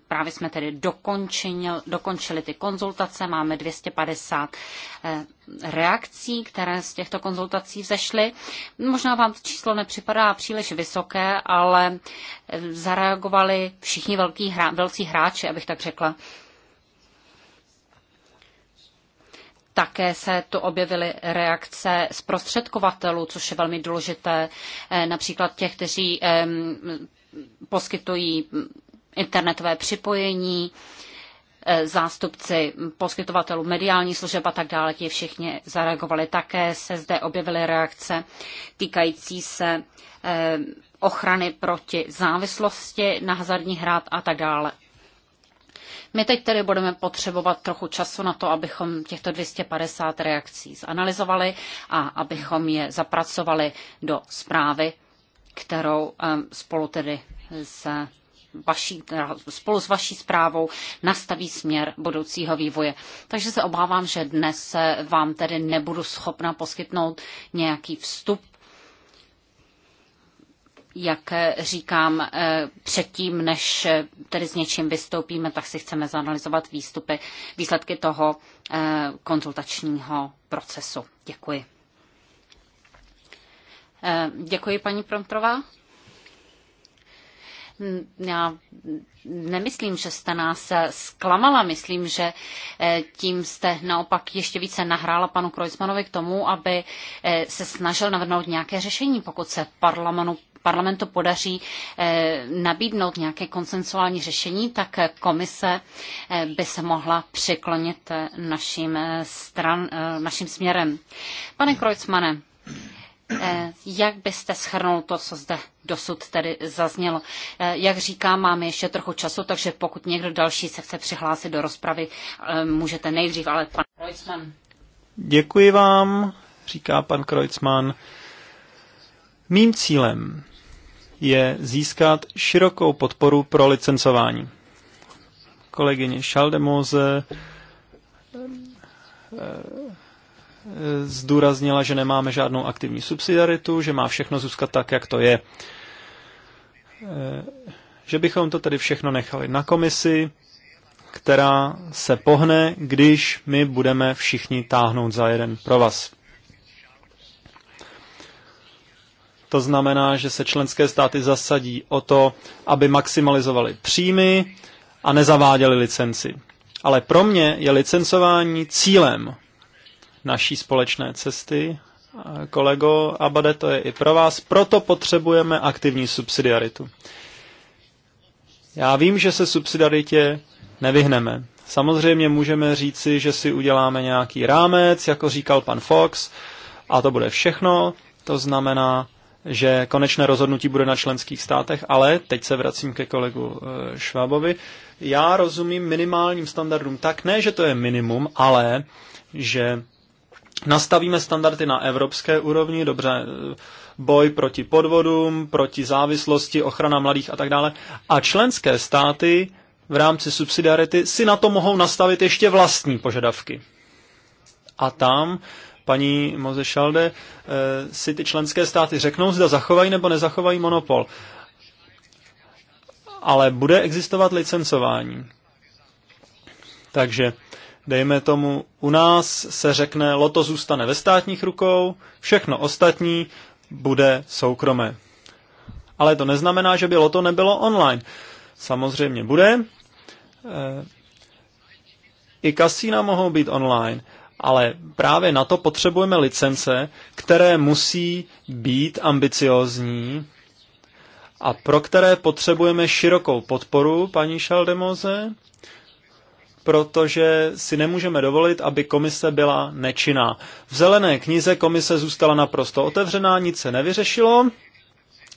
Právě jsme tedy dokončili, dokončili ty konzultace. Máme 250 reakcí, které z těchto konzultací vzešly. Možná vám to číslo nepřipadá příliš vysoké, ale zareagovali všichni velký hra, velcí hráči, abych tak řekla. Také se tu objevily reakce zprostředkovatelů, což je velmi důležité, eh, například těch, kteří poskytují mm, internetové připojení, E, zástupci poskytovatelů mediální služeb a tak dále, ti všichni zareagovali. Také se zde objevily reakce týkající se e, ochrany proti závislosti na hazardních hrát a tak dále. My teď tedy budeme potřebovat trochu času na to, abychom těchto 250 reakcí zanalizovali a abychom je zapracovali do zprávy, kterou e, spolu tedy s vaší, spolu s vaší zprávou nastaví směr budoucího vývoje. Takže se obávám, že dnes vám tedy nebudu schopna poskytnout nějaký vstup jak říkám, eh, předtím, než eh, tedy s něčím vystoupíme, tak si chceme zanalizovat výstupy, výsledky toho eh, konzultačního procesu. Děkuji. Děkuji, paní Promptrová já nemyslím, že jste nás zklamala, myslím, že eh, tím jste naopak ještě více nahrála panu Krojcmanovi k tomu, aby eh, se snažil navrhnout nějaké řešení, pokud se parlamentu parlamentu podaří eh, nabídnout nějaké konsensuální řešení, tak komise by se mohla přiklonit naším, stran, naším směrem. Pane Krojcmane, Eh, jak byste schrnul to, co zde dosud tedy zaznělo? Eh, jak říkám, máme ještě trochu času, takže pokud někdo další se chce přihlásit do rozpravy, eh, můžete nejdřív, ale pan Kreuzmann. Děkuji vám, říká pan Kreuzmann. Mým cílem je získat širokou podporu pro licencování. Kolegyně Šaldemose Eh, zdůraznila, že nemáme žádnou aktivní subsidiaritu, že má všechno zůstat tak, jak to je. Eh, že bychom to tedy všechno nechali na komisi, která se pohne, když my budeme všichni táhnout za jeden pro vás. To znamená, že se členské státy zasadí o to, aby maximalizovali příjmy a nezaváděli licenci. Ale pro mě je licencování cílem, naší společné cesty. Kolego Abade, to je i pro vás. Proto potřebujeme aktivní subsidiaritu. Já vím, že se subsidiaritě nevyhneme. Samozřejmě můžeme říci, že si uděláme nějaký rámec, jako říkal pan Fox, a to bude všechno. To znamená, že konečné rozhodnutí bude na členských státech, ale teď se vracím ke kolegu eh, Švábovi. Já rozumím minimálním standardům tak, ne, že to je minimum, ale že Nastavíme standardy na evropské úrovni, dobře, boj proti podvodům, proti závislosti, ochrana mladých a tak dále. A členské státy v rámci subsidiarity si na to mohou nastavit ještě vlastní požadavky. A tam paní Šalde eh, si ty členské státy řeknou, zda zachovají nebo nezachovají monopol. Ale bude existovat licencování. Takže Dejme tomu, u nás se řekne, loto zůstane ve státních rukou, všechno ostatní bude soukromé. Ale to neznamená, že by loto nebylo online. Samozřejmě bude. E, I kasína mohou být online, ale právě na to potřebujeme licence, které musí být ambiciózní a pro které potřebujeme širokou podporu, paní Šaldemoze, protože si nemůžeme dovolit, aby komise byla nečinná. V zelené knize komise zůstala naprosto otevřená, nic se nevyřešilo.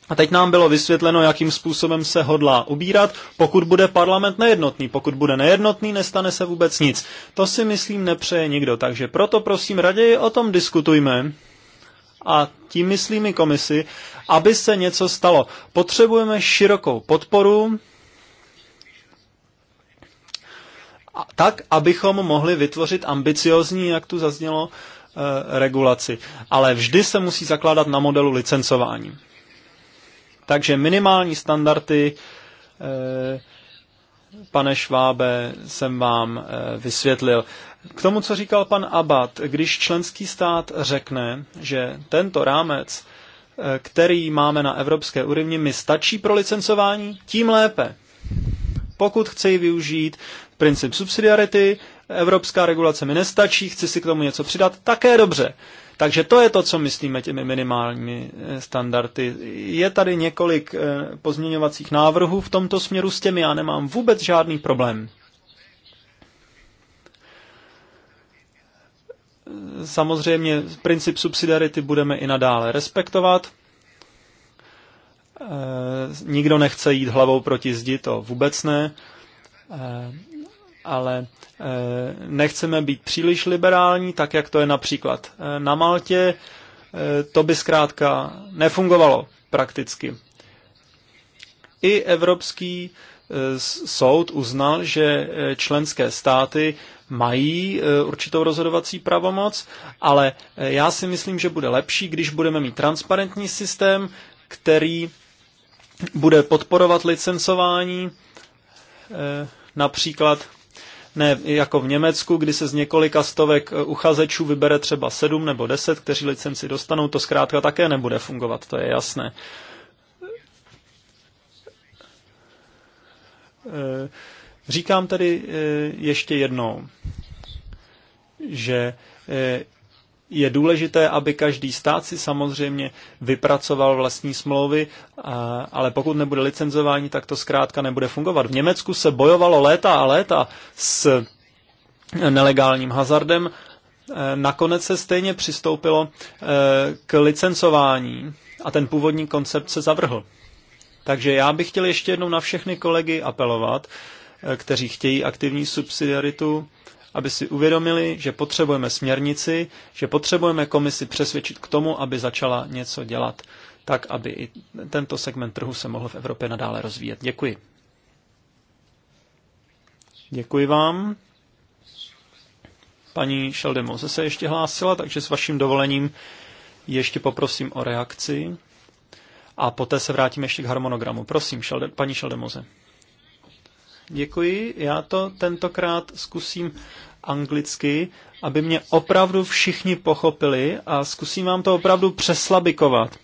A teď nám bylo vysvětleno, jakým způsobem se hodlá ubírat, pokud bude parlament nejednotný. Pokud bude nejednotný, nestane se vůbec nic. To si myslím nepřeje nikdo, takže proto prosím raději o tom diskutujme. A tím myslím i komisi, aby se něco stalo. Potřebujeme širokou podporu, tak, abychom mohli vytvořit ambiciozní, jak tu zaznělo, eh, regulaci. Ale vždy se musí zakládat na modelu licencování. Takže minimální standardy, eh, pane Švábe, jsem vám eh, vysvětlil. K tomu, co říkal pan Abad, když členský stát řekne, že tento rámec, který máme na evropské úrovni, mi stačí pro licencování, tím lépe. Pokud chce ji využít, Princip subsidiarity, evropská regulace mi nestačí, chci si k tomu něco přidat, také dobře. Takže to je to, co myslíme těmi minimálními eh, standardy. Je tady několik eh, pozměňovacích návrhů v tomto směru, s těmi já nemám vůbec žádný problém. Samozřejmě princip subsidiarity budeme i nadále respektovat. Eh, nikdo nechce jít hlavou proti zdi, to vůbec ne ale eh, nechceme být příliš liberální, tak jak to je například eh, na Maltě. Eh, to by zkrátka nefungovalo prakticky. I Evropský soud uznal, že členské státy mají určitou rozhodovací pravomoc, ale já si myslím, že bude lepší, když budeme mít transparentní systém, který bude podporovat licencování, například ne jako v Německu, kdy se z několika stovek e, uchazečů vybere třeba sedm nebo deset, kteří licenci dostanou, to zkrátka také nebude fungovat, to je jasné. E, říkám tedy e, ještě jednou, že je důležité, aby každý stát si samozřejmě vypracoval vlastní smlouvy, ale pokud nebude licenzování, tak to zkrátka nebude fungovat. V Německu se bojovalo léta a léta s nelegálním hazardem. E, nakonec se stejně přistoupilo e, k licencování a ten původní koncept se zavrhl. Takže já bych chtěl ještě jednou na všechny kolegy apelovat, e, kteří chtějí aktivní subsidiaritu, aby si uvědomili, že potřebujeme směrnici, že potřebujeme komisi přesvědčit k tomu, aby začala něco dělat, tak aby i tento segment trhu se mohl v Evropě nadále rozvíjet. Děkuji. Děkuji vám. Paní Šeldemose se ještě hlásila, takže s vaším dovolením ještě poprosím o reakci a poté se vrátím ještě k harmonogramu. Prosím, šelde, paní Šeldemoze. Děkuji. Já to tentokrát zkusím anglicky, aby mě opravdu všichni pochopili a zkusím vám to opravdu přeslabikovat.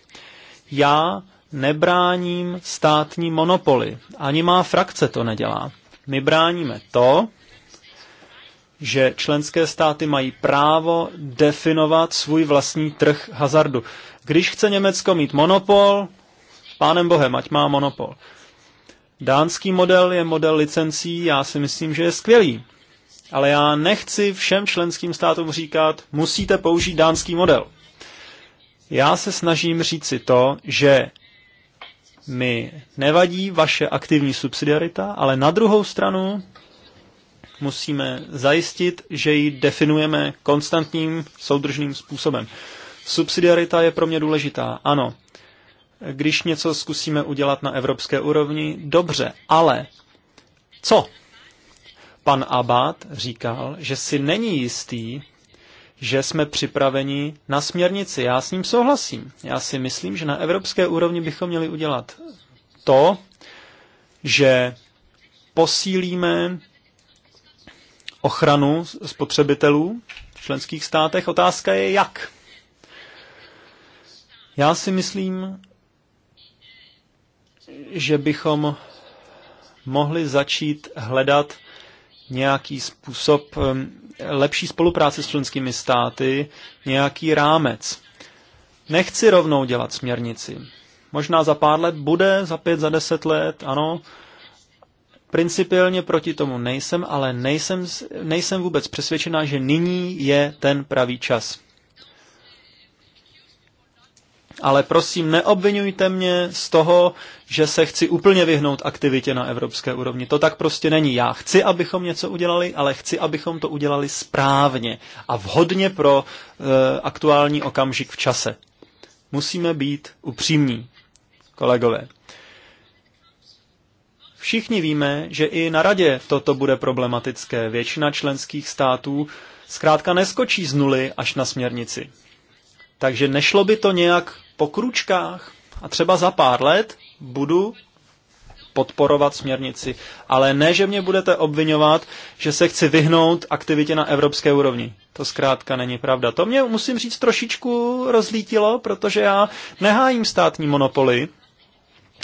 Já nebráním státní monopoly. Ani má frakce to nedělá. My bráníme to, že členské státy mají právo definovat svůj vlastní trh hazardu. Když chce Německo mít monopol, pánem bohem, ať má monopol. Dánský model je model licencí, já si myslím, že je skvělý. Ale já nechci všem členským státům říkat, musíte použít dánský model. Já se snažím říci to, že mi nevadí vaše aktivní subsidiarita, ale na druhou stranu musíme zajistit, že ji definujeme konstantním soudržným způsobem. Subsidiarita je pro mě důležitá, ano když něco zkusíme udělat na evropské úrovni, dobře, ale co? Pan Abad říkal, že si není jistý, že jsme připraveni na směrnici. Já s ním souhlasím. Já si myslím, že na evropské úrovni bychom měli udělat to, že posílíme ochranu spotřebitelů v členských státech. Otázka je jak. Já si myslím, že bychom mohli začít hledat nějaký způsob lepší spolupráce s členskými státy, nějaký rámec. Nechci rovnou dělat směrnici. Možná za pár let bude, za pět, za deset let, ano. Principiálně proti tomu nejsem, ale nejsem, nejsem vůbec přesvědčená, že nyní je ten pravý čas. Ale prosím, neobvinujte mě z toho, že se chci úplně vyhnout aktivitě na evropské úrovni. To tak prostě není. Já chci, abychom něco udělali, ale chci, abychom to udělali správně a vhodně pro e, aktuální okamžik v čase. Musíme být upřímní, kolegové. Všichni víme, že i na radě toto bude problematické. Většina členských států zkrátka neskočí z nuly až na směrnici. Takže nešlo by to nějak po kručkách a třeba za pár let budu podporovat směrnici. Ale ne, že mě budete obvinovat, že se chci vyhnout aktivitě na evropské úrovni. To zkrátka není pravda. To mě, musím říct, trošičku rozlítilo, protože já nehájím státní monopoly.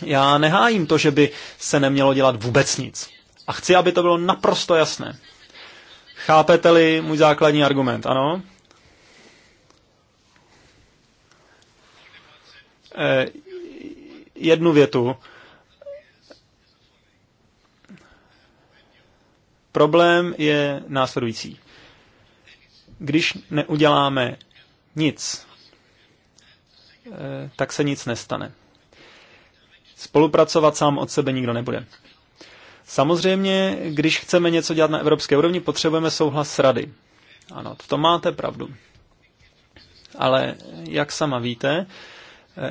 Já nehájím to, že by se nemělo dělat vůbec nic. A chci, aby to bylo naprosto jasné. Chápete-li můj základní argument, ano? Eh, jednu větu. Problém je následující. Když neuděláme nic, eh, tak se nic nestane. Spolupracovat sám od sebe nikdo nebude. Samozřejmě, když chceme něco dělat na evropské úrovni, potřebujeme souhlas s rady. Ano, to máte pravdu. Ale jak sama víte,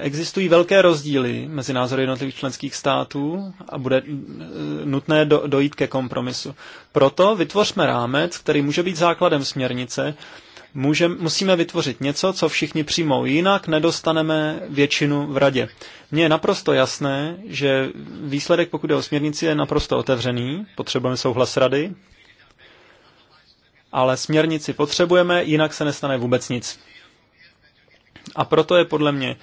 Existují velké rozdíly mezi názory jednotlivých členských států a bude mm, e, nutné do, dojít ke kompromisu. Proto vytvořme rámec, který může být základem směrnice. Může, musíme vytvořit něco, co všichni přijmou, jinak nedostaneme většinu v radě. Mně je naprosto jasné, že výsledek, pokud je o směrnici, je naprosto otevřený. Potřebujeme souhlas rady, ale směrnici potřebujeme, jinak se nestane vůbec nic. A proto je podle mě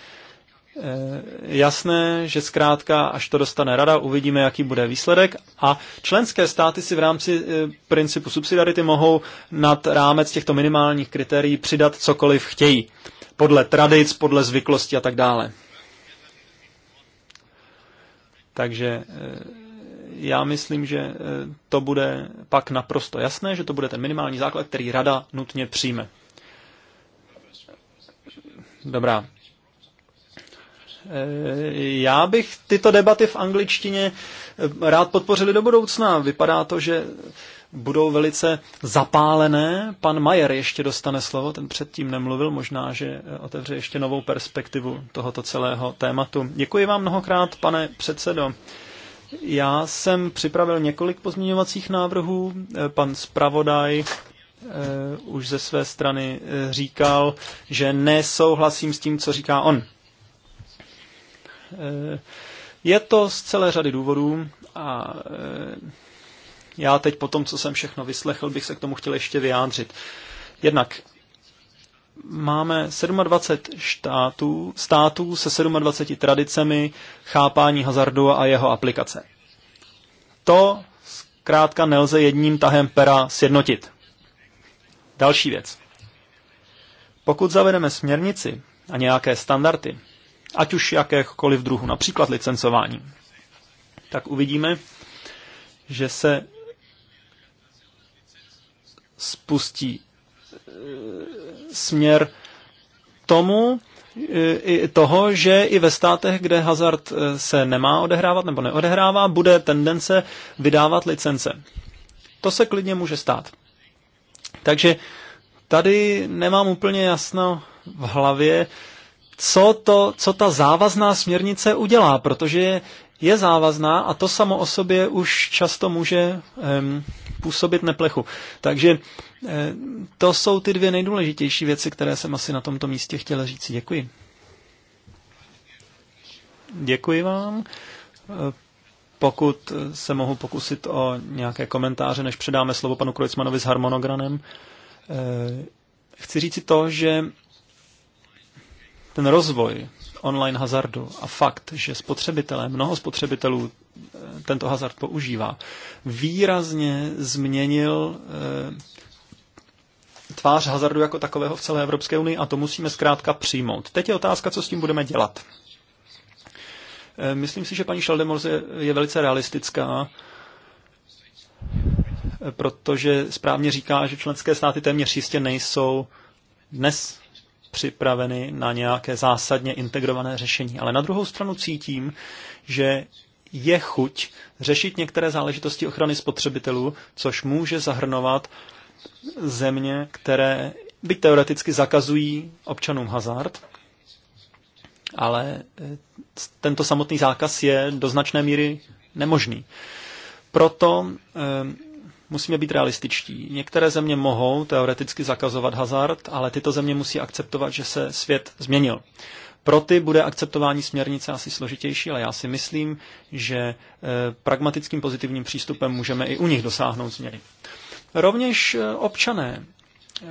Eh, jasné, že zkrátka, až to dostane rada, uvidíme, jaký bude výsledek a členské státy si v rámci eh, principu subsidiarity mohou nad rámec těchto minimálních kritérií přidat cokoliv chtějí. Podle tradic, podle zvyklosti a tak dále. Takže eh, já myslím, že to bude pak naprosto jasné, že to bude ten minimální základ, který rada nutně přijme. Dobrá, já bych tyto debaty v angličtině eh, rád podpořili do budoucna. Vypadá to, že budou velice zapálené. Pan Majer ještě dostane slovo, ten předtím nemluvil, možná, že eh, otevře ještě novou perspektivu tohoto celého tématu. Děkuji vám mnohokrát, pane předsedo. Já jsem připravil několik pozměňovacích návrhů. Eh, pan zpravodaj už ze své strany říkal, že nesouhlasím s tím, co říká on. Eh, je to z celé řady důvodů a eh, já teď po tom, co jsem všechno vyslechl, bych se k tomu chtěl ještě vyjádřit. Jednak máme 27 štátů, států se 27 tradicemi chápání hazardu a jeho aplikace. To zkrátka nelze jedním tahem pera sjednotit. Další věc. Pokud zavedeme směrnici a nějaké standardy, ať už jakékoliv druhu, například licencování, tak uvidíme, že se spustí eh, směr tomu, eh, i toho, že i ve státech, kde hazard eh, se nemá odehrávat nebo neodehrává, bude tendence vydávat licence. To se klidně může stát. Takže tady nemám úplně jasno v hlavě, co, to, co ta závazná směrnice udělá, protože je závazná a to samo o sobě už často může um, působit neplechu. Takže eh, to jsou ty dvě nejdůležitější věci, které jsem asi na tomto místě chtěla říct. Děkuji. Děkuji vám. Eh, pokud se mohu pokusit o nějaké komentáře, než předáme slovo panu Krojcmanovi s harmonogramem, eh, chci říci to, že ten rozvoj online hazardu a fakt, že spotřebitelé, mnoho spotřebitelů eh, tento hazard používá, výrazně změnil e, tvář hazardu jako takového v celé Evropské unii a to musíme zkrátka přijmout. Teď je otázka, co s tím budeme dělat. E, myslím si, že paní Šaldemorz je, je velice realistická, protože správně říká, že členské státy téměř jistě nejsou dnes připraveny na nějaké zásadně integrované řešení. Ale na druhou stranu cítím, že je chuť řešit některé záležitosti ochrany spotřebitelů, což může zahrnovat země, které by teoreticky zakazují občanům hazard, ale eh, tento samotný zákaz je do značné míry nemožný. Proto eh, Musíme být realističtí. Některé země mohou teoreticky zakazovat hazard, ale tyto země musí akceptovat, že se svět změnil. Pro ty bude akceptování směrnice asi složitější, ale já si myslím, že eh, pragmatickým pozitivním přístupem můžeme i u nich dosáhnout změny. Rovněž eh, občané eh,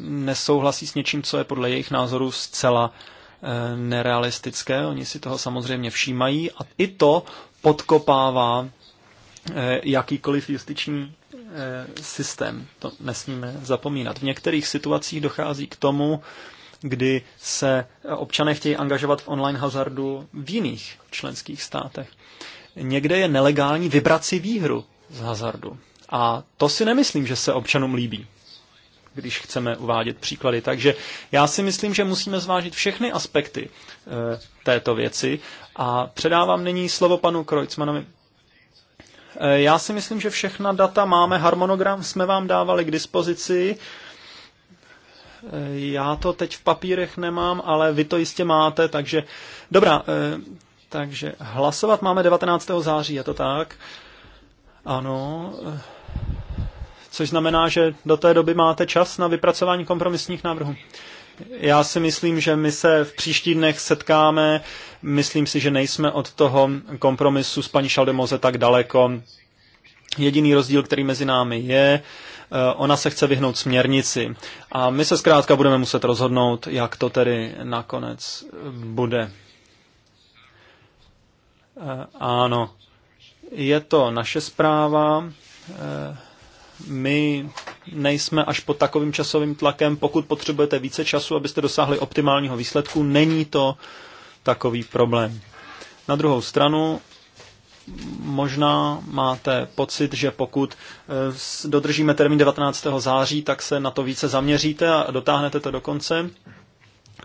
nesouhlasí s něčím, co je podle jejich názoru zcela nerealistické. Oni si toho samozřejmě všímají a i to podkopává jakýkoliv justiční Eh, systém. To nesmíme zapomínat. V některých situacích dochází k tomu, kdy se občané chtějí angažovat v online hazardu v jiných členských státech. Někde je nelegální vybrat si výhru z hazardu. A to si nemyslím, že se občanům líbí, když chceme uvádět příklady. Takže já si myslím, že musíme zvážit všechny aspekty e, této věci. A předávám nyní slovo panu Krojcmanovi Eh, já si myslím, že všechna data máme, harmonogram jsme vám dávali k dispozici. Eh, já to teď v papírech nemám, ale vy to jistě máte, takže dobrá, eh, takže hlasovat máme 19. září, je to tak? Ano, což znamená, že do té doby máte čas na vypracování kompromisních návrhů. Já si myslím, že my se v příštích dnech setkáme. Myslím si, že nejsme od toho kompromisu s paní Šaldemoze tak daleko. Jediný rozdíl, který mezi námi je, eh, ona se chce vyhnout směrnici. A my se zkrátka budeme muset rozhodnout, jak to tedy nakonec bude. Eh, ano, je to naše zpráva eh, my nejsme až pod takovým časovým tlakem. Pokud potřebujete více času, abyste dosáhli optimálního výsledku, není to takový problém. Na druhou stranu, možná máte pocit, že pokud eh, dodržíme termín 19. září, tak se na to více zaměříte a dotáhnete to do konce.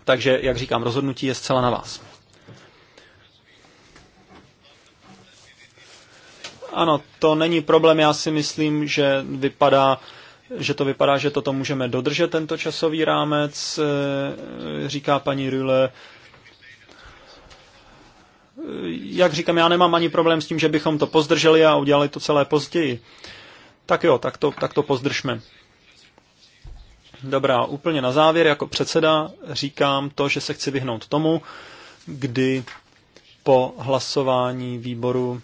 Takže, jak říkám, rozhodnutí je zcela na vás. Ano, to není problém. Já si myslím, že vypadá, že to vypadá, že toto můžeme dodržet, tento časový rámec, eh, říká paní Rüle. Eh, jak říkám, já nemám ani problém s tím, že bychom to pozdrželi a udělali to celé později. Tak jo, tak to, tak to pozdržme. Dobrá, úplně na závěr, jako předseda říkám to, že se chci vyhnout tomu, kdy po hlasování výboru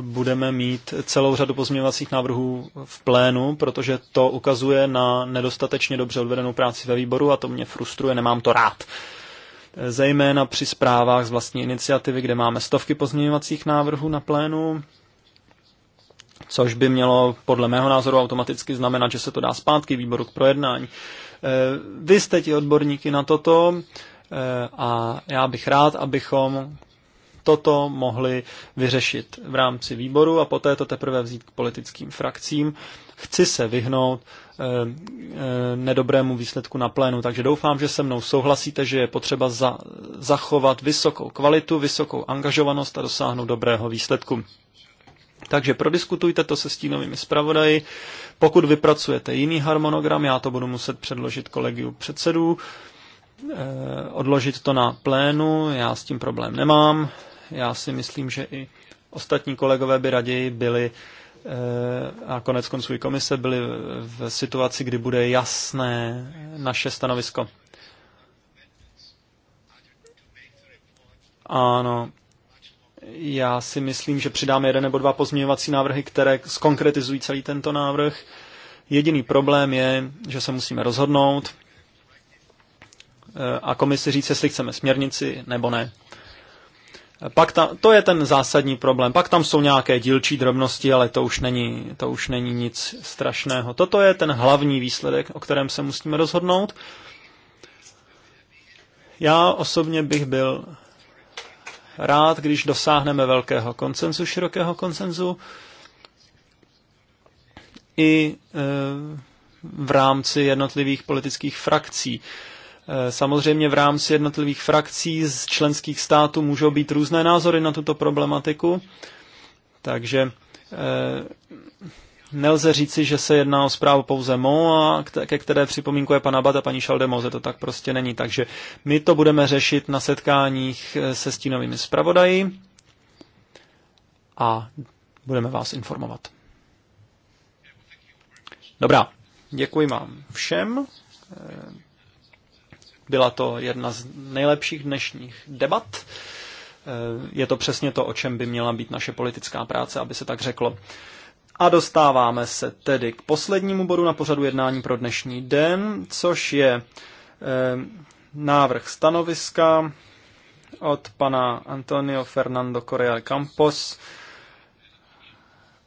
budeme mít celou řadu pozměňovacích návrhů v plénu, protože to ukazuje na nedostatečně dobře odvedenou práci ve výboru a to mě frustruje, nemám to rád. Zejména při zprávách z vlastní iniciativy, kde máme stovky pozměňovacích návrhů na plénu, což by mělo podle mého názoru automaticky znamenat, že se to dá zpátky výboru k projednání. Eh, vy jste ti odborníky na toto eh, a já bych rád, abychom toto mohli vyřešit v rámci výboru a poté to teprve vzít k politickým frakcím. Chci se vyhnout e, e, nedobrému výsledku na plénu, takže doufám, že se mnou souhlasíte, že je potřeba za, zachovat vysokou kvalitu, vysokou angažovanost a dosáhnout dobrého výsledku. Takže prodiskutujte to se stínovými zpravodaji. Pokud vypracujete jiný harmonogram, já to budu muset předložit kolegiu předsedů, eh, odložit to na plénu, já s tím problém nemám já si myslím, že i ostatní kolegové by raději byli eh, a konec konců i komise byli v situaci, kdy bude jasné naše stanovisko. Ano, já si myslím, že přidáme jeden nebo dva pozměňovací návrhy, které skonkretizují celý tento návrh. Jediný problém je, že se musíme rozhodnout eh, a komisi říct, jestli chceme směrnici nebo ne. Pak ta, to je ten zásadní problém. Pak tam jsou nějaké dílčí drobnosti, ale to už, není, to už není nic strašného. Toto je ten hlavní výsledek, o kterém se musíme rozhodnout. Já osobně bych byl rád, když dosáhneme velkého koncenzu, širokého koncenzu i e, v rámci jednotlivých politických frakcí. E, Eh, samozřejmě v rámci jednotlivých frakcí z členských států můžou být různé názory na tuto problematiku, takže eh, nelze říci, že se jedná o zprávu pouze MO, a ke které připomínkuje pan Abad a paní Šaldemoze, to tak prostě není. Takže my to budeme řešit na setkáních eh, se stínovými zpravodaji a budeme vás informovat. Dobrá, děkuji vám všem. Byla to jedna z nejlepších dnešních debat. Eh, je to přesně to, o čem by měla být naše politická práce, aby se tak řeklo. A dostáváme se tedy k poslednímu bodu na pořadu jednání pro dnešní den, což je eh, návrh stanoviska od pana Antonio Fernando Correa Campos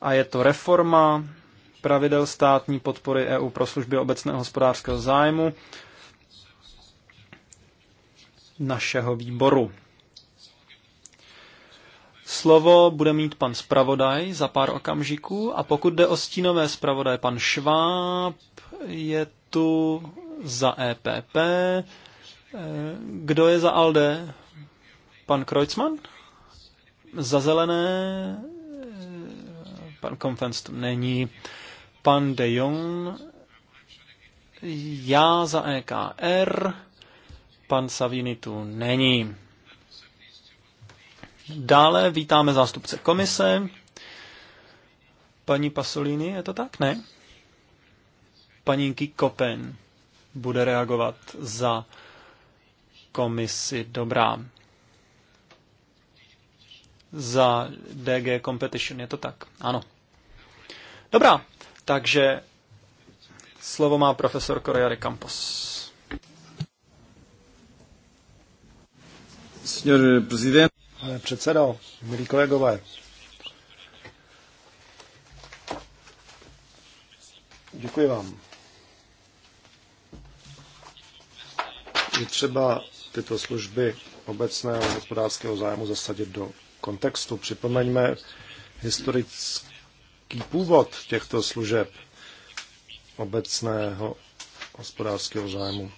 a je to reforma pravidel státní podpory EU pro služby obecného hospodářského zájmu našeho výboru. Slovo bude mít pan zpravodaj za pár okamžiků a pokud jde o stínové zpravodaj, pan Šváb je tu za EPP. Eh, kdo je za ALDE? Pan Kreuzmann? Za zelené? Eh, pan Konfens tu není. Pan De Jong? Já za EKR Pan Savini tu není. Dále vítáme zástupce komise. Paní Pasolini, je to tak? Ne? Paní Kikopen bude reagovat za komisi. Dobrá. Za DG Competition, je to tak? Ano. Dobrá, takže slovo má profesor Correa de Campos. Pane předsedo, milí kolegové, děkuji vám. Je třeba tyto služby obecného hospodářského zájmu zasadit do kontextu. Připomeňme historický původ těchto služeb obecného hospodářského zájmu.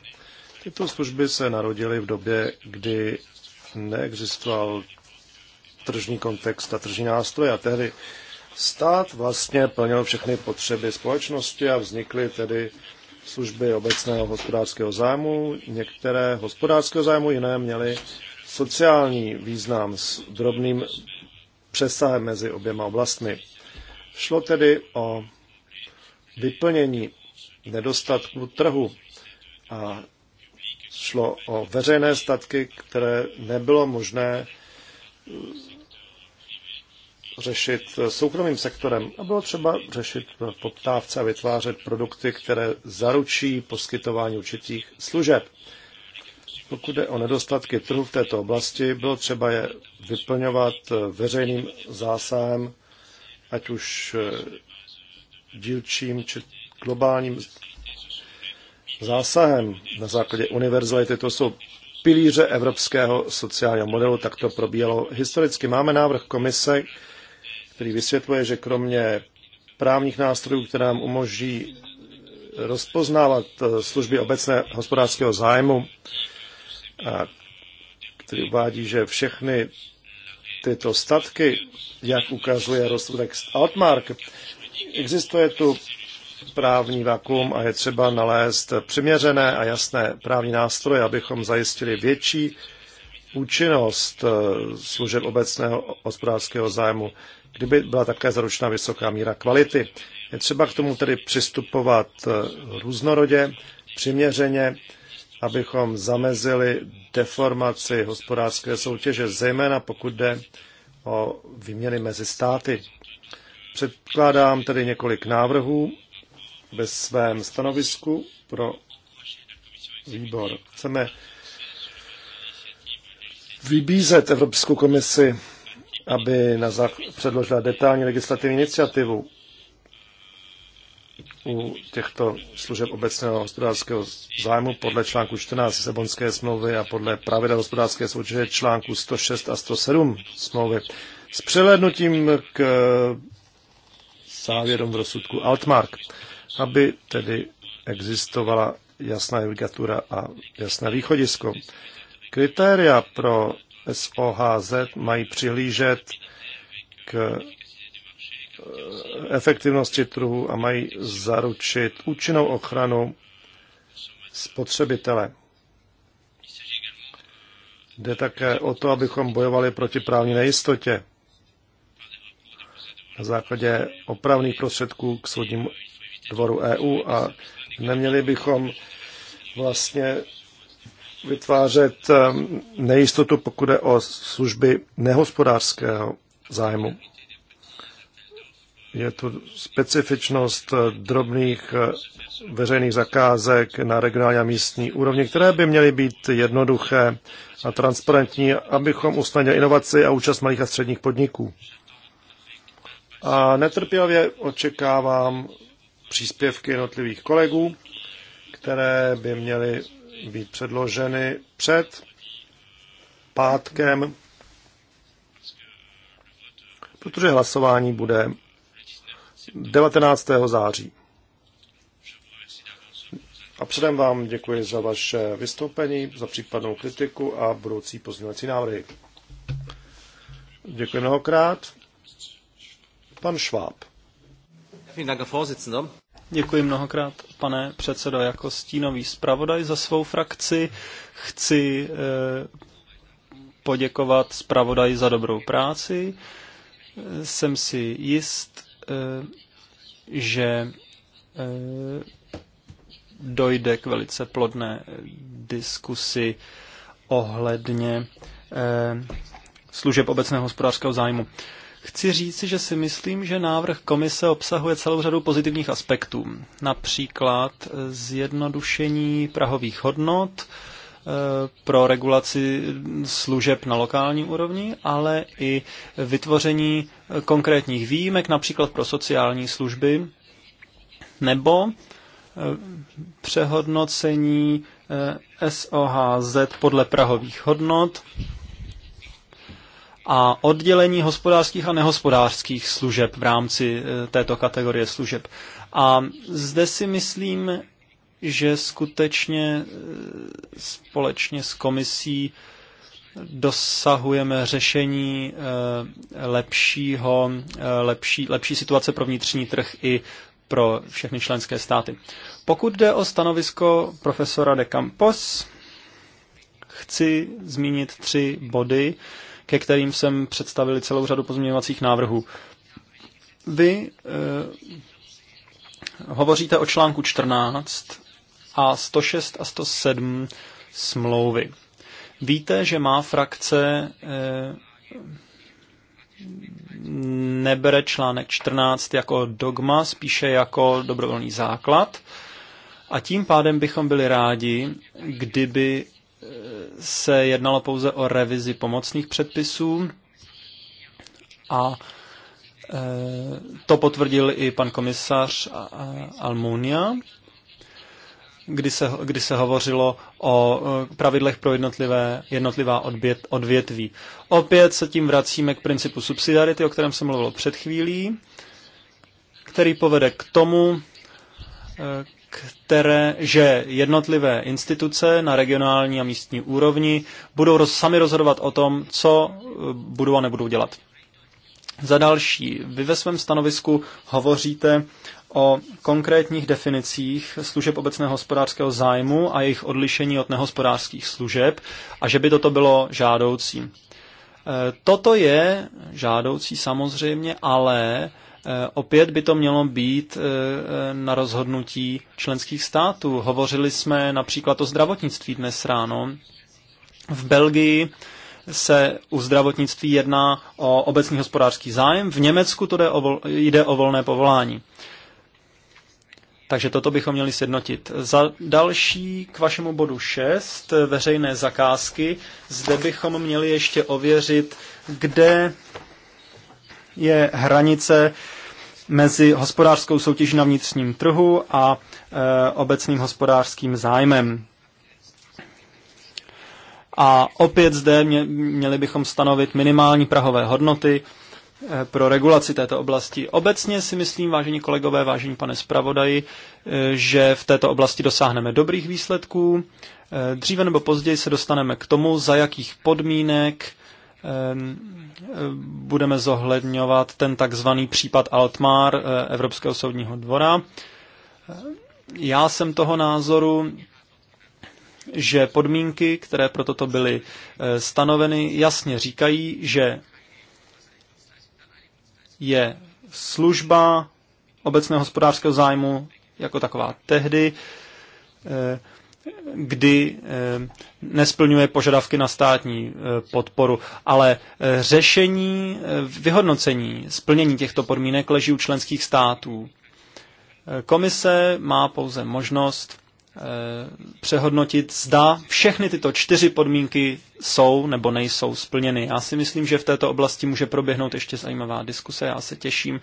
Tyto služby se narodily v době, kdy neexistoval tržní kontext a tržní nástroje. A tehdy stát vlastně plnil všechny potřeby společnosti a vznikly tedy služby obecného hospodářského zájmu. Některé hospodářského zájmu, jiné měly sociální význam s drobným přesahem mezi oběma oblastmi. Šlo tedy o vyplnění nedostatku trhu a šlo o veřejné statky, které nebylo možné eh, řešit soukromým sektorem a bylo třeba řešit poptávce a vytvářet produkty, které zaručí poskytování určitých služeb. Pokud jde o nedostatky trhu v této oblasti, bylo třeba je vyplňovat eh, veřejným zásahem, ať už eh, dílčím či globálním zásahem na základě univerzality. To jsou pilíře evropského sociálního modelu, tak to probíhalo historicky. Máme návrh komise, který vysvětluje, že kromě právních nástrojů, které nám umožní rozpoznávat eh, služby obecné hospodářského zájmu, a který uvádí, že všechny tyto statky, jak ukazuje rozsudek Altmark, existuje tu právní vakuum a je třeba nalézt přiměřené a jasné právní nástroje, abychom zajistili větší účinnost eh, služeb obecného hospodářského zájmu, kdyby byla také zaručena vysoká míra kvality. Je třeba k tomu tedy přistupovat eh, různorodě, přiměřeně, abychom zamezili deformaci hospodářské soutěže, zejména pokud jde o výměny mezi státy. Předkládám tedy několik návrhů ve svém stanovisku pro výbor. Chceme vybízet Evropskou komisi, aby na zách- předložila detailní legislativní iniciativu u těchto služeb obecného hospodářského zájmu podle článku 14 Sebonské smlouvy a podle pravidel hospodářské soutěže článku 106 a 107 smlouvy s přelednutím k závěrům v rozsudku Altmark aby tedy existovala jasná judikatura a jasné východisko. Kritéria pro SOHZ mají přihlížet k eh, efektivnosti trhu a mají zaručit účinnou ochranu spotřebitele. Jde také o to, abychom bojovali proti právní nejistotě na základě opravných prostředků k soudnímu dvoru EU a neměli bychom vlastně vytvářet ehm, nejistotu, pokud je o služby nehospodářského zájmu. Je tu specifičnost eh, drobných eh, veřejných zakázek na regionální a místní úrovni, které by měly být jednoduché a transparentní, abychom usnadnili inovaci a účast malých a středních podniků. A netrpělivě očekávám příspěvky jednotlivých kolegů, které by měly být předloženy před pátkem, protože hlasování bude 19. září. A předem vám děkuji za vaše vystoupení, za případnou kritiku a budoucí pozměňovací návrhy. Děkuji mnohokrát. Pan Šváb. Děkuji mnohokrát, pane předsedo, jako stínový zpravodaj za svou frakci. Chci eh, poděkovat zpravodaji za dobrou práci. Jsem si jist, eh, že eh, dojde k velice plodné diskusi ohledně služeb obecného hospodářského zájmu. Chci říct, že si myslím, že návrh komise obsahuje celou řadu pozitivních aspektů. Například eh, zjednodušení prahových hodnot eh, pro regulaci služeb na lokální úrovni, ale i vytvoření konkrétních výjimek, například pro sociální služby, nebo eh, přehodnocení SOHZ podle prahových hodnot, a oddělení hospodářských a nehospodářských služeb v rámci eh, této kategorie služeb. A zde si myslím, že skutečně eh, společně s komisí dosahujeme řešení eh, lepšího, lepší, lepší situace pro vnitřní trh i pro všechny členské státy. Pokud jde o stanovisko profesora de Campos, chci zmínit tři body, ke kterým jsem představili celou řadu pozměňovacích návrhů. Vy eh, hovoříte o článku 14 a 106 a 107 smlouvy. Víte, že má frakce eh, nebere článek 14 jako dogma, spíše jako dobrovolný základ. A tím pádem bychom byli rádi, kdyby se jednalo pouze o revizi pomocných předpisů a e, to potvrdil i pan komisař Almunia, kdy se, kdy se hovořilo o e, pravidlech pro jednotlivé, jednotlivá odbět, odvětví. Opět se tím vracíme k principu subsidiarity, o kterém jsem mluvil před chvílí, který povede k tomu, e, které, že jednotlivé instituce na regionální a místní úrovni budou roz, sami rozhodovat o tom, co e, budou a nebudou dělat. Za další, vy ve svém stanovisku hovoříte o konkrétních definicích služeb obecného hospodářského zájmu a jejich odlišení od nehospodářských služeb a že by toto bylo žádoucí. E, toto je žádoucí samozřejmě, ale Eh, opět by to mělo být eh, eh, na rozhodnutí členských států. Hovořili jsme například o zdravotnictví dnes ráno. V Belgii se u zdravotnictví jedná o obecný hospodářský zájem, v Německu to jde o, vol, jde o volné povolání. Takže toto bychom měli sjednotit. Za další k vašemu bodu 6, veřejné zakázky. Zde bychom měli ještě ověřit, kde je hranice mezi hospodářskou soutěží na vnitřním trhu a e, obecným hospodářským zájmem. A opět zde mě, měli bychom stanovit minimální prahové hodnoty e, pro regulaci této oblasti. Obecně si myslím, vážení kolegové, vážení pane zpravodaji, e, že v této oblasti dosáhneme dobrých výsledků. E, dříve nebo později se dostaneme k tomu, za jakých podmínek Ehm, budeme zohledňovat ten takzvaný případ Altmar eh, Evropského soudního dvora. Eh, já jsem toho názoru, že podmínky, které pro toto byly eh, stanoveny, jasně říkají, že je služba obecného hospodářského zájmu jako taková tehdy, kdy eh, nesplňuje požadavky na státní eh, podporu, ale eh, řešení, vyhodnocení, splnění těchto podmínek leží u členských států. Komise má pouze možnost přehodnotit, zda všechny tyto čtyři podmínky jsou nebo nejsou splněny. Já si myslím, že v této oblasti může proběhnout ještě zajímavá diskuse. Já se těším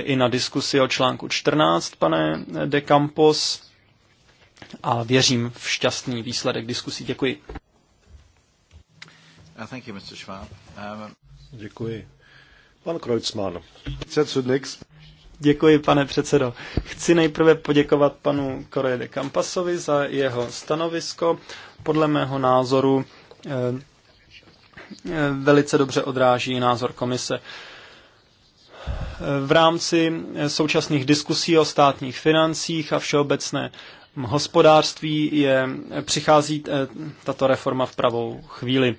i na diskusi o článku 14, pane De Campos a věřím v šťastný výsledek diskusí. Děkuji. Uh, thank you, Mr. Schwab. Um... Děkuji. Pan Kreutzmann. Děkuji, pane předsedo. Chci nejprve poděkovat panu Koreje de za jeho stanovisko. Podle mého názoru eh, eh, velice dobře odráží názor komise. Eh, v rámci současných diskusí o státních financích a všeobecné hospodářství je, přichází eh, tato reforma v pravou chvíli.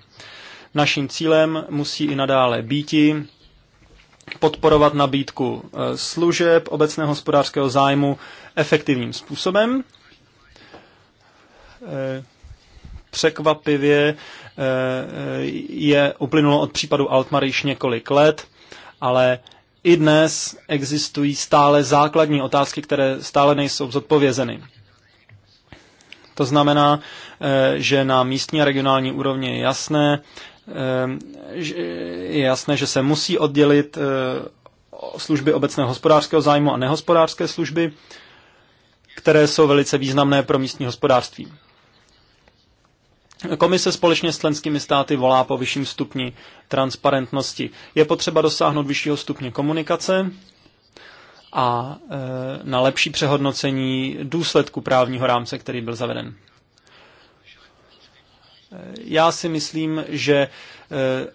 Naším cílem musí i nadále býti podporovat nabídku eh, služeb obecného hospodářského zájmu efektivním způsobem. Eh, překvapivě je uplynulo od případu Altmar již několik let, ale i dnes existují stále základní otázky, které stále nejsou zodpovězeny. To znamená, eh, že na místní a regionální úrovni je jasné, eh, je jasné, že se musí oddělit eh, služby obecného hospodářského zájmu a nehospodářské služby, které jsou velice významné pro místní hospodářství. Komise společně s členskými státy volá po vyšším stupni transparentnosti. Je potřeba dosáhnout vyššího stupně komunikace a e, na lepší přehodnocení důsledku právního rámce, který byl zaveden. E, já si myslím, že e,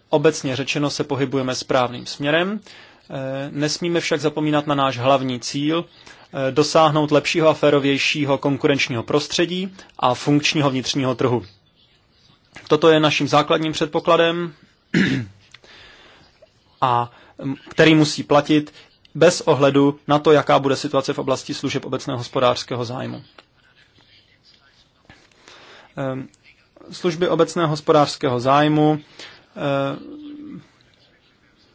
obecně řečeno se pohybujeme správným směrem. Nesmíme však zapomínat na náš hlavní cíl, dosáhnout lepšího a férovějšího konkurenčního prostředí a funkčního vnitřního trhu. Toto je naším základním předpokladem [clears throat] a který musí platit bez ohledu na to, jaká bude situace v oblasti služeb obecného hospodářského zájmu. Ehm, služby obecného hospodářského zájmu ehm,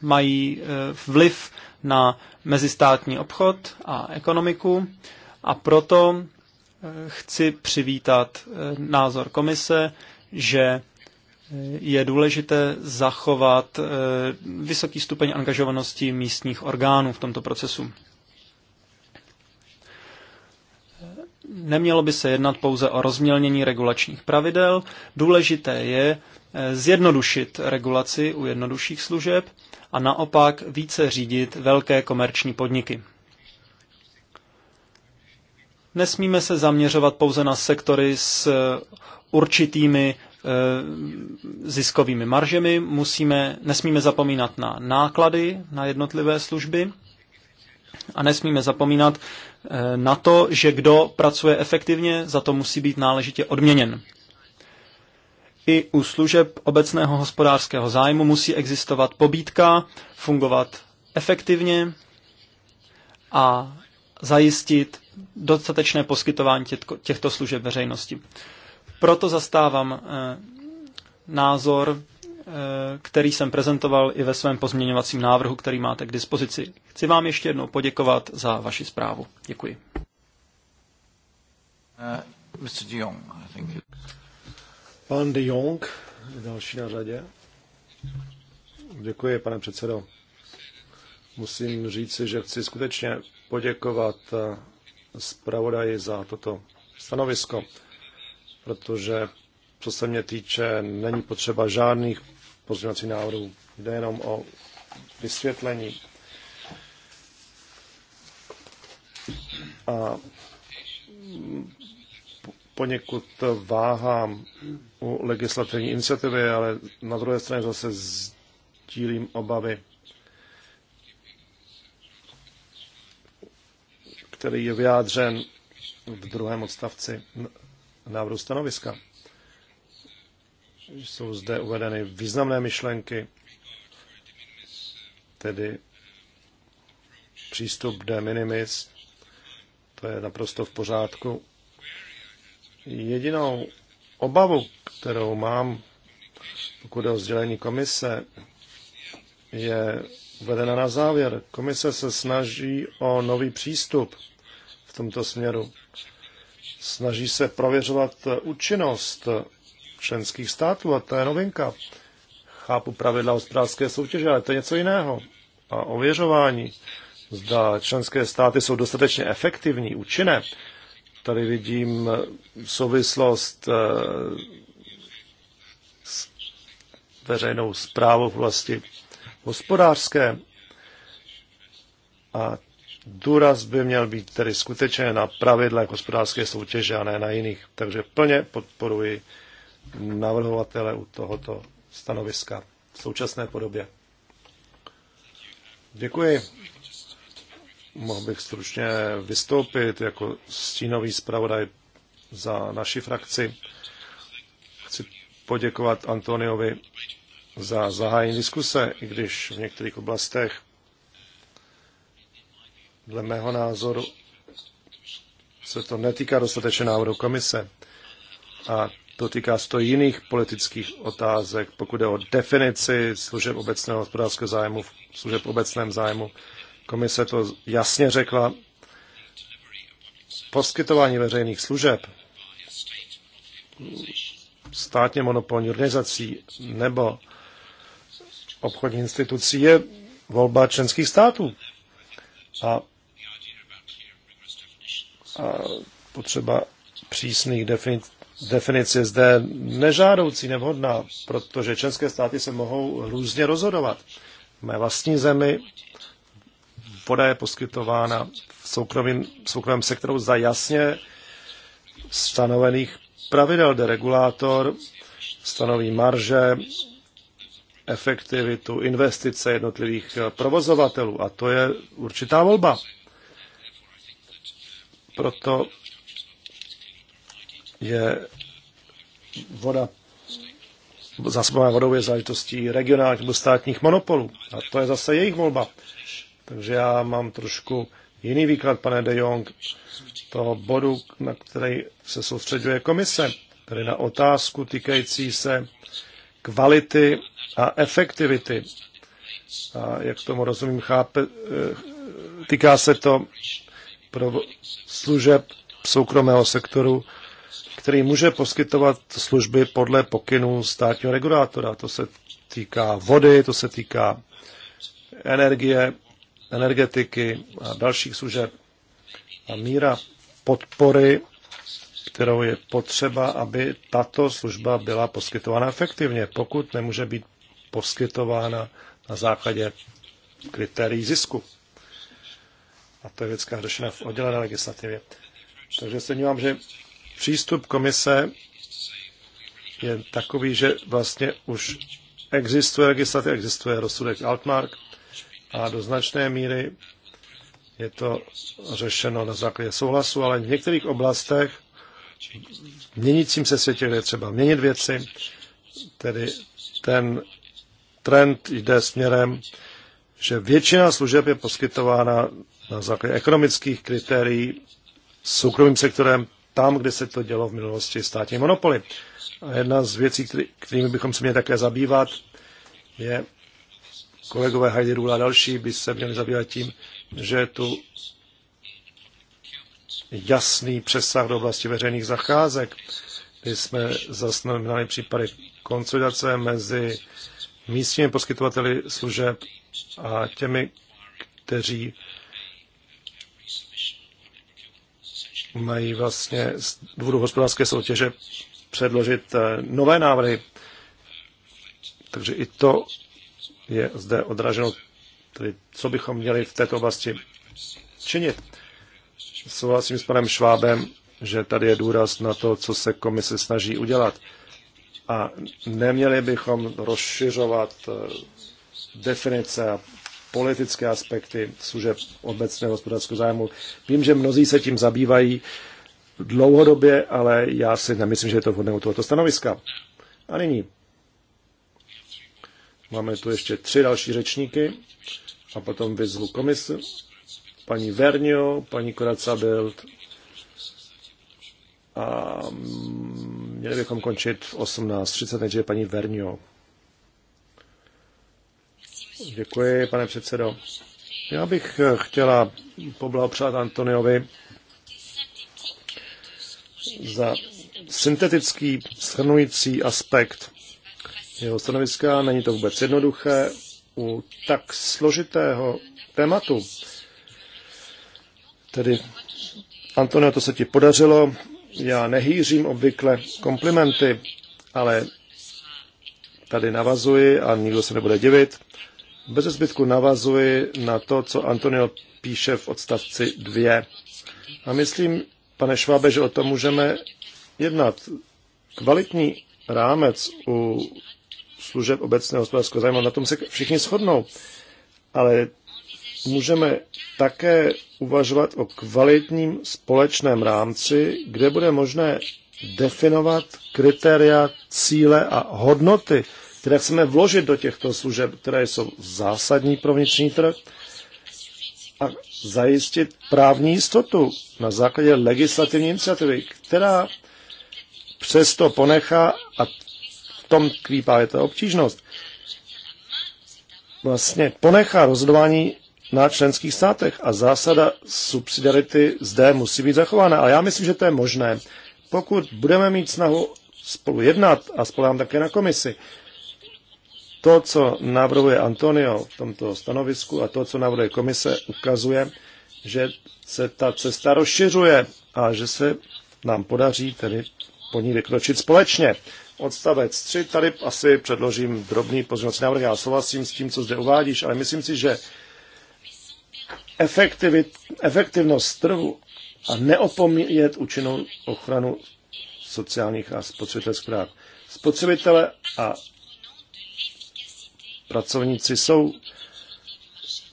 mají eh, vliv na mezistátní obchod a ekonomiku a proto eh, chci přivítat eh, názor komise, že je důležité zachovat eh, vysoký stupeň angažovanosti místních orgánů v tomto procesu. Nemělo by se jednat pouze o rozmělnění regulačních pravidel. Důležité je eh, zjednodušit regulaci u jednodušších služeb a naopak více řídit velké komerční podniky. Nesmíme se zaměřovat pouze na sektory s určitými Eh, ziskovými maržemi, musíme, nesmíme zapomínat na náklady na jednotlivé služby a nesmíme zapomínat eh, na to, že kdo pracuje efektivně, za to musí být náležitě odměněn. I u služeb obecného hospodářského zájmu musí existovat pobídka, fungovat efektivně a zajistit dostatečné poskytování těchto služeb veřejnosti. Proto zastávám eh, názor, eh, který jsem prezentoval i ve svém pozměňovacím návrhu, který máte k dispozici. Chci vám ještě jednou poděkovat za vaši zprávu. Děkuji. Uh, De Jong, Pan De Jong, další na řadě. Děkuji, pane předsedo. Musím říci, že chci skutečně poděkovat eh, zpravodaji za toto stanovisko protože co se mě týče, není potřeba žádných pozměňovacích návrhů. Jde jenom o vysvětlení. A poněkud váhám u legislativní iniciativy, ale na druhé straně zase sdílím obavy, který je vyjádřen v druhém odstavci návrhu stanoviska. Jsou zde uvedeny významné myšlenky, tedy přístup de minimis, to je naprosto v pořádku. Jedinou obavu, kterou mám, pokud je o sdělení komise, je uvedena na závěr. Komise se snaží o nový přístup v tomto směru. Snaží se prověřovat účinnost členských států a to je novinka. Chápu pravidla hospodářské soutěže, ale to je něco jiného. A ověřování, zda členské státy jsou dostatečně efektivní, účinné. Tady vidím souvislost eh, s veřejnou zprávou v vlasti hospodářské. A Důraz by měl být tedy skutečně na pravidla hospodářské soutěže a ne na jiných. Takže plně podporuji navrhovatele u tohoto stanoviska v současné podobě. Děkuji. Mohl bych stručně vystoupit jako stínový zpravodaj za naši frakci. Chci poděkovat Antoniovi za zahájení diskuse, i když v některých oblastech Dle mého názoru se to netýká dostatečně návrhu komise a to týká sto jiných politických otázek, pokud je o definici služeb obecného hospodářského zájmu, služeb obecném zájmu. Komise to jasně řekla. Poskytování veřejných služeb státně monopolní organizací nebo obchodní institucí je volba členských států. A a potřeba přísných definic, definic je zde nežádoucí, nevhodná, protože české státy se mohou různě rozhodovat. V mé vlastní zemi voda je poskytována v soukromém, v soukromém sektoru za jasně stanovených pravidel, de regulátor stanoví marže, efektivitu, investice jednotlivých provozovatelů. A to je určitá volba. Proto je voda zasobová vodou je záležitostí regionálních nebo státních monopolů. A to je zase jejich volba. Takže já mám trošku jiný výklad, pane de Jong, toho bodu, na který se soustředuje komise, tedy na otázku týkající se kvality a efektivity. A jak tomu rozumím, chápe, e, týká se to služeb soukromého sektoru, který může poskytovat služby podle pokynů státního regulátora. To se týká vody, to se týká energie, energetiky a dalších služeb. A míra podpory, kterou je potřeba, aby tato služba byla poskytována efektivně, pokud nemůže být poskytována na základě kritérií zisku a to je která řešena v oddělené legislativě. Takže se dívám, že přístup komise je takový, že vlastně už existuje legislativa, existuje rozsudek Altmark a do značné míry je to řešeno na základě souhlasu, ale v některých oblastech v měnícím se světě, kde je třeba měnit věci, tedy ten trend jde směrem, že většina služeb je poskytována na základě ekonomických kritérií s soukromým sektorem tam, kde se to dělo v minulosti státní monopoly. A jedna z věcí, který, kterými bychom se měli také zabývat, je kolegové Heidi Rula a další by se měli zabývat tím, že je tu jasný přesah do oblasti veřejných zacházek, kdy jsme zaznamenali případy konsolidace mezi místními poskytovateli služeb a těmi, kteří mají vlastně z důvodu hospodářské soutěže předložit eh, nové návrhy. Takže i to je zde odraženo, tedy co bychom měli v této oblasti činit. Souhlasím s panem Švábem, že tady je důraz na to, co se komise snaží udělat. A neměli bychom rozšiřovat eh, definice a politické aspekty služeb obecného hospodářského zájmu. Vím, že mnozí se tím zabývají dlouhodobě, ale já si nemyslím, že je to vhodné u tohoto stanoviska. A nyní máme tu ještě tři další řečníky a potom vyzvu komise. Paní Vernio, paní Koracabild a měli bychom končit v 18.30, takže paní Vernio. Děkuji, pane předsedo. Já bych eh, chtěla poblahopřát Antoniovi za syntetický, shrnující aspekt jeho stanoviska. Není to vůbec jednoduché u tak složitého tématu. Tedy, Antonio, to se ti podařilo. Já nehýřím obvykle komplimenty, ale tady navazuji a nikdo se nebude divit. Bez zbytku navazuji na to, co Antonio píše v odstavci 2. A myslím, pane Švábe, že o tom můžeme jednat. Kvalitní rámec u služeb obecného hospodářského zájmu, na tom se všichni shodnou. Ale můžeme také uvažovat o kvalitním společném rámci, kde bude možné definovat kritéria, cíle a hodnoty které chceme vložit do těchto služeb, které jsou zásadní pro vnitřní trh a zajistit právní jistotu na základě legislativní iniciativy, která přesto ponechá a v tom kvípá je ta obtížnost. Vlastně ponechá rozhodování na členských státech a zásada subsidiarity zde musí být zachována. A já myslím, že to je možné. Pokud budeme mít snahu spolu jednat a spolu také na komisi, to, co navrhuje Antonio v tomto stanovisku a to, co navrhuje komise, ukazuje, že se ta cesta rozšiřuje a že se nám podaří tedy po ní vykročit společně. Odstavec 3, tady asi předložím drobný pozornost návrh, já souhlasím s tím, co zde uvádíš, ale myslím si, že efektivit, efektivnost trhu a neopomíjet účinnou ochranu sociálních a spotřebitelských práv. Spotřebitele a pracovníci jsou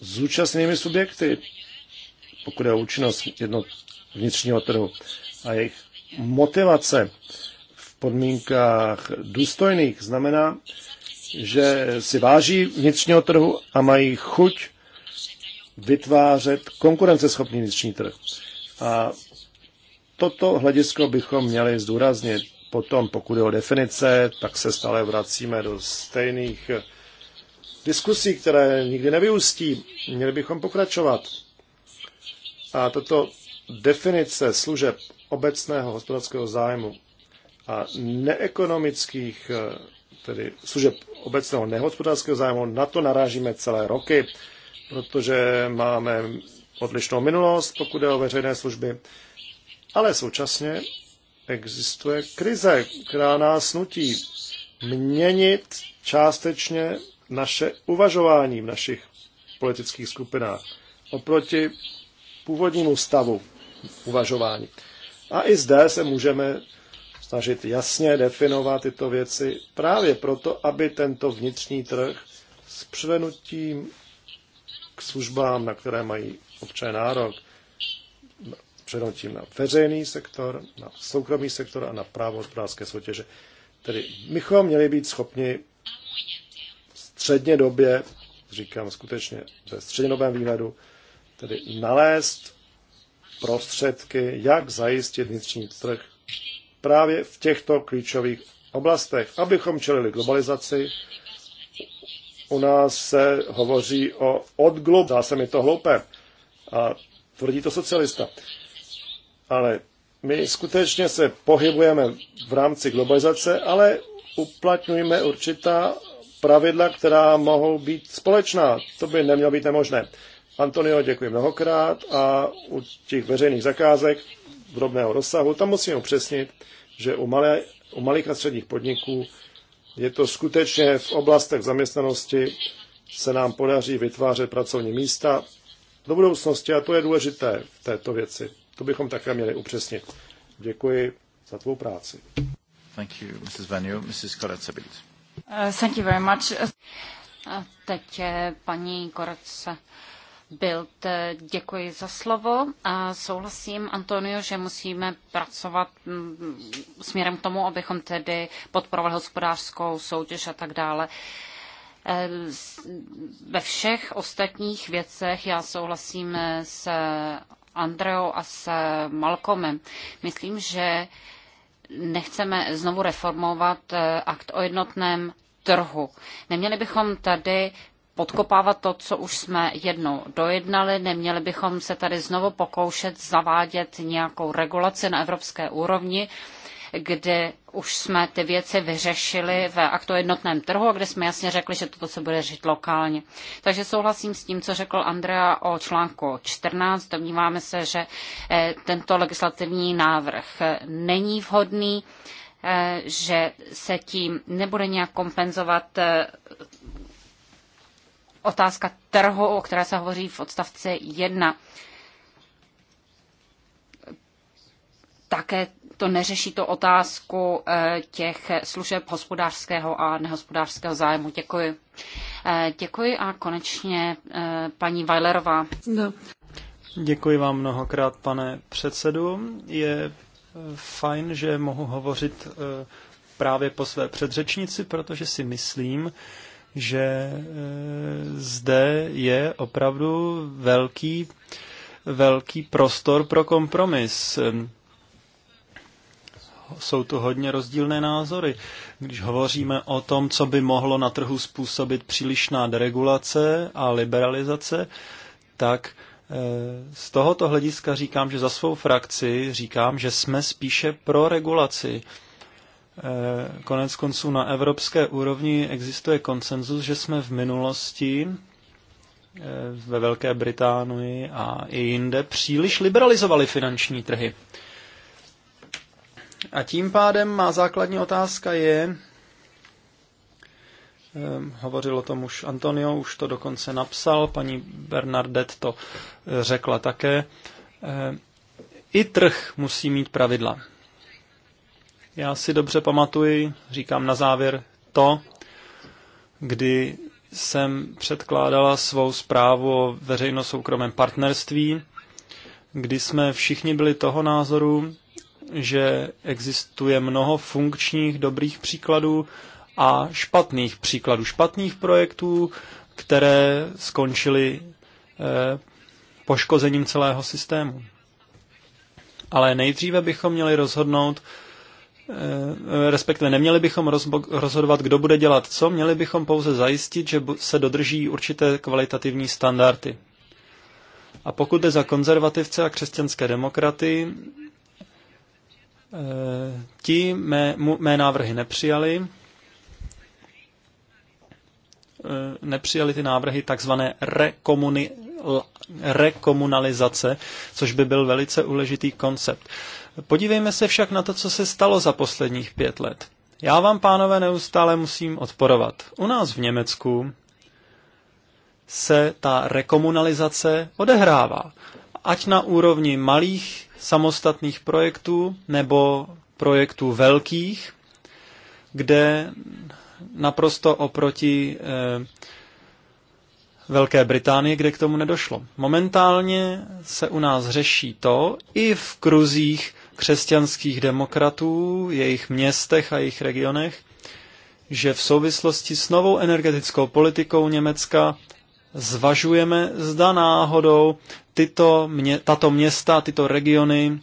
zúčastnými subjekty, pokud je o účinnost jednot vnitřního trhu a jejich motivace v podmínkách důstojných znamená, že si váží vnitřního trhu a mají chuť vytvářet konkurenceschopný vnitřní trh. A toto hledisko bychom měli zdůraznit. Potom, pokud je o definice, tak se stále vracíme do stejných diskusí, které nikdy nevyústí. Měli bychom pokračovat. A tato definice služeb obecného hospodářského zájmu a neekonomických, eh, tedy služeb obecného nehospodářského zájmu, na to narážíme celé roky, protože máme odlišnou minulost, pokud je o veřejné služby, ale současně existuje krize, která nás nutí měnit částečně naše uvažování v našich politických skupinách oproti původnímu stavu uvažování. A i zde se můžeme snažit jasně definovat tyto věci právě proto, aby tento vnitřní trh s přivenutím k službám, na které mají občané nárok, přenutím na veřejný sektor, na soukromý sektor a na právo hospodářské soutěže. Tedy bychom měli být schopni středně době, říkám skutečně ve střednědobém výhledu, tedy nalézt prostředky, jak zajistit vnitřní trh právě v těchto klíčových oblastech, abychom čelili globalizaci. U nás se hovoří o odglob, dá se mi to hloupé, a tvrdí to socialista. Ale my skutečně se pohybujeme v rámci globalizace, ale uplatňujeme určitá pravidla, která mohou být společná. To by nemělo být nemožné. Antonio, děkuji mnohokrát a u těch veřejných zakázek drobného rozsahu, tam musíme upřesnit, že u, malé, u malých a středních podniků je to skutečně v oblastech zaměstnanosti se nám podaří vytvářet pracovní místa do budoucnosti a to je důležité v této věci. To bychom také měli upřesnit. Děkuji za tvou práci. Thank you, Mrs. Venue. Mrs. Uh, thank you very much. teď eh, paní Korce. Bild, eh, děkuji za slovo. A souhlasím, Antonio, že musíme pracovat mm, směrem k tomu, abychom tedy podporovali hospodářskou soutěž a tak dále. Eh, ve všech ostatních věcech já souhlasím s Andreou a s Malcolmem. Myslím, že nechceme znovu reformovat eh, akt o jednotném trhu. Neměli bychom tady podkopávat to, co už jsme jednou dojednali, neměli bychom se tady znovu pokoušet zavádět nějakou regulaci na evropské úrovni, kde už jsme ty věci vyřešili v aktu jednotném trhu, kde jsme jasně řekli, že toto se bude řešit lokálně. Takže souhlasím s tím, co řekl Andrea o článku 14. Domníváme se, že eh, tento legislativní návrh eh, není vhodný, eh, že se tím nebude nějak kompenzovat otázka trhu, o které se hovoří v odstavci 1. Také to neřeší to otázku eh, těch služeb hospodářského a nehospodářského zájmu. Děkuji. Eh, děkuji a konečně eh, paní Weilerová. No. Děkuji vám mnohokrát, pane předsedu. Je fajn, že mohu hovořit právě po své předřečnici, protože si myslím, že zde je opravdu velký, velký prostor pro kompromis jsou tu hodně rozdílné názory. Když hovoříme o tom, co by mohlo na trhu způsobit přílišná deregulace a liberalizace, tak eh, z tohoto hlediska říkám, že za svou frakci říkám, že jsme spíše pro regulaci. Eh, konec konců na evropské úrovni existuje konsenzus, že jsme v minulosti eh, ve Velké Británii a i jinde příliš liberalizovali finanční trhy. A tím pádem má základní otázka je, ehm, Hovořil o tom už Antonio, už to dokonce napsal, paní Bernardet to eh, řekla také. Ehm, I trh musí mít pravidla. Já si dobře pamatuji, říkám na závěr to, kdy jsem předkládala svou zprávu o veřejno-soukromém partnerství, kdy jsme všichni byli toho názoru, že existuje mnoho funkčních dobrých příkladů a špatných příkladů, špatných projektů, které skončily eh, poškozením celého systému. Ale nejdříve bychom měli rozhodnout, eh, respektive neměli bychom rozhodovat, kdo bude dělat co, měli bychom pouze zajistit, že se dodrží určité kvalitativní standardy. A pokud jde za konzervativce a křesťanské demokraty, ti mé, mé návrhy nepřijali. E, nepřijali ty návrhy takzvané rekomuni, rekomunalizace, což by byl velice uležitý koncept. Podívejme se však na to, co se stalo za posledních pět let. Já vám, pánové, neustále musím odporovat. U nás v Německu se ta rekomunalizace odehrává. Ať na úrovni malých samostatných projektů nebo projektů velkých, kde naprosto oproti eh, Velké Británie, kde k tomu nedošlo. Momentálně se u nás řeší to i v kruzích křesťanských demokratů, jejich městech a jejich regionech, že v souvislosti s novou energetickou politikou Německa zvažujeme, zda náhodou tyto mě, tato města, tyto regiony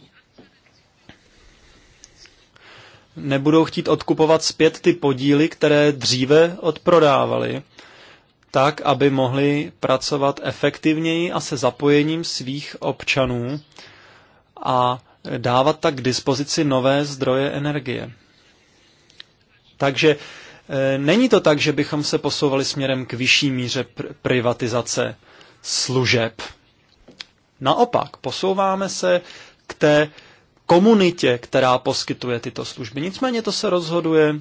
nebudou chtít odkupovat zpět ty podíly, které dříve odprodávali, tak, aby mohli pracovat efektivněji a se zapojením svých občanů a dávat tak k dispozici nové zdroje energie. Takže Eh, není to tak, že bychom se posouvali směrem k vyšší míře pr- privatizace služeb. Naopak, posouváme se k té komunitě, která poskytuje tyto služby. Nicméně to se rozhoduje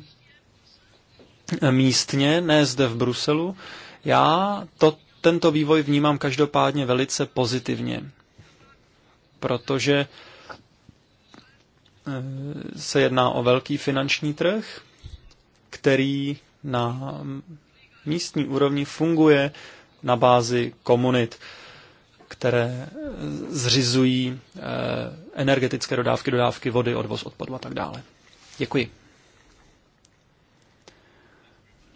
eh, místně, ne zde v Bruselu. Já to, tento vývoj vnímám každopádně velice pozitivně, protože eh, se jedná o velký finanční trh, který na místní úrovni funguje na bázi komunit, které zřizují eh, energetické dodávky, dodávky vody, odvoz odpadu a tak dále. Děkuji.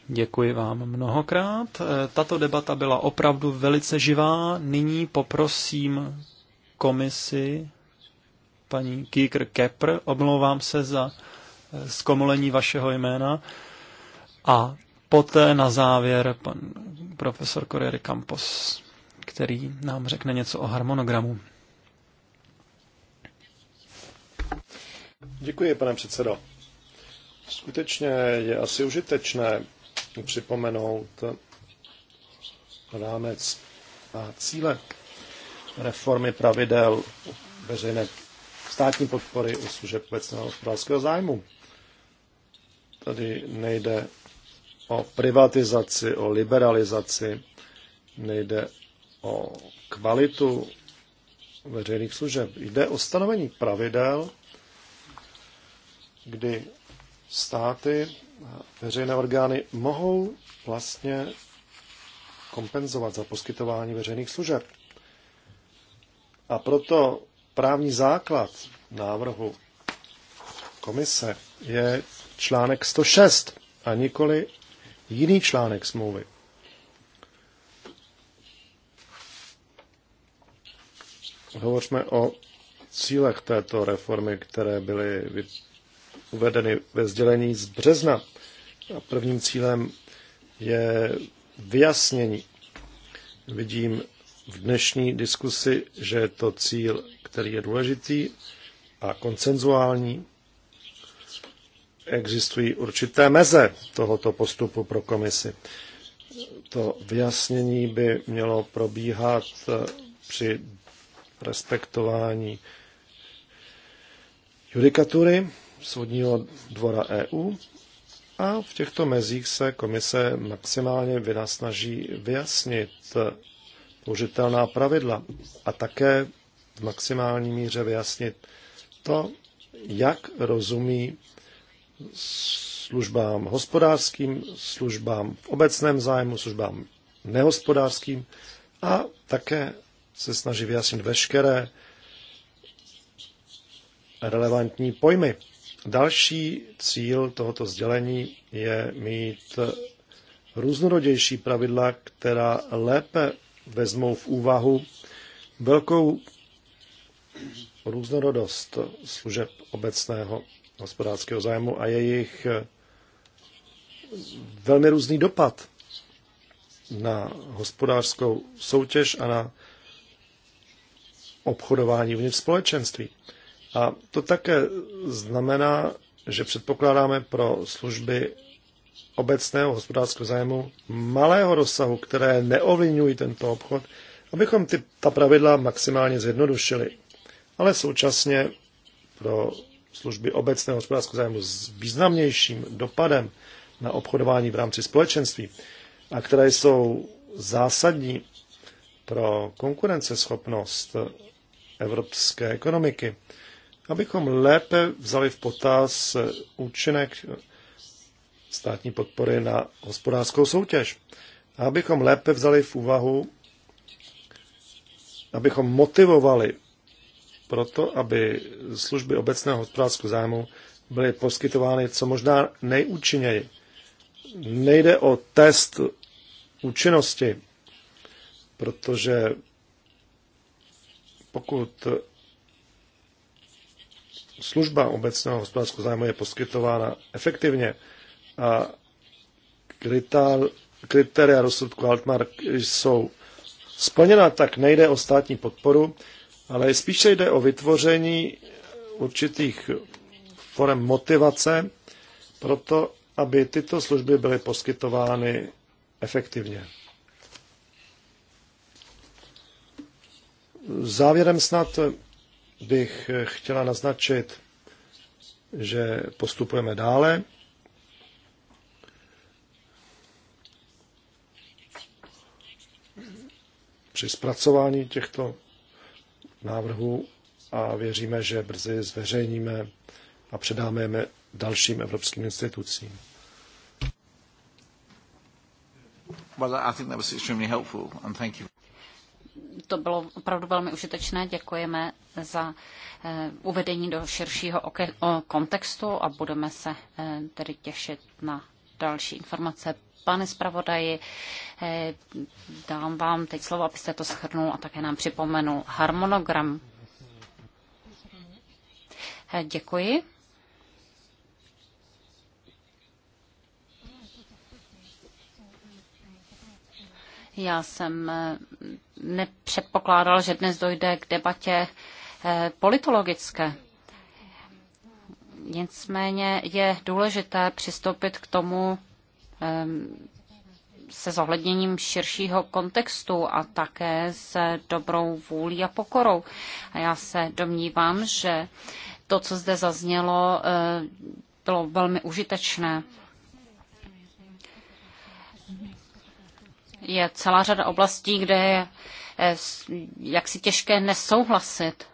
Děkuji vám mnohokrát. Eh, tato debata byla opravdu velice živá. Nyní poprosím komisi paní Kikr Kepr, omlouvám se za zkomolení vašeho jména. A poté na závěr pan profesor Corriere Campos, který nám řekne něco o harmonogramu. Děkuji, pane předsedo. Skutečně je asi užitečné připomenout rámec a cíle reformy pravidel veřejné státní podpory u služeb obecného hospodářského zájmu. Tady nejde o privatizaci, o liberalizaci, nejde o kvalitu veřejných služeb. Jde o stanovení pravidel, kdy státy, veřejné orgány mohou vlastně kompenzovat za poskytování veřejných služeb. A proto právní základ návrhu komise je článek 106 a nikoli jiný článek smlouvy. Hovořme o cílech této reformy, které byly uvedeny ve sdělení z března. A prvním cílem je vyjasnění. Vidím v dnešní diskusi, že je to cíl, který je důležitý a koncenzuální existují určité meze tohoto postupu pro komisi. To vyjasnění by mělo probíhat eh, při respektování judikatury Soudního dvora EU a v těchto mezích se komise maximálně vynasnaží vyjasnit eh, použitelná pravidla a také v maximální míře vyjasnit to, jak rozumí službám hospodářským, službám v obecném zájmu, službám nehospodářským a také se snaží vyjasnit veškeré relevantní pojmy. Další cíl tohoto sdělení je mít různorodější pravidla, která lépe vezmou v úvahu velkou různorodost služeb obecného hospodářského zájmu a jejich eh, velmi různý dopad na hospodářskou soutěž a na obchodování uvnitř společenství. A to také znamená, že předpokládáme pro služby obecného hospodářského zájmu malého rozsahu, které neovlivňují tento obchod, abychom ty, ta pravidla maximálně zjednodušili. Ale současně pro služby obecného hospodářského zájmu s významnějším dopadem na obchodování v rámci společenství a které jsou zásadní pro konkurenceschopnost evropské ekonomiky, abychom lépe vzali v potaz účinek státní podpory na hospodářskou soutěž. A abychom lépe vzali v úvahu, abychom motivovali proto, aby služby obecného hospodářského zájmu byly poskytovány co možná nejúčinněji. Nejde o test účinnosti, protože pokud služba obecného hospodářského zájmu je poskytována efektivně a kritéria rozsudku Altmark jsou splněna, tak nejde o státní podporu, ale spíše jde o vytvoření určitých forem motivace pro to, aby tyto služby byly poskytovány efektivně. Závěrem snad bych chtěla naznačit, že postupujeme dále. Při zpracování těchto návrhu a věříme, že brzy zveřejníme a předáme je dalším evropským institucím. To bylo opravdu velmi užitečné. Děkujeme za eh, uvedení do širšího kontextu a budeme se eh, tedy těšit na další informace Pane zpravodaji, eh, dám vám teď slovo, abyste to shrnul a také nám připomenul harmonogram. Eh, děkuji. Já jsem eh, nepředpokládal, že dnes dojde k debatě politologické. Nicméně je důležité přistoupit k tomu Ehm, se zohledněním širšího kontextu a také s dobrou vůlí a pokorou. A já se domnívám, že to, co zde zaznělo, eh, bylo velmi užitečné. Je celá řada oblastí, kde je eh, jaksi těžké nesouhlasit.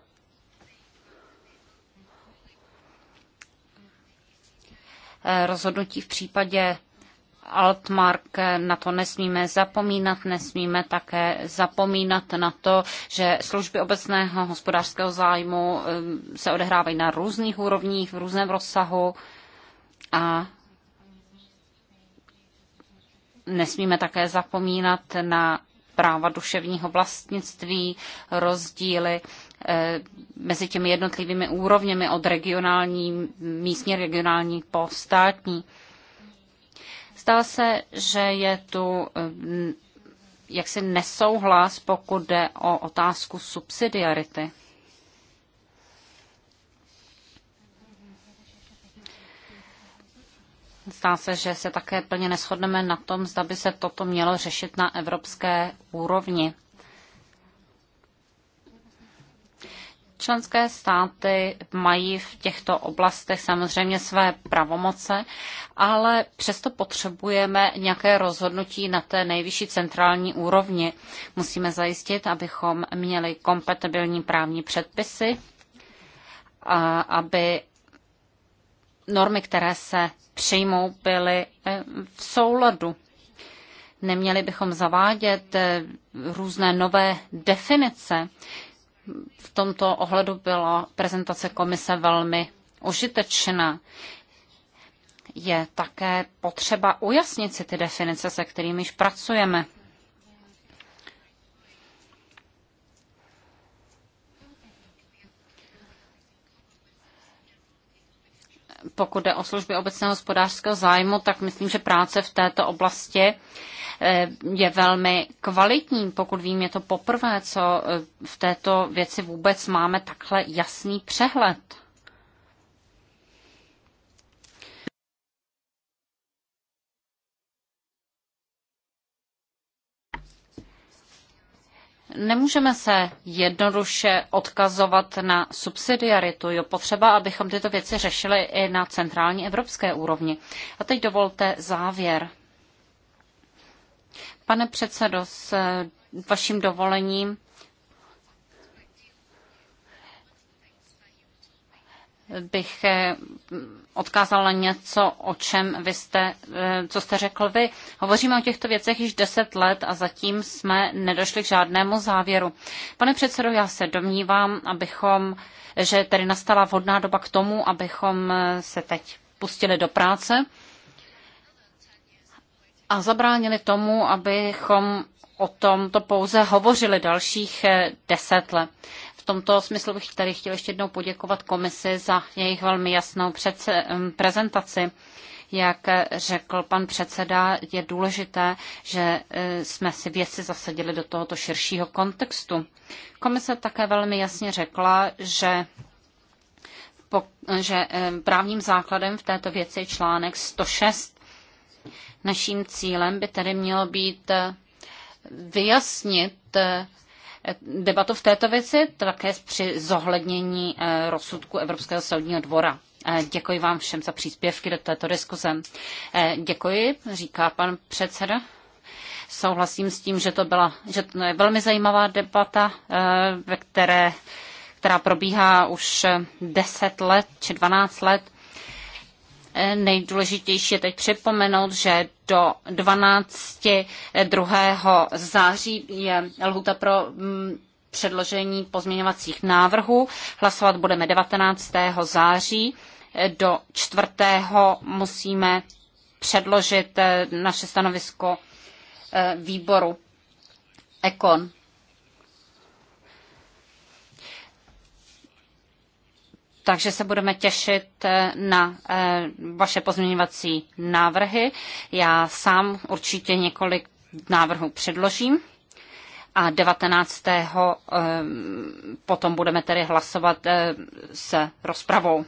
Eh, rozhodnutí v případě Altmark, na to nesmíme zapomínat, nesmíme také zapomínat na to, že služby obecného hospodářského zájmu eh, se odehrávají na různých úrovních, v různém rozsahu a nesmíme také zapomínat na práva duševního vlastnictví, rozdíly eh, mezi těmi jednotlivými úrovněmi od regionální, místně regionální po státní. Zdá se, že je tu eh, jaksi nesouhlas, pokud jde o otázku subsidiarity. Zdá se, že se také plně neschodneme na tom, zda by se toto mělo řešit na evropské úrovni. Členské státy mají v těchto oblastech samozřejmě své pravomoce, ale přesto potřebujeme nějaké rozhodnutí na té nejvyšší centrální úrovni. Musíme zajistit, abychom měli kompatibilní právní předpisy, a aby normy, které se přijmou, byly eh, v souladu. Neměli bychom zavádět eh, různé nové definice v tomto ohledu byla prezentace komise velmi užitečná. Je také potřeba ujasnit si ty definice, se kterými již pracujeme. pokud jde o služby obecného hospodářského zájmu, tak myslím, že práce v této oblasti Eh, je velmi kvalitní. Pokud vím, je to poprvé, co eh, v této věci vůbec máme takhle jasný přehled. nemůžeme se jednoduše odkazovat na subsidiaritu. Je potřeba, abychom tyto věci řešili i na centrální evropské úrovni. A teď dovolte závěr. Pane předsedo, s eh, vaším dovolením bych eh, odkázal na něco, o čem vy jste, eh, co jste řekl vy. Hovoříme o těchto věcech již deset let a zatím jsme nedošli k žádnému závěru. Pane předsedo, já se domnívám, abychom, že tedy nastala vhodná doba k tomu, abychom se teď pustili do práce a zabránili tomu, abychom o tom to pouze hovořili dalších eh, deset let. V tomto smyslu bych tady chtěl ještě jednou poděkovat komisi za jejich velmi jasnou prezentaci. Jak eh, řekl pan předseda, je důležité, že eh, jsme si věci zasadili do tohoto širšího kontextu. Komise také velmi jasně řekla, že že právním základem v této věci je článek 106 Naším cílem by tedy mělo být eh, vyjasnit eh, debatu v této věci také při zohlednění eh, rozsudku Evropského soudního dvora. Děkuji vám všem za příspěvky do této diskuze. Děkuji, říká pan předseda. Souhlasím s tím, že to byla že to je velmi zajímavá debata, ve které, která probíhá už 10 let či 12 let. Nejdůležitější je teď připomenout, že do 12. 2. září je lhuta pro mm, předložení pozměňovacích návrhů. Hlasovat budeme 19. září. Do 4. musíme předložit eh, naše stanovisko eh, výboru Ekon. Takže se budeme těšit eh, na eh, vaše pozměňovací návrhy. Já sám určitě několik návrhů předložím a 19. Eh, potom budeme tedy hlasovat se rozpravou.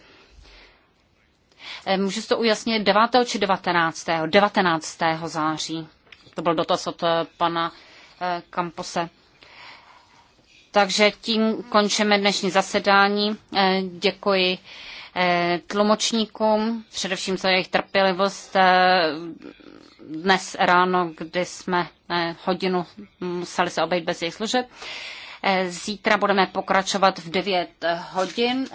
Můžu to ujasnit 9. či 19. 19. září. To byl dotaz od pana Kampose. Takže tím končíme dnešní zasedání. Eh, děkuji eh, tlumočníkům, především za jejich trpělivost eh, dnes ráno, kdy jsme hodinu museli se obejít bez jejich služeb. Zítra budeme pokračovat v 9 hodin.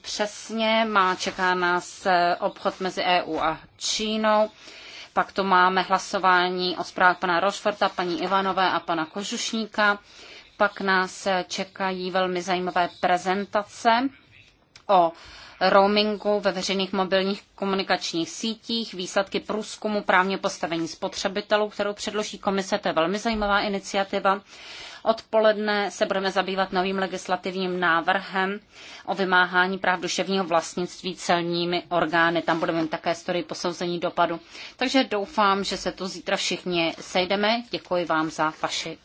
Přesně má čeká nás obchod mezi EU a Čínou. Pak tu máme hlasování o zprávách pana Rošforta, paní Ivanové a pana Kožušníka. Pak nás čekají velmi zajímavé prezentace o roamingu ve veřejných mobilních komunikačních sítích, výsledky průzkumu právně postavení spotřebitelů, kterou předloží komise, to je velmi zajímavá iniciativa. Odpoledne se budeme zabývat novým legislativním návrhem o vymáhání práv duševního vlastnictví celními orgány. Tam budeme mít také historii posouzení dopadu. Takže doufám, že se tu zítra všichni sejdeme. Děkuji vám za vaši